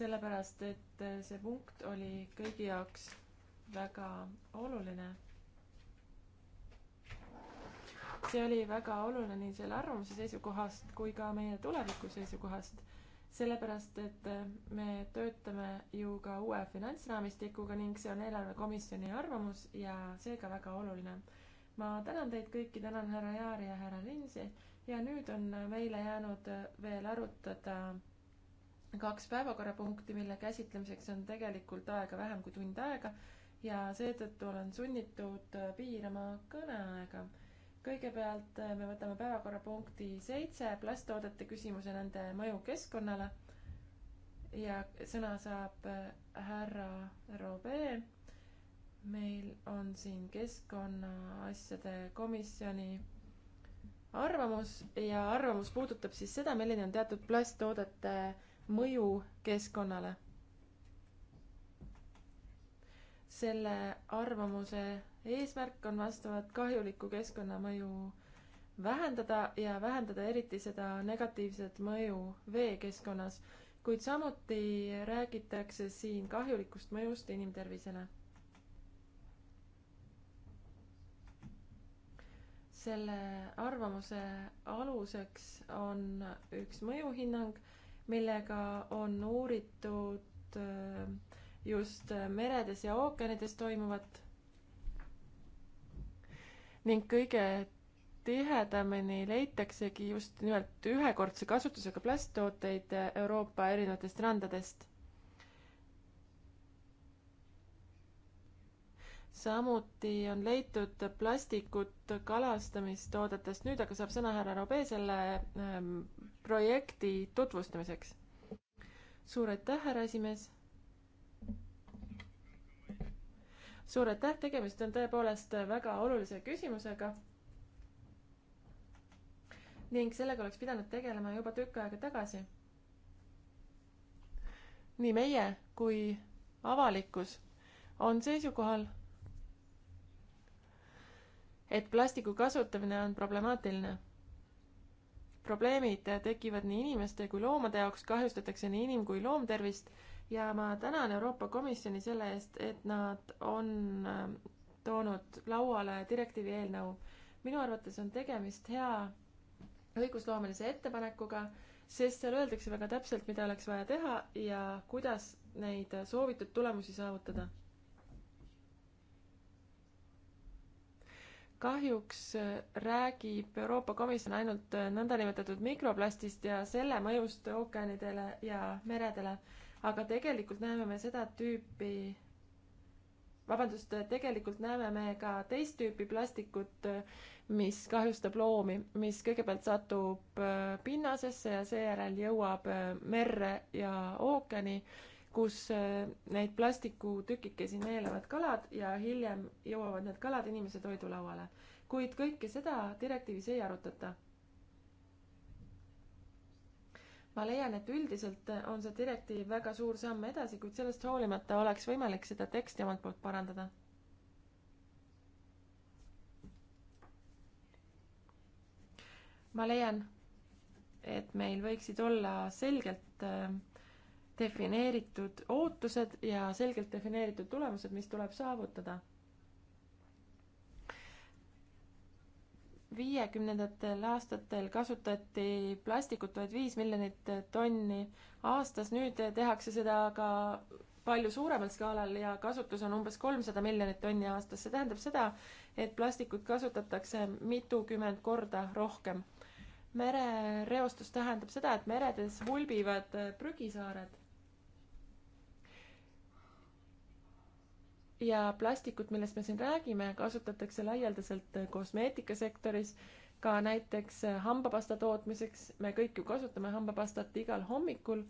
sellepärast et see punkt oli kõigi jaoks väga oluline see oli väga oluline nii selle arvamuse seisukohast kui ka meie tuleviku seisukohast, sellepärast et me töötame ju ka uue finantsraamistikuga ning see on eelarvekomisjoni arvamus ja seega väga oluline. ma tänan teid kõiki, tänan härra Jaari ja härra Linsi ja nüüd on meile jäänud veel arutada kaks päevakorrapunkti, mille käsitlemiseks on tegelikult aega vähem kui tund aega ja seetõttu olen sunnitud piirama kõneaega kõigepealt äh, me võtame päevakorrapunkti seitse, plasttoodete küsimus ja nende mõju keskkonnale. ja sõna saab äh, härra Robe. meil on siin keskkonnaasjade komisjoni arvamus ja arvamus puudutab siis seda, milline on teatud plasttoodete mõju keskkonnale. selle arvamuse eesmärk on vastavat kahjulikku keskkonnamõju vähendada ja vähendada eriti seda negatiivset mõju veekeskkonnas, kuid samuti räägitakse siin kahjulikust mõjust inimtervisele. selle arvamuse aluseks on üks mõjuhinnang, millega on uuritud äh, just äh, meredes ja ookeanides toimuvat ning kõige tihedamini leitaksegi just nimelt ühekordse kasutusega plasttooteid Euroopa erinevatest randadest. samuti on leitud plastikut kalastamistoodetest, nüüd aga saab sõna härra Robe selle ähm, projekti tutvustamiseks. suur aitäh, härra esimees suur aitäh, tegemist on tõepoolest väga olulise küsimusega. ning sellega oleks pidanud tegelema juba tükk aega tagasi. nii meie kui avalikkus on seisukohal, et plastiku kasutamine on problemaatiline probleemid tekivad nii inimeste kui loomade jaoks, kahjustatakse nii inim- kui loomtervist ja ma tänan Euroopa Komisjoni selle eest, et nad on ähm, toonud lauale direktiivi eelnõu. minu arvates on tegemist hea õigusloomelise ettepanekuga, sest seal öeldakse väga täpselt, mida oleks vaja teha ja kuidas neid soovitud tulemusi saavutada. kahjuks äh, räägib Euroopa Komisjon ainult äh, nõndanimetatud mikroplastist ja selle mõjust ookeanidele ja meredele aga tegelikult näeme me seda tüüpi, vabandust, tegelikult näeme me ka teist tüüpi plastikut, mis kahjustab loomi, mis kõigepealt satub äh, pinnasesse ja seejärel jõuab äh, merre ja ookeani, kus äh, neid plastikutükikesi neelavad kalad ja hiljem jõuavad need kalad inimese toidulauale. kuid kõike seda direktiivis ei arutata ma leian, et üldiselt on see direktiiv väga suur samm edasi, kuid sellest hoolimata oleks võimalik seda teksti omalt poolt parandada. ma leian, et meil võiksid olla selgelt äh, defineeritud ootused ja selgelt defineeritud tulemused, mis tuleb saavutada viiekümnendatel aastatel kasutati plastikut vaid viis miljonit tonni aastas, nüüd tehakse seda aga palju suuremal skaalal ja kasutus on umbes kolmsada miljonit tonni aastas. see tähendab seda, et plastikut kasutatakse mitukümmend korda rohkem. merereostus tähendab seda, et meredes hulbivad prügisaared ja plastikut, millest me siin räägime, kasutatakse laialdaselt kosmeetikasektoris, ka näiteks hambapasta tootmiseks, me kõik ju kasutame hambapastat igal hommikul,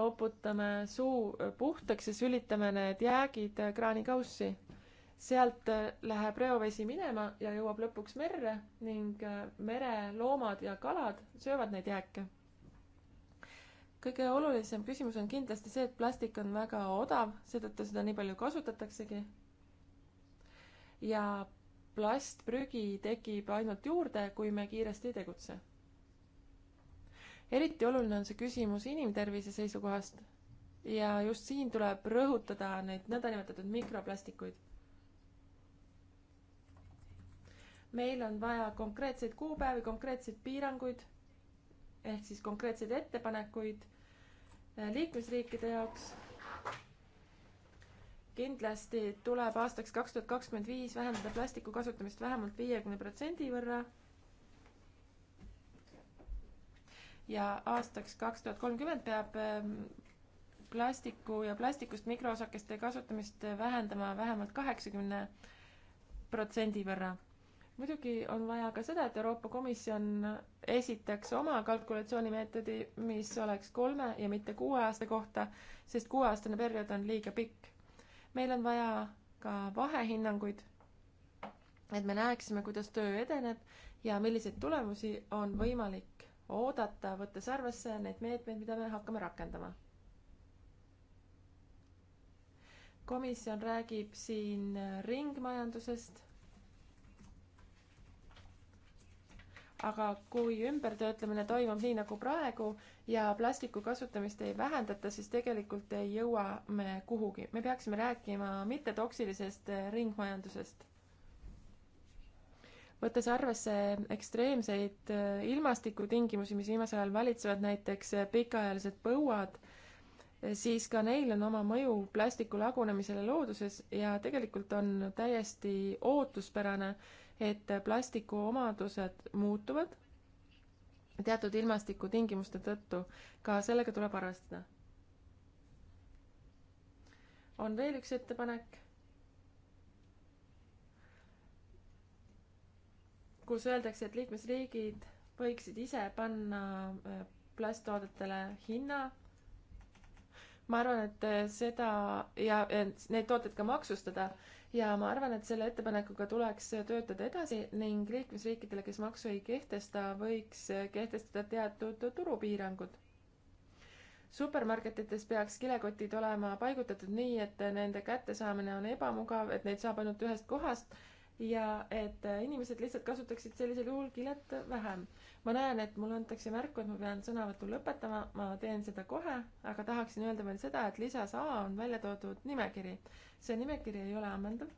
loputame suu puhtaks ja sülitame need jäägid kraanikaussi. sealt läheb reovesi minema ja jõuab lõpuks merre ning mereloomad ja kalad söövad neid jääke kõige olulisem küsimus on kindlasti see, et plastik on väga odav, seetõttu seda nii palju kasutataksegi. ja plastprügi tekib ainult juurde, kui me kiiresti ei tegutse. eriti oluline on see küsimus inimtervise seisukohast ja just siin tuleb rõhutada neid nõndanimetatud mikroplastikuid. meil on vaja konkreetseid kuupäevi, konkreetseid piiranguid ehk siis konkreetseid ettepanekuid Äh, liikmesriikide jaoks. kindlasti tuleb aastaks kaks tuhat kakskümmend viis vähendada plastiku kasutamist vähemalt viiekümne protsendi võrra. ja aastaks kaks tuhat kolmkümmend peab ähm, plastiku ja plastikust mikroosakeste kasutamist vähendama vähemalt kaheksakümne protsendi võrra muidugi on vaja ka seda, et Euroopa Komisjon esitaks oma kalkulatsioonimeetodi, mis oleks kolme ja mitte kuue aasta kohta, sest kuueaastane periood on liiga pikk. meil on vaja ka vahehinnanguid, et me näeksime, kuidas töö edeneb ja milliseid tulemusi on võimalik oodata, võttes arvesse neid meetmeid, mida me hakkame rakendama. komisjon räägib siin ringmajandusest aga kui ümbertöötlemine toimub nii nagu praegu ja plastiku kasutamist ei vähendata, siis tegelikult ei jõua me kuhugi. me peaksime rääkima mittetoksilisest ringmajandusest. võttes arvesse ekstreemseid äh, ilmastikutingimusi, mis viimasel ajal valitsevad, näiteks äh, pikaajalised põuad, äh, siis ka neil on oma mõju plastiku lagunemisele looduses ja tegelikult on täiesti ootuspärane, et plastiku omadused muutuvad teatud ilmastikutingimuste tõttu, ka sellega tuleb arvestada. on veel üks ettepanek, kus öeldakse, et liikmesriigid võiksid ise panna äh, plasttoodetele hinna. ma arvan, et äh, seda ja et neid tooteid ka maksustada ja ma arvan, et selle ettepanekuga tuleks töötada edasi ning liikmesriikidele, kes maksu ei kehtesta, võiks kehtestada teatud turupiirangud. supermarketites peaks kilekotid olema paigutatud nii, et nende kättesaamine on ebamugav, et neid saab ainult ühest kohast ja et inimesed lihtsalt kasutaksid sellisel juhul kilet vähem. ma näen, et mulle antakse märku, et ma pean sõnavõtu lõpetama, ma teen seda kohe, aga tahaksin öelda veel seda, et lisas A on välja toodud nimekiri. see nimekiri ei ole ammendav.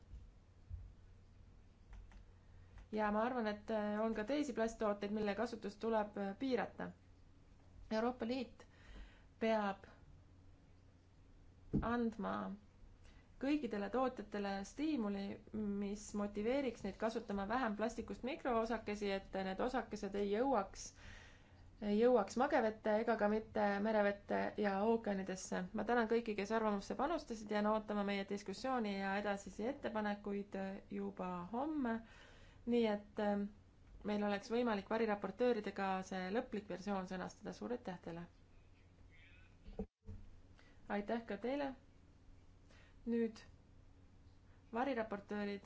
ja ma arvan, et on ka teisi plasttooteid, mille kasutust tuleb piirata. Euroopa Liit peab andma kõikidele tootjatele stiimuli, mis motiveeriks neid kasutama vähem plastikust mikroosakesi, et need osakesed ei jõuaks, ei jõuaks magevette ega ka mitte merevette ja ookeanidesse. ma tänan kõiki, kes arvamusse panustasid, jään ootama meie diskussiooni ja edasisi ettepanekuid juba homme. nii et ähm, meil oleks võimalik variraportööridega see lõplik versioon sõnastada. suur aitäh teile! aitäh ka teile! nüüd variraportöörid.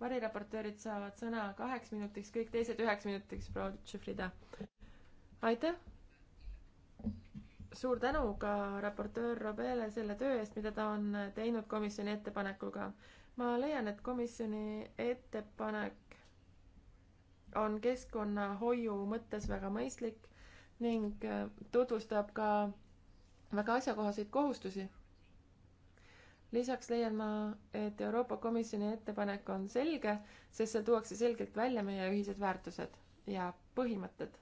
variraportöörid saavad sõna kaheks minutiks, kõik teised üheks minutiks, proua Tšufrida. aitäh! suur tänu ka raportöör Robele selle töö eest, mida ta on teinud komisjoni ettepanekuga. ma leian, et komisjoni ettepanek on keskkonnahoiu mõttes väga mõistlik ning tutvustab ka väga asjakohaseid kohustusi lisaks leian ma, et Euroopa Komisjoni ettepanek on selge, sest seal tuuakse selgelt välja meie ühised väärtused ja põhimõtted.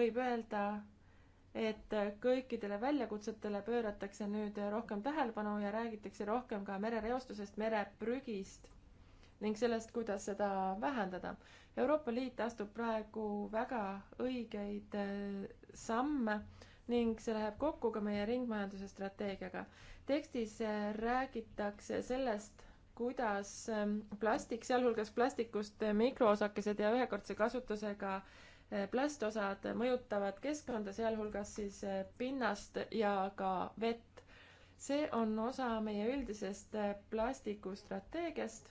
võib öelda, et kõikidele väljakutsetele pööratakse nüüd rohkem tähelepanu ja räägitakse rohkem ka merereostusest, mereprügist ning sellest, kuidas seda vähendada. Euroopa Liit astub praegu väga õigeid eh, samme ning see läheb kokku ka meie ringmajanduse strateegiaga. tekstis äh, räägitakse sellest, kuidas ähm, plastik, sealhulgas plastikust äh, mikroosakesed ja ühekordse kasutusega äh, plastosad mõjutavad keskkonda, sealhulgas siis pinnast ja ka vett. see on osa meie üldisest plastikustrateegiast.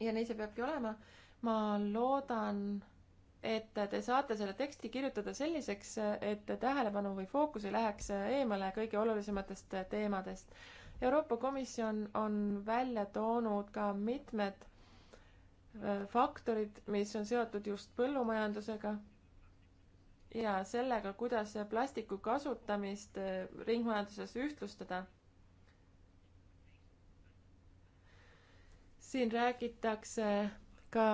ja nii see peabki olema. ma loodan et te saate selle teksti kirjutada selliseks, et tähelepanu või fookus ei läheks eemale kõige olulisematest teemadest. Euroopa Komisjon on välja toonud ka mitmed äh, faktorid, mis on seotud just põllumajandusega ja sellega, kuidas plastiku kasutamist äh, ringmajanduses ühtlustada siin räägitakse ka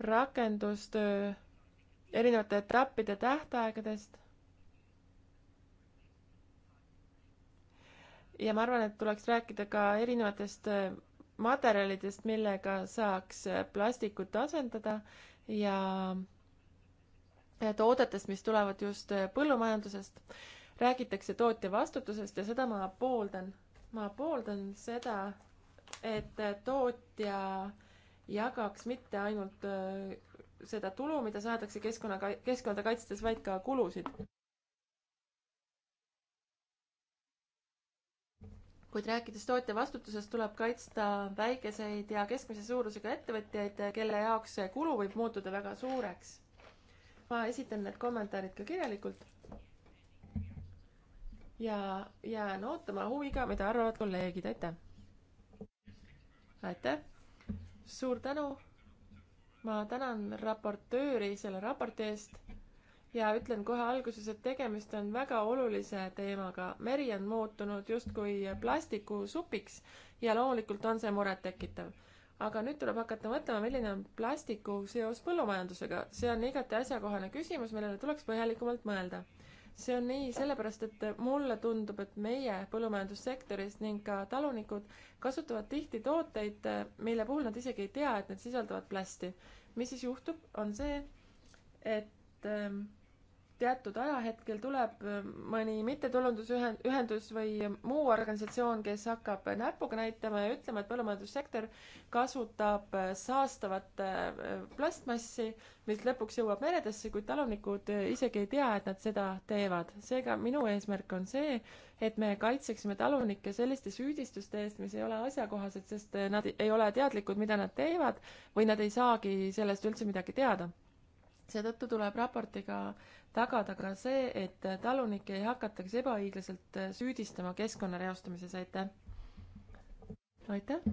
rakendustöö erinevate etappide tähtaegadest. ja ma arvan, et tuleks rääkida ka erinevatest äh, materjalidest, millega saaks äh, plastikut asendada ja äh, toodetest, mis tulevad just põllumajandusest. räägitakse tootja vastutusest ja seda ma pooldan. ma pooldan seda, et tootja jagaks mitte ainult seda tulu, mida saadakse keskkonna, keskkonda kaitstes, vaid ka kulusid. kuid rääkides tootja vastutusest, tuleb kaitsta väikeseid ja keskmise suurusega ettevõtjaid, kelle jaoks see kulu võib muutuda väga suureks. ma esitan need kommentaarid ka kirjalikult. ja jään ootama huviga, mida arvavad kolleegid, aitäh! aitäh! suur tänu! ma tänan raportööri selle raporti eest ja ütlen kohe alguses, et tegemist on väga olulise teemaga. meri on muutunud justkui plastikusupiks ja loomulikult on see murettekitav. aga nüüd tuleb hakata mõtlema, milline on plastiku seos põllumajandusega. see on igati asjakohane küsimus, millele tuleks põhjalikumalt mõelda see on nii sellepärast, et mulle tundub, et meie põllumajandussektoris ning ka talunikud kasutavad tihti tooteid, mille puhul nad isegi ei tea, et need sisaldavad plasti. mis siis juhtub, on see, et ähm, teatud ajahetkel tuleb äh, mõni mittetulundusühendus või muu organisatsioon, kes hakkab näpuga näitama ja ütlema, et põllumajandussektor kasutab äh, saastavat äh, plastmassi, mis lõpuks jõuab meredesse, kuid talunikud isegi ei tea, et nad seda teevad. seega minu eesmärk on see, et me kaitseksime talunikke selliste süüdistuste eest, mis ei ole asjakohased, sest nad ei ole teadlikud, mida nad teevad või nad ei saagi sellest üldse midagi teada seetõttu tuleb raportiga tagada ka see, et talunikke ei hakataks ebaõiglaselt süüdistama keskkonna reostamises, aitäh! aitäh!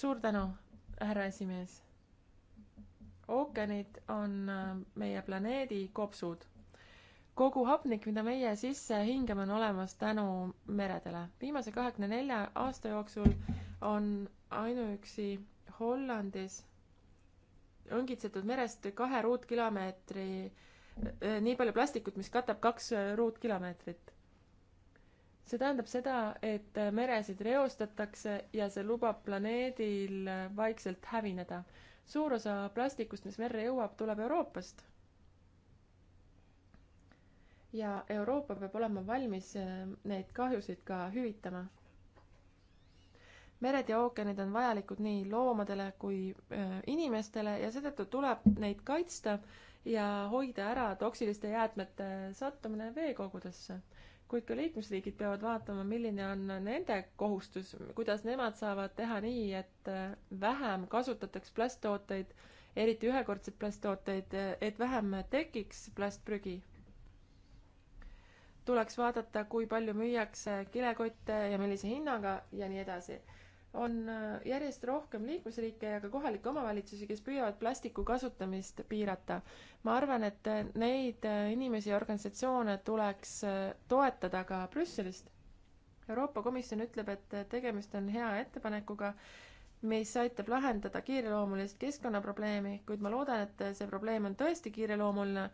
suur tänu, härra esimees! ookeanid on äh, meie planeedi kopsud kogu hapnik, mida meie sisse hingame, on olemas tänu meredele. viimase kahekümne nelja aasta jooksul on ainuüksi Hollandis õngitsetud merest kahe ruutkilomeetri, eh, nii palju plastikut, mis katab kaks eh, ruutkilomeetrit. see tähendab seda, et eh, meresid reostatakse ja see lubab planeedil vaikselt hävineda. suur osa plastikust, mis merre jõuab, tuleb Euroopast. ja Euroopa peab olema valmis neid kahjusid ka hüvitama mered ja ookeanid on vajalikud nii loomadele kui äh, inimestele ja seetõttu tuleb neid kaitsta ja hoida ära toksiliste jäätmete sattumine veekogudesse. kuid ka liikmesriigid peavad vaatama, milline on nende kohustus, kuidas nemad saavad teha nii, et äh, vähem kasutataks plasttooteid, eriti ühekordseid plasttooteid, et vähem tekiks plastprügi tuleks vaadata, kui palju müüakse kilekotte ja millise hinnaga ja nii edasi on äh, järjest rohkem liikmesriike ja ka kohalikke omavalitsusi, kes püüavad plastiku kasutamist piirata. ma arvan, et äh, neid äh, inimesi ja organisatsioone tuleks toetada ka Brüsselist. Euroopa Komisjon ütleb, et tegemist on hea ettepanekuga mis aitab lahendada kiireloomulist keskkonnaprobleemi, kuid ma loodan, et see probleem on tõesti kiireloomuline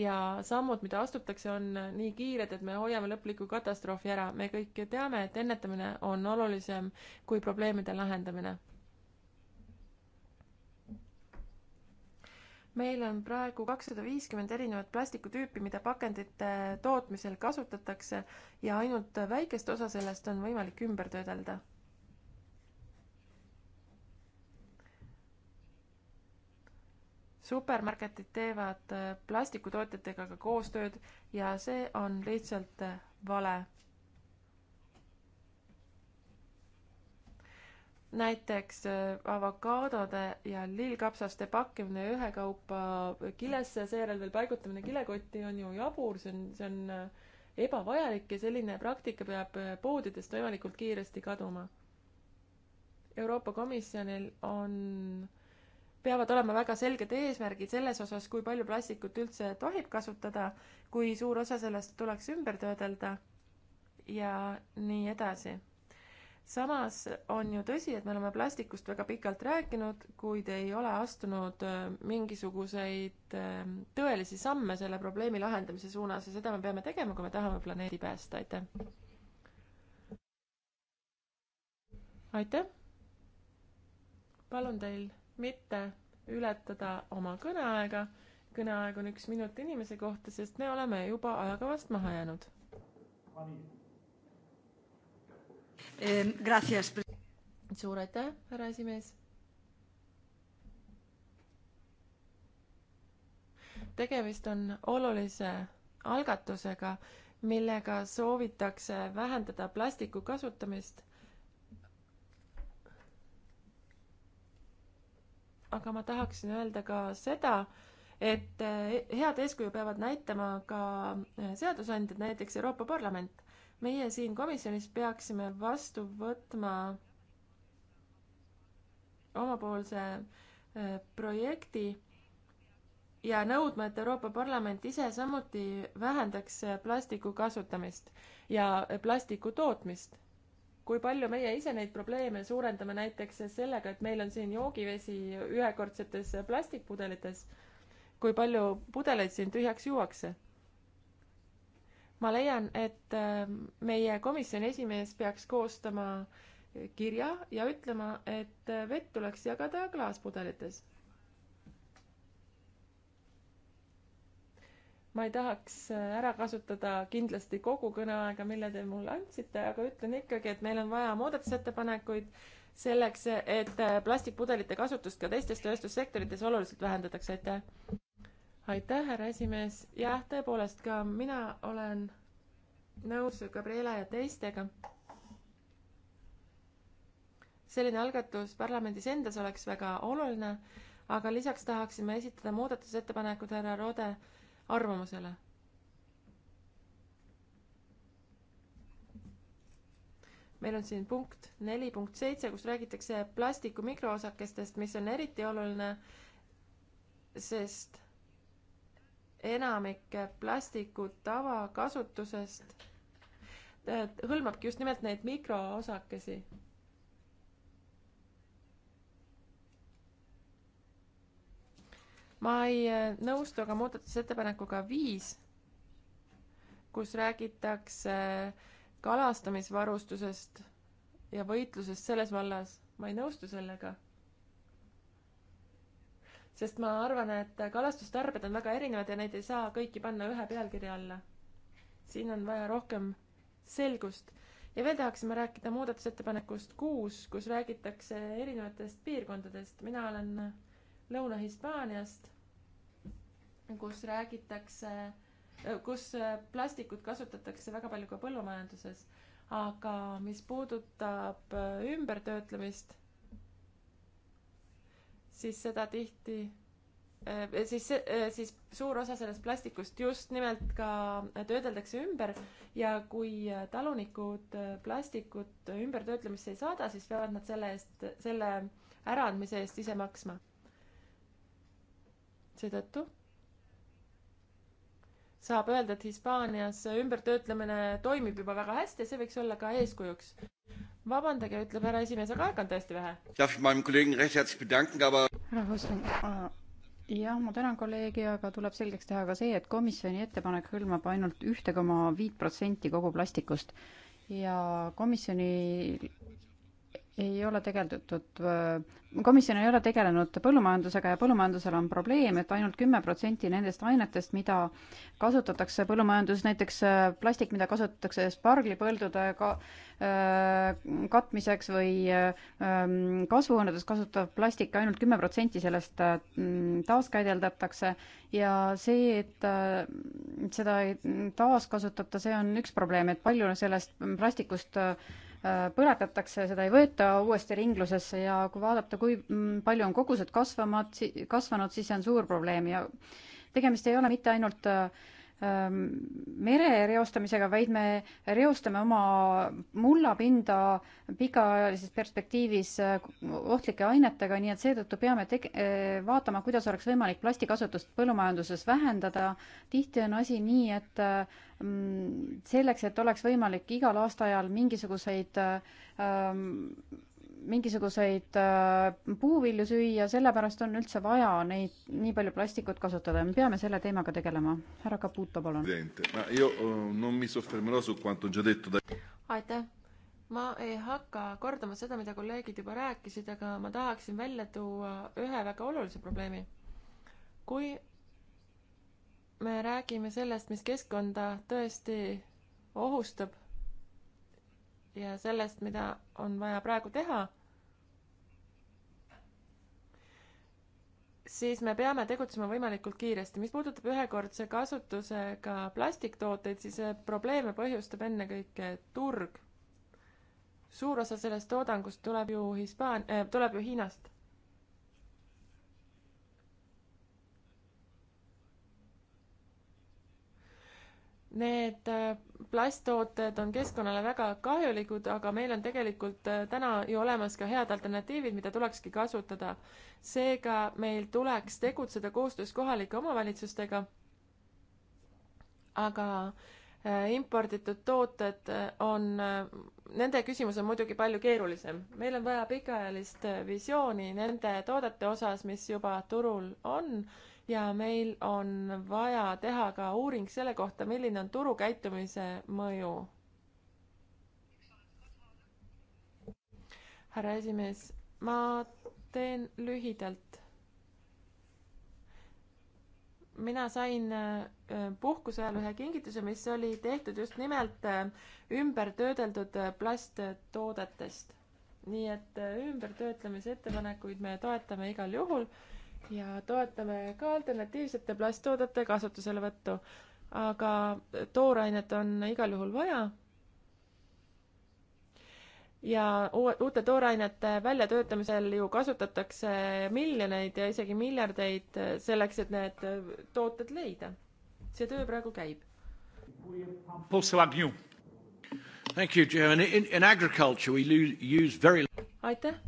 ja sammud, mida astutakse, on nii kiired, et me hoiame lõpliku katastroofi ära. me kõik teame, et ennetamine on olulisem kui probleemide lahendamine. meil on praegu kakssada viiskümmend erinevat plastikutüüpi, mida pakendite tootmisel kasutatakse ja ainult väikest osa sellest on võimalik ümber töödelda supermarketid teevad äh, plastikutootjatega ka koostööd ja see on lihtsalt äh, vale. näiteks äh, avokaadode ja lillkapsaste pakkimine ühekaupa kilesse, seejärel veel paigutamine kilekotti on ju jabur, see on, see on ebavajalik ja selline praktika peab poodidest võimalikult kiiresti kaduma. Euroopa Komisjonil on äh, peavad olema väga selged eesmärgid selles osas, kui palju plastikut üldse tohib kasutada, kui suur osa sellest tuleks ümber töödelda ja nii edasi. samas on ju tõsi, et me oleme plastikust väga pikalt rääkinud, kuid ei ole astunud äh, mingisuguseid äh, tõelisi samme selle probleemi lahendamise suunas ja seda me peame tegema, kui me tahame planeedi päästa, aitäh! aitäh! palun teil mitte ületada oma kõneaega. kõneaeg on üks minut inimese kohta, sest me oleme juba ajakavast maha jäänud. suur aitäh, härra esimees. tegemist on olulise algatusega, millega soovitakse vähendada plastiku kasutamist aga ma tahaksin öelda ka seda, et eh, head eeskuju peavad näitama ka eh, seadusandjad, näiteks Euroopa Parlament. meie siin komisjonis peaksime vastu võtma omapoolse eh, projekti ja nõudma, et Euroopa Parlament ise samuti vähendaks plastiku kasutamist ja plastiku tootmist kui palju meie ise neid probleeme suurendame näiteks sellega, et meil on siin joogivesi ühekordsetes plastikpudelites, kui palju pudeleid siin tühjaks juuakse? ma leian, et ähm, meie komisjoni esimees peaks koostama kirja ja ütlema, et äh, vett tuleks jagada klaaspudelites ma ei tahaks äh, ära kasutada kindlasti kogu kõneaega, mille te mulle andsite, aga ütlen ikkagi, et meil on vaja muudatusettepanekuid selleks, et äh, plastikpudelite kasutust ka teistes tööstussektorites oluliselt vähendatakse, aitäh. aitäh, härra esimees, jah, tõepoolest ka mina olen nõus Gabriela ja teistega. selline algatus parlamendis endas oleks väga oluline, aga lisaks tahaksime esitada muudatusettepanekud härra Rode arvamusele. meil on siin punkt neli punkt seitse, kus räägitakse plastiku mikroosakestest, mis on eriti oluline, sest enamik plastiku tavakasutusest hõlmabki just nimelt neid mikroosakesi ma ei äh, nõustu aga muudatusettepanekuga viis, kus räägitakse äh, kalastamisvarustusest ja võitlusest selles vallas. ma ei nõustu sellega. sest ma arvan, et äh, kalastustarbed on väga erinevad ja neid ei saa kõiki panna ühe pealkirja alla. siin on vaja rohkem selgust ja veel tahaksime rääkida muudatusettepanekust kuus, kus räägitakse erinevatest piirkondadest. mina olen Lõuna-Hispaaniast kus räägitakse, kus plastikut kasutatakse väga palju ka põllumajanduses. aga mis puudutab ümbertöötlemist, siis seda tihti eh, siis, eh, siis suur osa sellest plastikust just nimelt ka töödeldakse ümber ja kui talunikud plastikut ümbertöötlemisse ei saada, siis peavad nad selle eest, selle äraandmise eest ise maksma. seetõttu saab öelda, et Hispaanias ümbertöötlemine toimib juba väga hästi ja see võiks olla ka eeskujuks. vabandage, ütleb härra esimees, aga aega on tõesti vähe. härra Husling, äh, jah, ma tänan kolleegi, aga tuleb selgeks teha ka see, et komisjoni ettepanek hõlmab ainult ühte koma viit protsenti kogu plastikust ja komisjoni ei ole tegeldud, äh, komisjon ei ole tegelenud põllumajandusega ja põllumajandusel on probleem, et ainult kümme protsenti nendest ainetest, mida kasutatakse põllumajanduses, näiteks äh, plastik, mida kasutatakse sparglipõldude ka, äh, katmiseks või ähm, kasvuhoonetes kasutav plastik, ainult kümme protsenti sellest mm, taaskäideldatakse ja see, et seda ei taaskasutata, see on üks probleem, et palju sellest plastikust Äh, põletatakse, seda ei võeta uuesti ringlusesse ja kui vaadata, kui mm, palju on kogused kasvamad, kasvanud, siis see on suur probleem ja tegemist ei ole mitte ainult äh, Ähm, mere reostamisega, vaid me reostame oma mullapinda pikaajalises perspektiivis äh, ohtlike ainetega, nii et seetõttu peame teg-, äh, vaatama, kuidas oleks võimalik plastikasutust põllumajanduses vähendada. tihti on asi nii, et äh, mm, selleks, et oleks võimalik igal aastaajal mingisuguseid ähm, mingisuguseid äh, puuvilju süüa, sellepärast on üldse vaja neid, nii palju plastikut kasutada ja me peame selle teemaga tegelema. härra Caputo, palun. aitäh. ma ei hakka kordama seda, mida kolleegid juba rääkisid, aga ma tahaksin välja tuua ühe väga olulise probleemi. kui me räägime sellest, mis keskkonda tõesti ohustab, ja sellest, mida on vaja praegu teha, siis me peame tegutsema võimalikult kiiresti. mis puudutab ühekordse kasutusega plastiktooteid, siis probleeme põhjustab ennekõike turg. suur osa sellest toodangust tuleb ju Hispaan- äh,, tuleb ju Hiinast. Need äh, plasttooted on keskkonnale väga kahjulikud, aga meil on tegelikult äh, täna ju olemas ka head alternatiivid, mida tulekski kasutada. seega meil tuleks tegutseda koostöös kohalike omavalitsustega. aga äh, imporditud tooted on, nende küsimus on muidugi palju keerulisem. meil on vaja pikaajalist visiooni nende toodete osas, mis juba turul on ja meil on vaja teha ka uuring selle kohta, milline on turukäitumise mõju. härra esimees, ma teen lühidalt. mina sain äh, puhkuse ajal ühe kingituse, mis oli tehtud just nimelt äh, ümbertöödeldud äh, plasttoodetest. nii et ümbertöötlemise ettepanekuid me toetame igal juhul ja toetame ka alternatiivsete plasttoodete kasutuselevõttu. aga toorainet on igal juhul vaja. ja uue, uute toorainete väljatöötamisel ju kasutatakse miljoneid ja isegi miljardeid selleks, et need tooted leida. see töö praegu käib. aitäh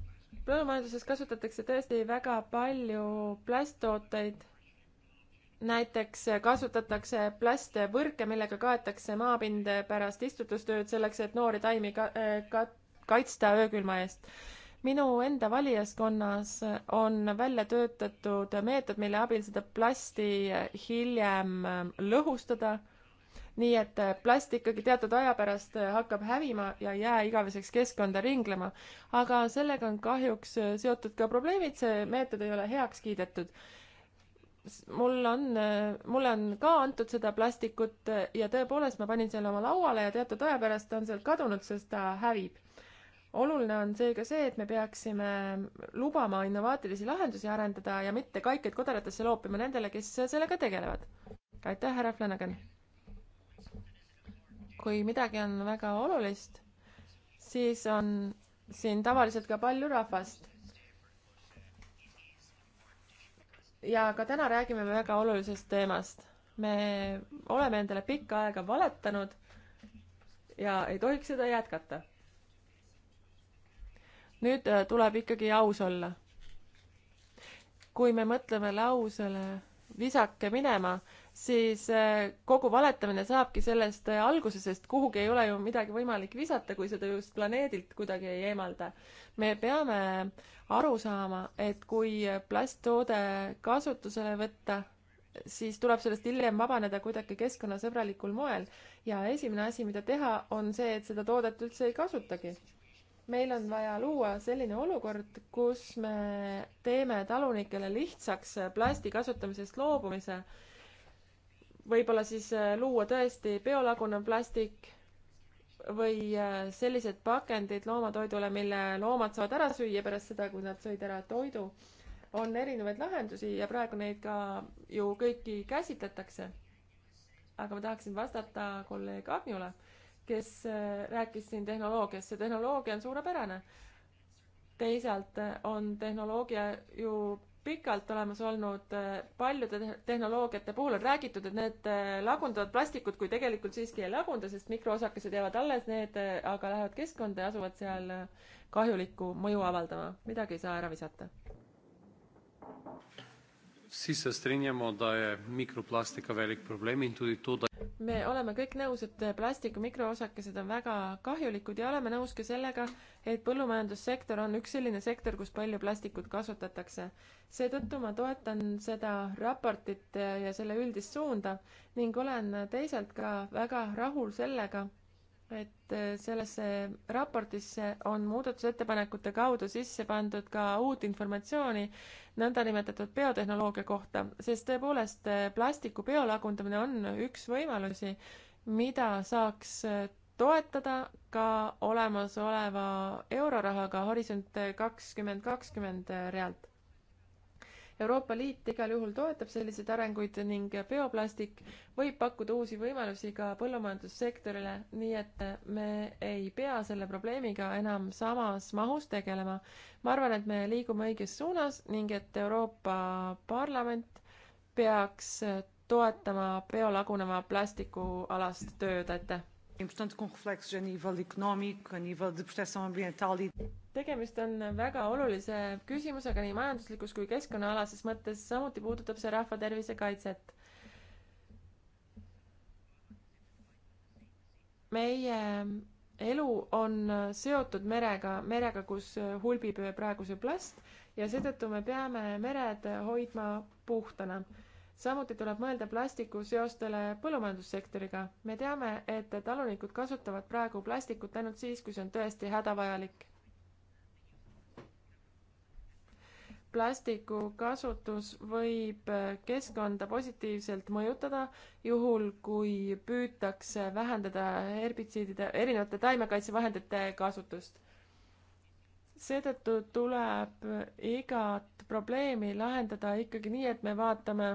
põllumajanduses kasutatakse tõesti väga palju plasttooteid. näiteks kasutatakse plastvõrke, millega kaetakse maapind pärast istutustööd selleks, et noori taimi ka, ka, kaitsta öökülma eest minu enda valijaskonnas on välja töötatud meetod, mille abil seda plasti hiljem lõhustada nii et äh, plast ikkagi teatud aja pärast äh, hakkab hävima ja ei jää igaveseks keskkonda ringlema. aga sellega on kahjuks äh, seotud ka probleemid, see meetod ei ole heaks kiidetud. mul on, mulle on ka antud seda plastikut ja tõepoolest ma panin selle oma lauale ja teatud aja pärast on sealt kadunud, sest ta hävib oluline on seega see, et me peaksime lubama innovaatilisi lahendusi arendada ja mitte kaikaid kodaratesse loopima nendele, kes sellega tegelevad. aitäh, härra Flanagan! kui midagi on väga olulist, siis on siin tavaliselt ka palju rahvast. ja ka täna räägime me väga olulisest teemast. me oleme endale pikka aega valetanud ja ei tohiks seda jätkata. nüüd äh, tuleb ikkagi aus olla. kui me mõtleme lausele visake minema, siis äh, kogu valetamine saabki sellest äh, alguse, sest kuhugi ei ole ju midagi võimalik visata, kui seda just planeedilt kuidagi ei eemalda. me peame aru saama, et kui plasttoode kasutusele võtta, siis tuleb sellest hiljem vabaneda kuidagi keskkonnasõbralikul moel. ja esimene asi, mida teha, on see, et seda toodet üldse ei kasutagi. meil on vaja luua selline olukord, kus me teeme talunikele lihtsaks plasti kasutamisest loobumise võib-olla siis äh, luua tõesti biolagunev plastik või äh, sellised pakendid loomatoidule, mille loomad saavad ära süüa pärast seda, kui nad sõid ära toidu. on erinevaid lahendusi ja praegu neid ka ju kõiki käsitletakse. aga ma tahaksin vastata kolleeg Agnule, kes äh, rääkis siin tehnoloogiast. see tehnoloogia on suurepärane. teisalt on tehnoloogia ju pikalt olemas olnud, äh, paljude tehnoloogiate puhul on räägitud, et need äh, lagundavad plastikut, kui tegelikult siiski ei lagunda, sest mikroosakesed jäävad alles, need äh, aga lähevad keskkonda ja asuvad seal kahjulikku mõju avaldama, midagi ei saa ära visata Vsi se strinjamo, da je mikroplastika velik probleem in tudi to, da me oleme kõik nõus, et plastiku mikroosakesed on väga kahjulikud ja oleme nõus ka sellega, et põllumajandussektor on üks selline sektor, kus palju plastikut kasutatakse. seetõttu ma toetan seda raportit ja selle üldist suunda ning olen teisalt ka väga rahul sellega, et äh, sellesse raportisse on muudatusettepanekute kaudu sisse pandud ka uut informatsiooni nõndanimetatud biotehnoloogia kohta, sest tõepoolest äh, plastiku biolagundamine on üks võimalusi, mida saaks äh, toetada ka olemasoleva eurorahaga Horisont kakskümmend kakskümmend realt Euroopa Liit igal juhul toetab selliseid arenguid ning bioplastik võib pakkuda uusi võimalusi ka põllumajandussektorile, nii et me ei pea selle probleemiga enam samas mahus tegelema. ma arvan, et me liigume õiges suunas ning et Euroopa Parlament peaks toetama biolaguneva plastiku alast tööd, aitäh! E tegemist on väga olulise küsimusega nii majanduslikus kui keskkonnaalases mõttes, samuti puudutab see rahvatervise kaitset. meie elu on seotud merega, merega, kus hulbib praegu see plast ja seetõttu me peame mered hoidma puhtana samuti tuleb mõelda plastiku seostele põllumajandussektoriga. me teame, et talunikud kasutavad praegu plastikut ainult siis, kui see on tõesti hädavajalik. plastiku kasutus võib keskkonda positiivselt mõjutada, juhul kui püütakse vähendada herbitsiidide, erinevate taimekaitsevahendite kasutust seetõttu tuleb igat probleemi lahendada ikkagi nii, et me vaatame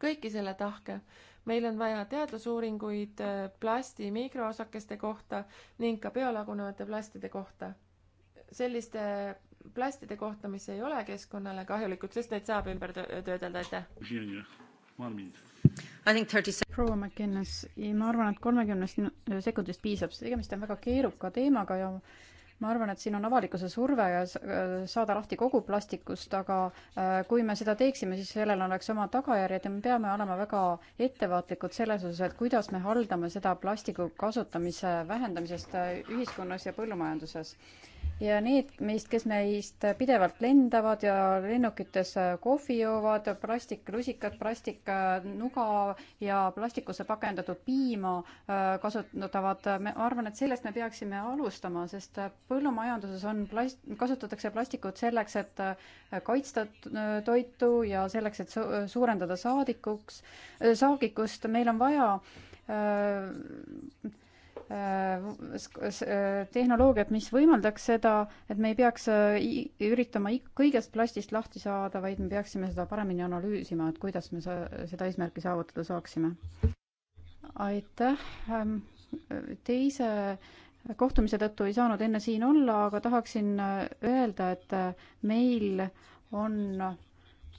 kõiki selle tahke. meil on vaja teadusuuringuid äh, plasti mikroosakeste kohta ning ka biolagunevate plastide kohta. selliste plastide kohta, mis ei ole keskkonnale kahjulikud, sest neid saab ümber töödelda, aitäh. proua McInnes, ma arvan, et kolmekümnest sekundist piisab, tegemist on väga keeruka teemaga ja ma arvan, et siin on avalikkuse surve ja äh, saada lahti kogu plastikust, aga äh, kui me seda teeksime, siis sellel oleks oma tagajärjed ja me peame olema väga ettevaatlikud selles osas, et kuidas me haldame seda plastiku kasutamise vähendamisest äh, ühiskonnas ja põllumajanduses ja need meist, kes meist pidevalt lendavad ja lennukites kohvi joovad, plastiklusikad, plastiknuga ja plastikusse pakendatud piima äh, kasutavad, ma arvan, et sellest me peaksime alustama, sest põllumajanduses on plast-, kasutatakse plastikut selleks, et äh, kaitsta äh, toitu ja selleks, et su suurendada saadikuks, saagikust, meil on vaja öö, tehnoloogiat, mis võimaldaks seda, et me ei peaks äh, üritama kõigest plastist lahti saada, vaid me peaksime seda paremini analüüsima, et kuidas me seda eesmärki saavutada saaksime. aitäh. Ähm, teise kohtumise tõttu ei saanud enne siin olla, aga tahaksin äh, öelda, et äh, meil on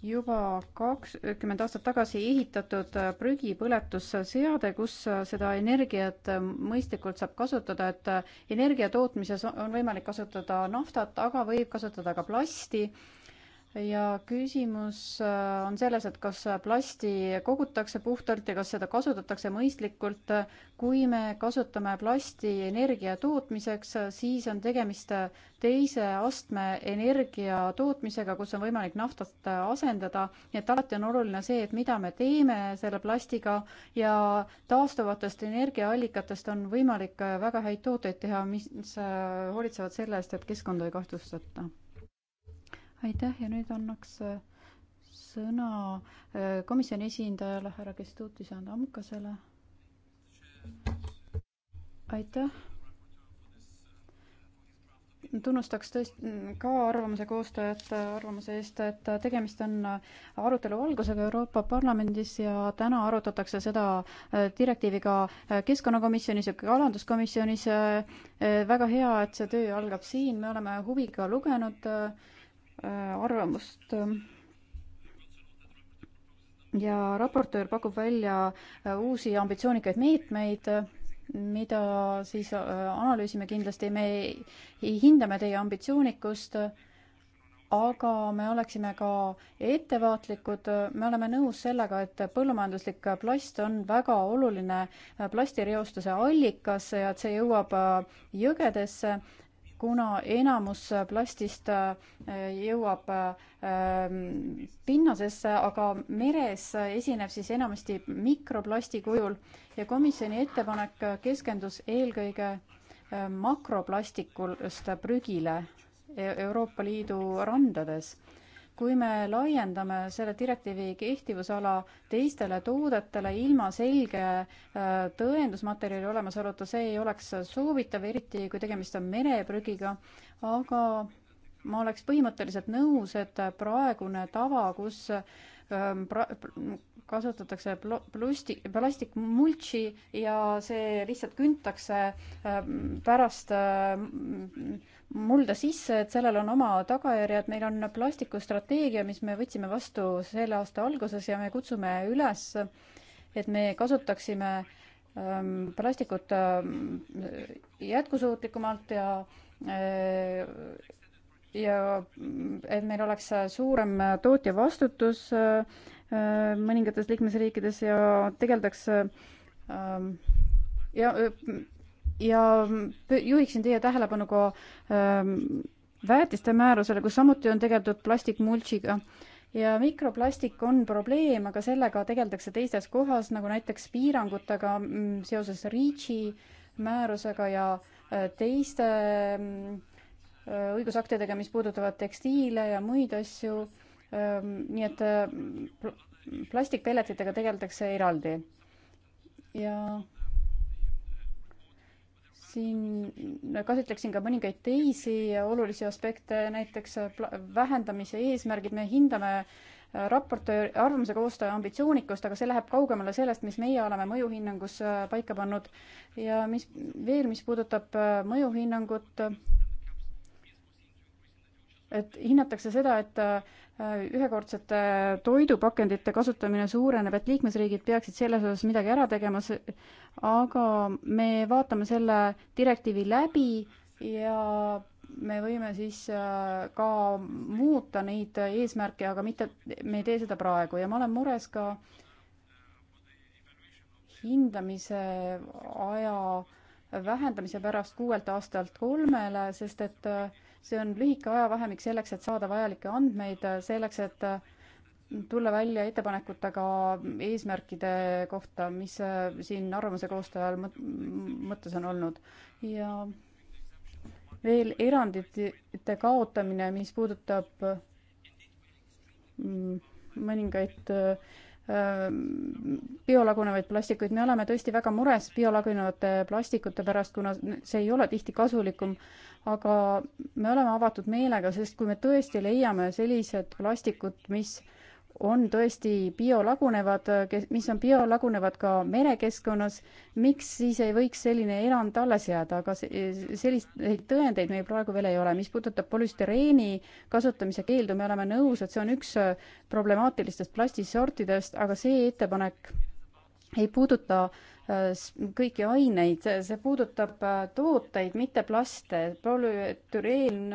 juba kakskümmend aastat tagasi ehitatud äh, prügipõletusseade, kus äh, seda energiat äh, mõistlikult saab kasutada, et energia tootmises on võimalik kasutada naftat, aga võib kasutada ka plasti ja küsimus äh, on selles, et kas plasti kogutakse puhtalt ja kas seda kasutatakse mõistlikult. kui me kasutame plasti energia tootmiseks, siis on tegemist teise astme energia tootmisega, kus on võimalik naftat asendada. nii et alati on oluline see, et mida me teeme selle plastiga ja taastuvatest energiaallikatest on võimalik väga häid tooteid teha, mis äh, hoolitsevad selle eest, et keskkonda ei kahtlustata aitäh ja nüüd annaks äh, sõna äh, komisjoni esindajale härra Kestutis Andamukasele. aitäh tunnustaks tõest- mm, ka arvamuse koostajat äh, arvamuse eest, et tegemist on arutelu algusega Euroopa Parlamendis ja täna arutatakse seda direktiiviga Keskkonnakomisjonis ja Kalanduskomisjonis. väga hea, et see töö algab siin, me oleme huviga lugenud äh, Äh, arvamust ja raportöör pakub välja äh, uusi ambitsioonikaid meetmeid, mida siis äh, analüüsime kindlasti, me hindame teie ambitsioonikust, aga me oleksime ka ettevaatlikud, me oleme nõus sellega, et põllumajanduslik plast on väga oluline plastireostuse allikas ja et see jõuab jõgedesse kuna enamus plastist äh, jõuab ähm, pinnasesse, aga meres esineb siis enamasti mikroplasti kujul ja komisjoni ettepanek keskendus eelkõige äh, makroplastikust prügile e-, Euroopa Liidu randades kui me laiendame selle direktiivi kehtivusala teistele toodetele ilma selge äh, tõendusmaterjali olemasoluta, see ei oleks soovitav, eriti kui tegemist on mereprügiga, aga ma oleks põhimõtteliselt nõus, et praegune tava, kus Ähm, pra-, kasutatakse pl-, plasti-, plastikmultsi ja see lihtsalt küntakse ähm, pärast ähm, mulda sisse, et sellel on oma tagajärjed, meil on plastikustrateegia, mis me võtsime vastu selle aasta alguses ja me kutsume üles, et me kasutaksime plastikut jätkusuutlikumalt ja äh, ja et meil oleks suurem tootja vastutus äh, äh, mõningates liikmesriikides ja tegeldakse ähm, ja, äh, ja juhiksin teie tähelepanu ka ähm, väetiste määrusele, kus samuti on tegeldud plastikmulčiga ja mikroplastik on probleem, aga sellega tegeldakse teises kohas, nagu näiteks piirangutega mm, seoses REACH-i määrusega ja teiste mm, Äh, õigusaktidega, mis puudutavad tekstiile ja muid asju. Ähm, nii et äh, plastikpelletitega tegeldakse eraldi. ja siin käsitleksin ka mõningaid teisi olulisi aspekte, näiteks äh, vähendamise eesmärgid, me hindame raportööri, arvamuse koostaja ambitsioonikust, aga see läheb kaugemale sellest, mis meie oleme mõjuhinnangus paika pannud. ja mis veel, mis puudutab mõjuhinnangut, et hinnatakse seda, et äh, ühekordsete toidupakendite kasutamine suureneb, et liikmesriigid peaksid selles osas midagi ära tegema, aga me vaatame selle direktiivi läbi ja me võime siis äh, ka muuta neid eesmärke, aga mitte, me ei tee seda praegu ja ma olen mures ka hindamise aja vähendamise pärast kuuelt aastalt kolmele, sest et äh, see on lühike ajavahemik selleks, et saada vajalikke andmeid, selleks, et äh, tulla välja ettepanekutega eesmärkide kohta, mis äh, siin arvamuse koostajal mõttes on olnud ja veel erandite kaotamine, mis puudutab mm, mõningaid äh, biolagunevaid plastikuid, me oleme tõesti väga mures biolagunevate plastikute pärast, kuna see ei ole tihti kasulikum, aga me oleme avatud meelega, sest kui me tõesti leiame sellised plastikud, mis äh, on tõesti biolagunevad, kes, mis on biolagunevad ka merekeskkonnas, miks siis ei võiks selline erand alles jääda, aga selliseid tõendeid meil praegu veel ei ole. mis puudutab polüstereeni kasutamise keeldu, me oleme nõus, et see on üks problemaatilistest plastisortidest, aga see ettepanek ei puuduta kõiki aineid, see puudutab äh, tooteid, mitte plaste. polüetüreen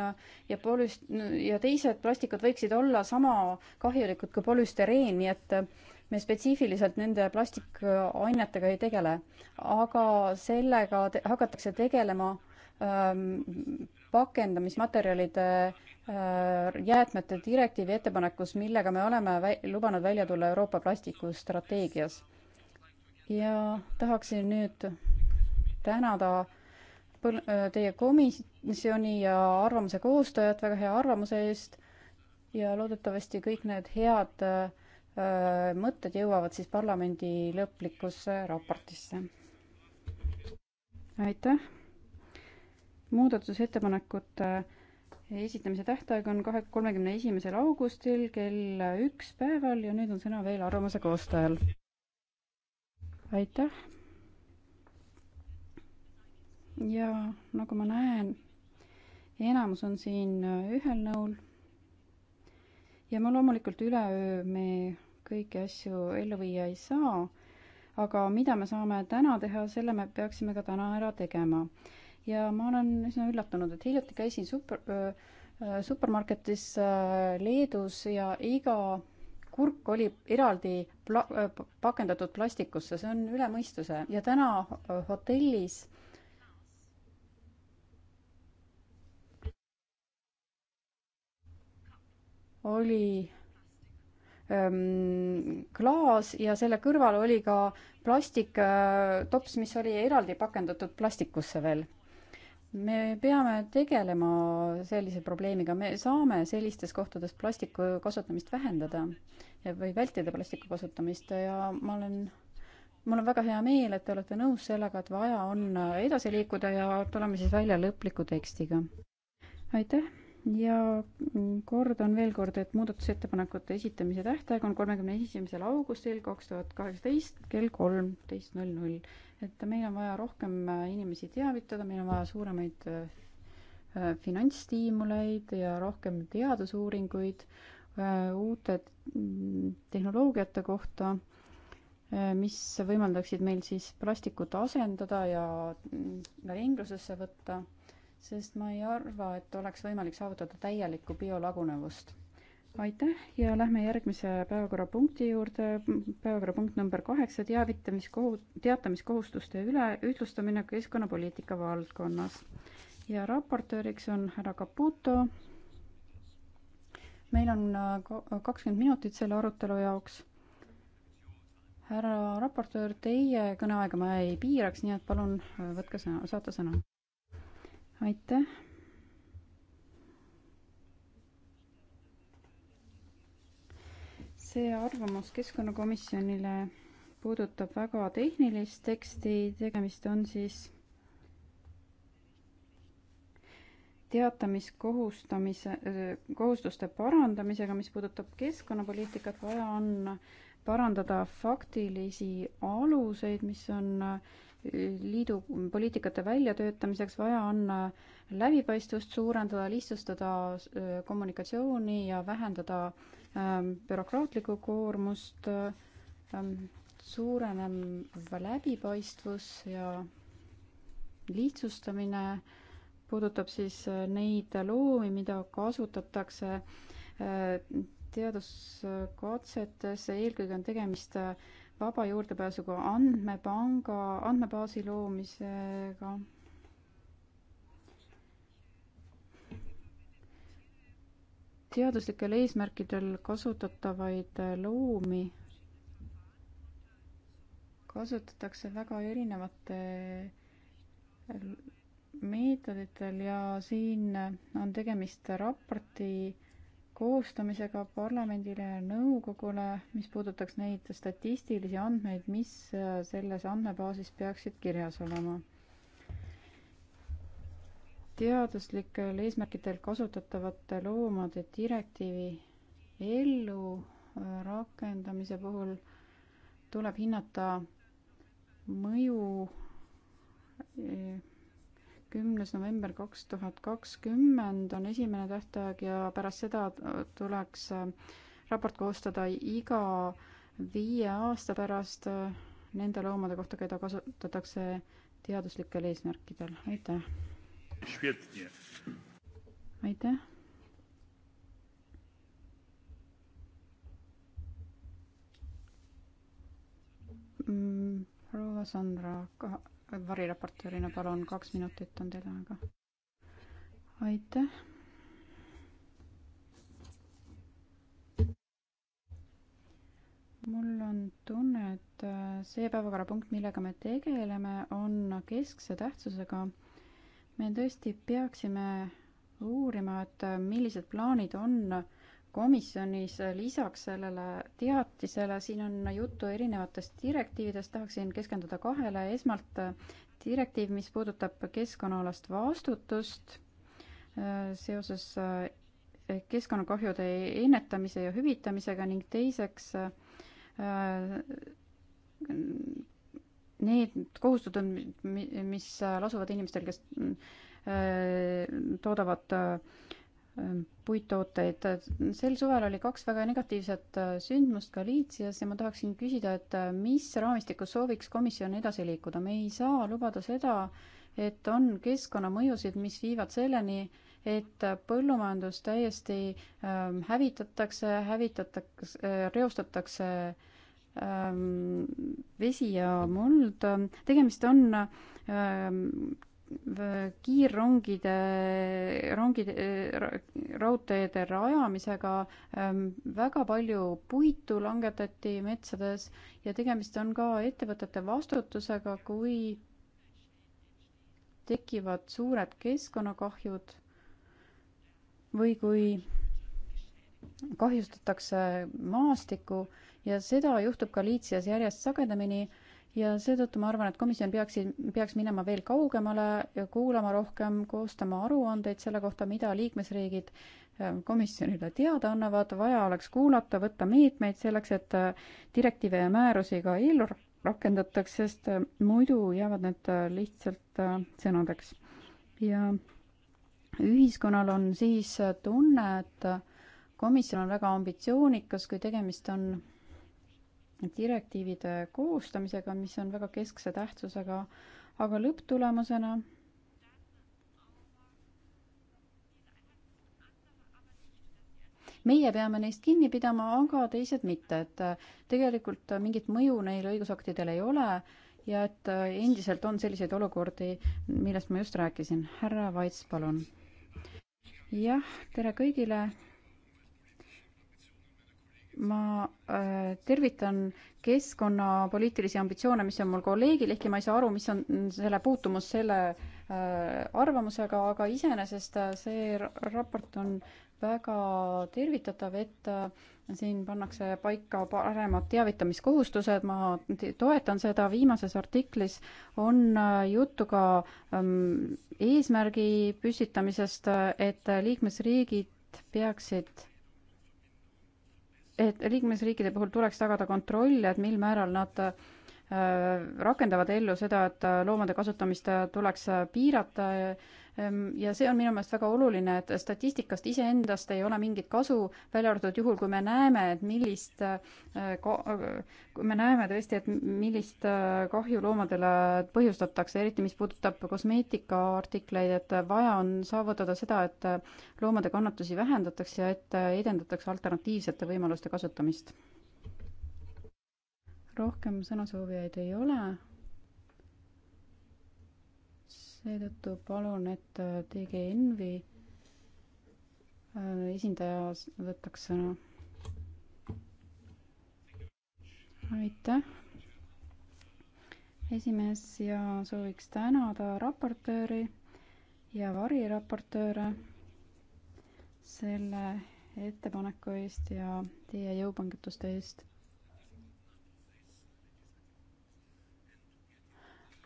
ja polüst- ja teised plastikud võiksid olla sama kahjulikud kui polüstereen, nii et äh, me spetsiifiliselt nende plastikainetega ei tegele, aga sellega te hakatakse tegelema ähm, pakendamismaterjalide äh, jäätmete direktiivi ettepanekus, millega me oleme vä lubanud välja tulla Euroopa plastikustrateegias ja tahaksin nüüd tänada põl-, äh, teie komisjoni ja arvamuse koostajat väga hea arvamuse eest ja loodetavasti kõik need head äh, mõtted jõuavad siis parlamendi lõplikusse raportisse. aitäh! muudatusettepanekute esitamise tähtaeg on kahe, kolmekümne esimesel augustil kell üks päeval ja nüüd on sõna veel arvamuse koostajal aitäh. ja nagu ma näen, enamus on siin äh, ühel nõul. ja ma loomulikult üleöö me kõiki asju ellu viia ei saa, aga mida me saame täna teha, selle me peaksime ka täna ära tegema. ja ma olen üsna üllatunud, et hiljuti käisin super äh,, äh supermarketis äh, Leedus ja iga kurk oli eraldi pla-, pakendatud plastikusse, see on üle mõistuse ja täna hotellis oli klaas ja selle kõrval oli ka plastiktops, mis oli eraldi pakendatud plastikusse veel me peame tegelema sellise probleemiga, me saame sellistes kohtades plastiku kasutamist vähendada või vältida plastiku kasutamist ja ma olen, mul on väga hea meel, et te olete nõus sellega, et vaja on edasi liikuda ja tuleme siis välja lõpliku tekstiga. aitäh! ja kordan veel kord, et muudatusettepanekute esitamise tähtaeg on kolmekümne esimesel augustil kaks tuhat kaheksateist kell kolmteist null null. et meil on vaja rohkem äh, inimesi teavitada, meil on vaja suuremaid äh, äh, finantsstiimuleid ja rohkem teadusuuringuid uute mm, tehnoloogiate kohta, mis võimaldaksid meil siis plastikut asendada ja mm, ringlusesse võtta sest ma ei arva, et oleks võimalik saavutada täielikku biolagunevust. aitäh ja lähme järgmise päevakorrapunkti juurde, päevakorrapunkt number kaheksa, teavitamiskohu-, teatamiskohustuste üle ühtlustamine keskkonnapoliitika valdkonnas. ja raportööriks on härra Caputo. meil on äh, kakskümmend minutit selle arutelu jaoks härra raportöör, teie kõneaega ma ei piiraks, nii et palun äh, võtke sõna, saate sõna aitäh. see arvamus keskkonnakomisjonile puudutab väga tehnilist teksti, tegemist on siis teatamiskohustamise, kohustuste parandamisega, mis puudutab keskkonnapoliitikat, vaja on parandada faktilisi aluseid, mis on äh, liidu poliitikate väljatöötamiseks vaja on äh, läbipaistvust suurendada, lihtsustada äh, kommunikatsiooni ja vähendada ähm, bürokraatlikku koormust, ähm, suurenev läbipaistvus ja lihtsustamine puudutab siis äh, neid loomi, mida kasutatakse teaduskatsetes, eelkõige on tegemist vaba juurdepääsuga andmepanga, andmebaasi loomisega. teaduslikel eesmärkidel kasutatavaid loomi kasutatakse väga erinevate meetoditel ja siin on tegemist raporti koostamisega parlamendile ja nõukogule, mis puudutaks neid statistilisi andmeid, mis äh, selles andmebaasis peaksid kirjas olema. teaduslikel eesmärkidel kasutatavate loomade direktiivi ellu äh, rakendamise puhul tuleb hinnata mõju äh, kümnes november kaks tuhat kakskümmend on esimene tähtaeg ja pärast seda tuleks äh, raport koostada iga viie aasta pärast äh, nende loomade kohta, keda kasutatakse teaduslikel eesmärkidel. aitäh! aitäh! Mm, proua Sandra, variraportöörina, palun, kaks minutit on teil aega. aitäh. mul on tunne, et äh, see päevakorrapunkt, millega me tegeleme, on keskse tähtsusega. me tõesti peaksime uurima, et äh, millised plaanid on äh, komisjonis lisaks sellele teatisele, siin on juttu erinevatest direktiividest, tahaksin keskenduda kahele, esmalt direktiiv, mis puudutab keskkonnaalast vastutust äh, seoses äh, keskkonnakahjude ennetamise ja hüvitamisega ning teiseks äh, need kohustused, mis lasuvad inimestel, kes mm, toodavad äh, Ähm, puittooteid. sel suvel oli kaks väga negatiivset äh, sündmust Galiitsias ja ma tahaksin küsida, et äh, mis raamistikus sooviks komisjon edasi liikuda? me ei saa lubada seda, et on keskkonnamõjusid, mis viivad selleni, et põllumajandus täiesti ähm, hävitatakse, hävitatakse äh,, reostatakse ähm, vesi ja muld. tegemist on ähm, kiirrongide, rongide, raudteede rajamisega ähm, väga palju puitu langetati metsades ja tegemist on ka ettevõtete vastutusega, kui tekivad suured keskkonnakahjud või kui kahjustatakse maastikku ja seda juhtub ka Liitsias järjest sagedamini ja seetõttu ma arvan, et komisjon peaks, peaks minema veel kaugemale ja kuulama rohkem, koostama aruandeid selle kohta, mida liikmesriigid äh, komisjonile teada annavad, vaja oleks kuulata, võtta meetmeid selleks, et äh, direktiive ja määrusi ka eelarve rakendataks, sest äh, muidu jäävad need lihtsalt sõnadeks. ja ühiskonnal on siis tunne, et komisjon on väga ambitsioonikas, kui tegemist on direktiivide koostamisega, mis on väga keskse tähtsusega, aga lõpptulemusena meie peame neist kinni pidama, aga teised mitte, et äh, tegelikult äh, mingit mõju neil õigusaktidel ei ole ja et äh, endiselt on selliseid olukordi, millest ma just rääkisin. härra Vaits, palun. jah, tere kõigile ma äh, tervitan keskkonnapoliitilisi ambitsioone, mis on mul kolleegil, ehkki ma ei saa aru, mis on selle puutumus selle äh, arvamusega, aga iseenesest äh, see raport on väga tervitatav, et siin pannakse paika paremad teavitamiskohustused, ma toetan seda, viimases artiklis on juttu ka ähm, eesmärgi püstitamisest, et liikmesriigid peaksid et liikmesriikide puhul tuleks tagada kontroll, et mil määral nad äh, rakendavad ellu seda, et äh, loomade kasutamist äh, tuleks piirata Ehm, ja see on minu meelest väga oluline, et statistikast iseendast ei ole mingit kasu, välja arvatud juhul, kui me näeme, et millist, äh, kui me näeme tõesti, et millist äh, kahju loomadele põhjustatakse, eriti mis puudutab kosmeetikaartikleid, et vaja on saavutada seda, et äh, loomade kannatusi vähendatakse ja et edendatakse alternatiivsete võimaluste kasutamist. rohkem sõnasoovijaid ei ole seetõttu palun, et äh, TG Envi äh, esindaja võtaks sõna. aitäh, esimees ja sooviks tänada raportööri ja variraportööre selle ettepaneku eest ja teie jõupingutuste eest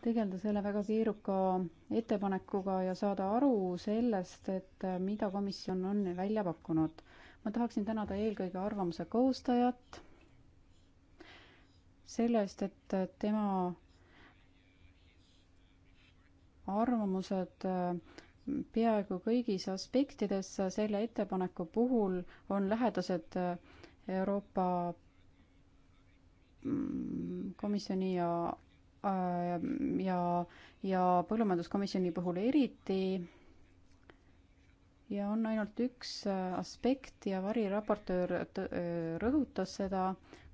tegeleda selle väga keeruka ettepanekuga ja saada aru sellest, et äh, mida komisjon on välja pakkunud. ma tahaksin tänada eelkõige arvamuse koostajat selle eest, et äh, tema arvamused äh, peaaegu kõigis aspektides selle ettepaneku puhul on lähedased Euroopa mm, Komisjoni ja Äh, ja, ja põllumajanduskomisjoni puhul eriti. ja on ainult üks äh, aspekt ja variraportöör äh, rõhutas seda,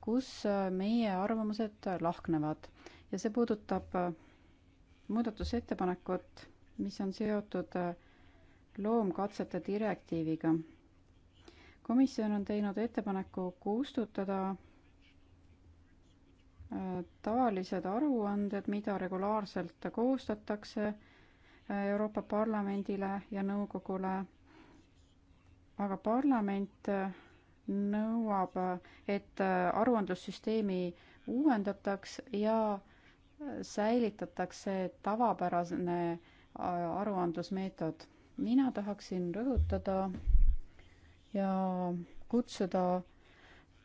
kus meie arvamused lahknevad ja see puudutab muudatusettepanekut, mis on seotud loomkatsete direktiiviga. komisjon on teinud ettepaneku kustutada Äh, tavalised aruanded, mida regulaarselt koostatakse äh, Euroopa Parlamendile ja nõukogule. aga parlament äh, nõuab, et aruandlussüsteemi uuendataks ja säilitatakse tavapärane aruandlusmeetod. mina tahaksin rõhutada ja kutsuda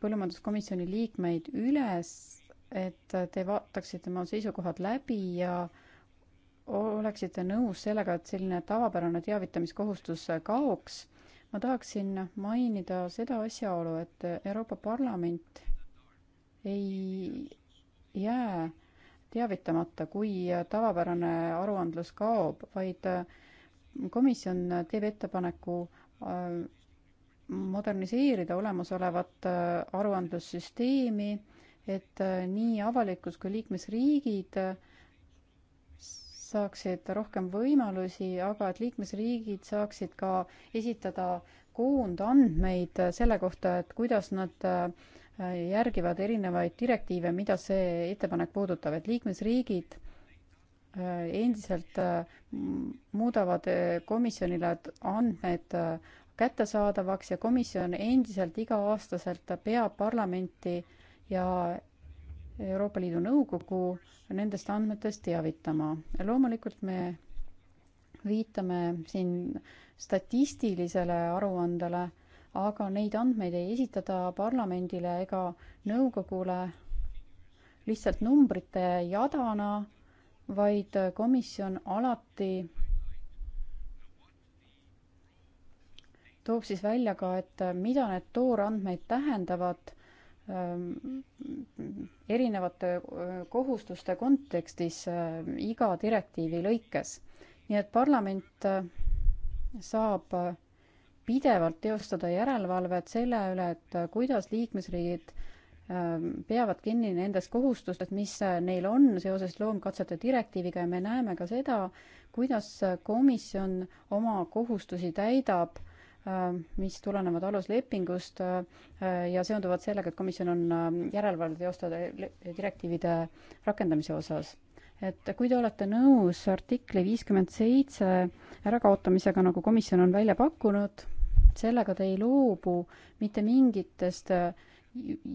põllumajanduskomisjoni liikmeid üles et te vaataksite oma seisukohad läbi ja oleksite nõus sellega, et selline tavapärane teavitamiskohustus kaoks. ma tahaksin mainida seda asjaolu, et Euroopa Parlament ei jää teavitamata, kui tavapärane aruandlus kaob, vaid komisjon teeb ettepaneku äh, moderniseerida olemasolevat äh, aruandlussüsteemi et äh, nii avalikkus kui liikmesriigid äh, saaksid rohkem võimalusi, aga et liikmesriigid saaksid ka esitada koondandmeid äh, selle kohta, et kuidas nad järgivad erinevaid direktiive, mida see ettepanek puudutab, et liikmesriigid endiselt muudavad komisjonile andmed kättesaadavaks ja komisjon endiselt iga-aastaselt peab parlamenti äh, ja Euroopa Liidu Nõukogu nendest andmetest teavitama. loomulikult me viitame siin statistilisele aruandele, aga neid andmeid ei esitata parlamendile ega nõukogule lihtsalt numbrite jadana, vaid komisjon alati toob siis välja ka, et mida need toorandmeid tähendavad Ähm, erinevate äh, kohustuste kontekstis äh, iga direktiivi lõikes. nii et parlament äh, saab pidevalt teostada järelevalvet selle üle, et kuidas liikmesriigid ähm, peavad kinni nendest kohustustest, mis neil on seoses loomkatsete direktiiviga ja me näeme ka seda, kuidas komisjon oma kohustusi täidab Äh, mis tulenevad aluslepingust äh, ja seonduvad sellega, et komisjon on äh, järelevalve teostada direktiivide rakendamise osas. et kui te olete nõus artikli viiskümmend seitse ärakaotamisega, nagu komisjon on välja pakkunud, sellega te ei loobu mitte mingitest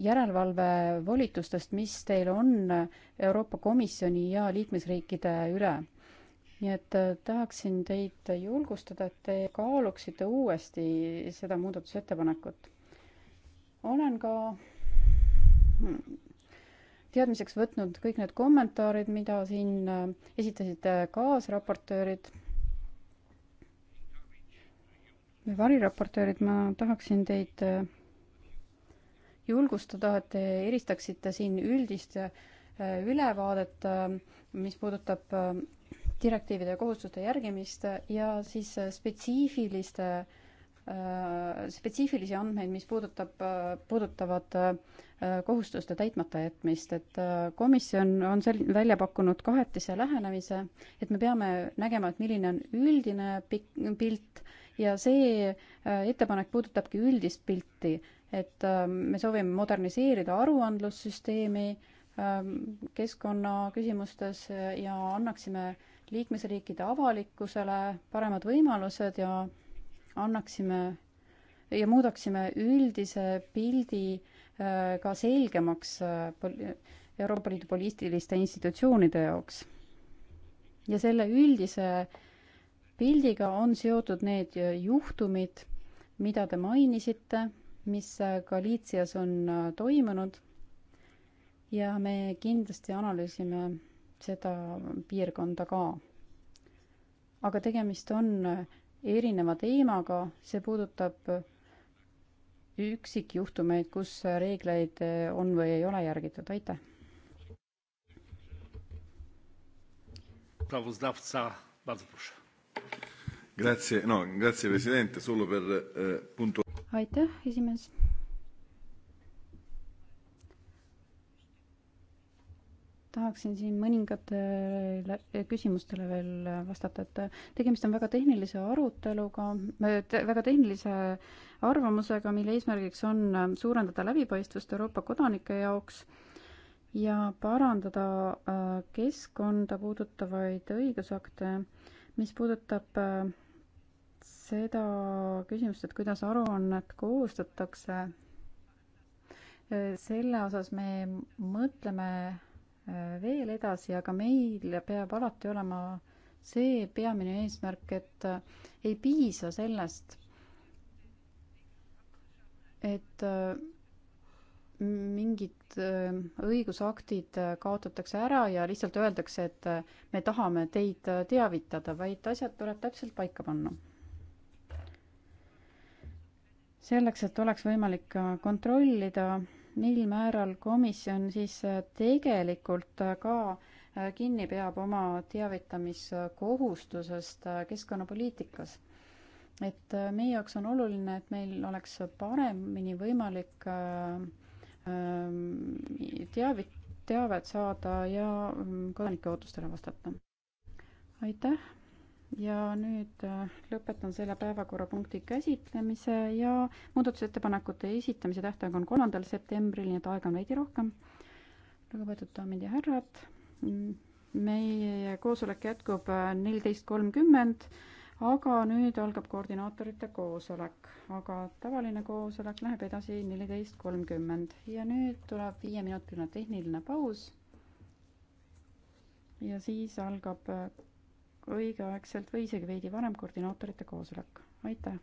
järelevalvevolitustest, mis teil on Euroopa Komisjoni ja liikmesriikide üle nii et äh, tahaksin teid julgustada, et te kaaluksite uuesti seda muudatusettepanekut. olen ka hmm, teadmiseks võtnud kõik need kommentaarid, mida siin äh, esitasid äh, kaasraportöörid. või variraportöörid, ma tahaksin teid julgustada, et te eristaksite siin üldist ülevaadet, mis puudutab direktiivide ja kohustuste järgimist ja siis spetsiifiliste äh, spetsiifilisi andmeid, mis puudutab, äh, puudutavad äh, kohustuste täitmata jätmist, et komisjon on sel-, välja pakkunud kahetise lähenemise, et me peame nägema, et milline on üldine pik-, pilt ja see ettepanek puudutabki üldist pilti, et me soovime moderniseerida aruandlussüsteemi ähm, keskkonnaküsimustes ja annaksime äh, liikmesriikide avalikkusele paremad võimalused ja annaksime ja muudaksime üldise pildi äh, ka selgemaks äh, Euroopa Liidu poliitiliste institutsioonide jaoks. ja selle üldise pildiga on seotud need äh, juhtumid, mida te mainisite, mis Galiitsias on toimunud ja me kindlasti analüüsime seda piirkonda ka. aga tegemist on erineva teemaga, see puudutab üksikjuhtumeid, kus reegleid on või ei ole järgitud, aitäh. Eh, aitäh, esimees tahaksin siin mõningatele küsimustele veel vastata, et tegemist on väga tehnilise aruteluga, väga tehnilise arvamusega, mille eesmärgiks on suurendada läbipaistvust Euroopa kodanike jaoks ja parandada äh, keskkonda puudutavaid õigusakte, mis puudutab äh, seda küsimust, et kuidas aruannet koostatakse, äh, selle osas me mõtleme Äh, veel edasi, aga meil peab alati olema see peamine eesmärk, et äh, ei piisa sellest, et äh, mingid õigusaktid kaotatakse ära ja lihtsalt öeldakse, et me tahame teid teavitada, vaid asjad tuleb täpselt paika panna. selleks, et oleks võimalik kontrollida mil määral komisjon siis tegelikult ka äh, kinni peab oma teavitamiskohustusest äh, keskkonnapoliitikas. et äh, meie jaoks on oluline, et meil oleks paremini võimalik ähm, teavit-, teavet saada ja mm, kodanike ootustele vastata. aitäh ja nüüd äh, lõpetan selle päevakorrapunkti käsitlemise ja muudatusettepanekute esitamise tähtaeg on kolmandal septembril, nii et aega on veidi rohkem. lugupeetud daamid ja härrad, meie koosolek jätkub äh, neliteist kolmkümmend, aga nüüd algab koordinaatorite koosolek, aga tavaline koosolek läheb edasi neliteist kolmkümmend ja nüüd tuleb viieminutiline tehniline paus. ja siis algab äh, õigeaegselt või isegi veidi varem koordinaatorite koosolek. aitäh!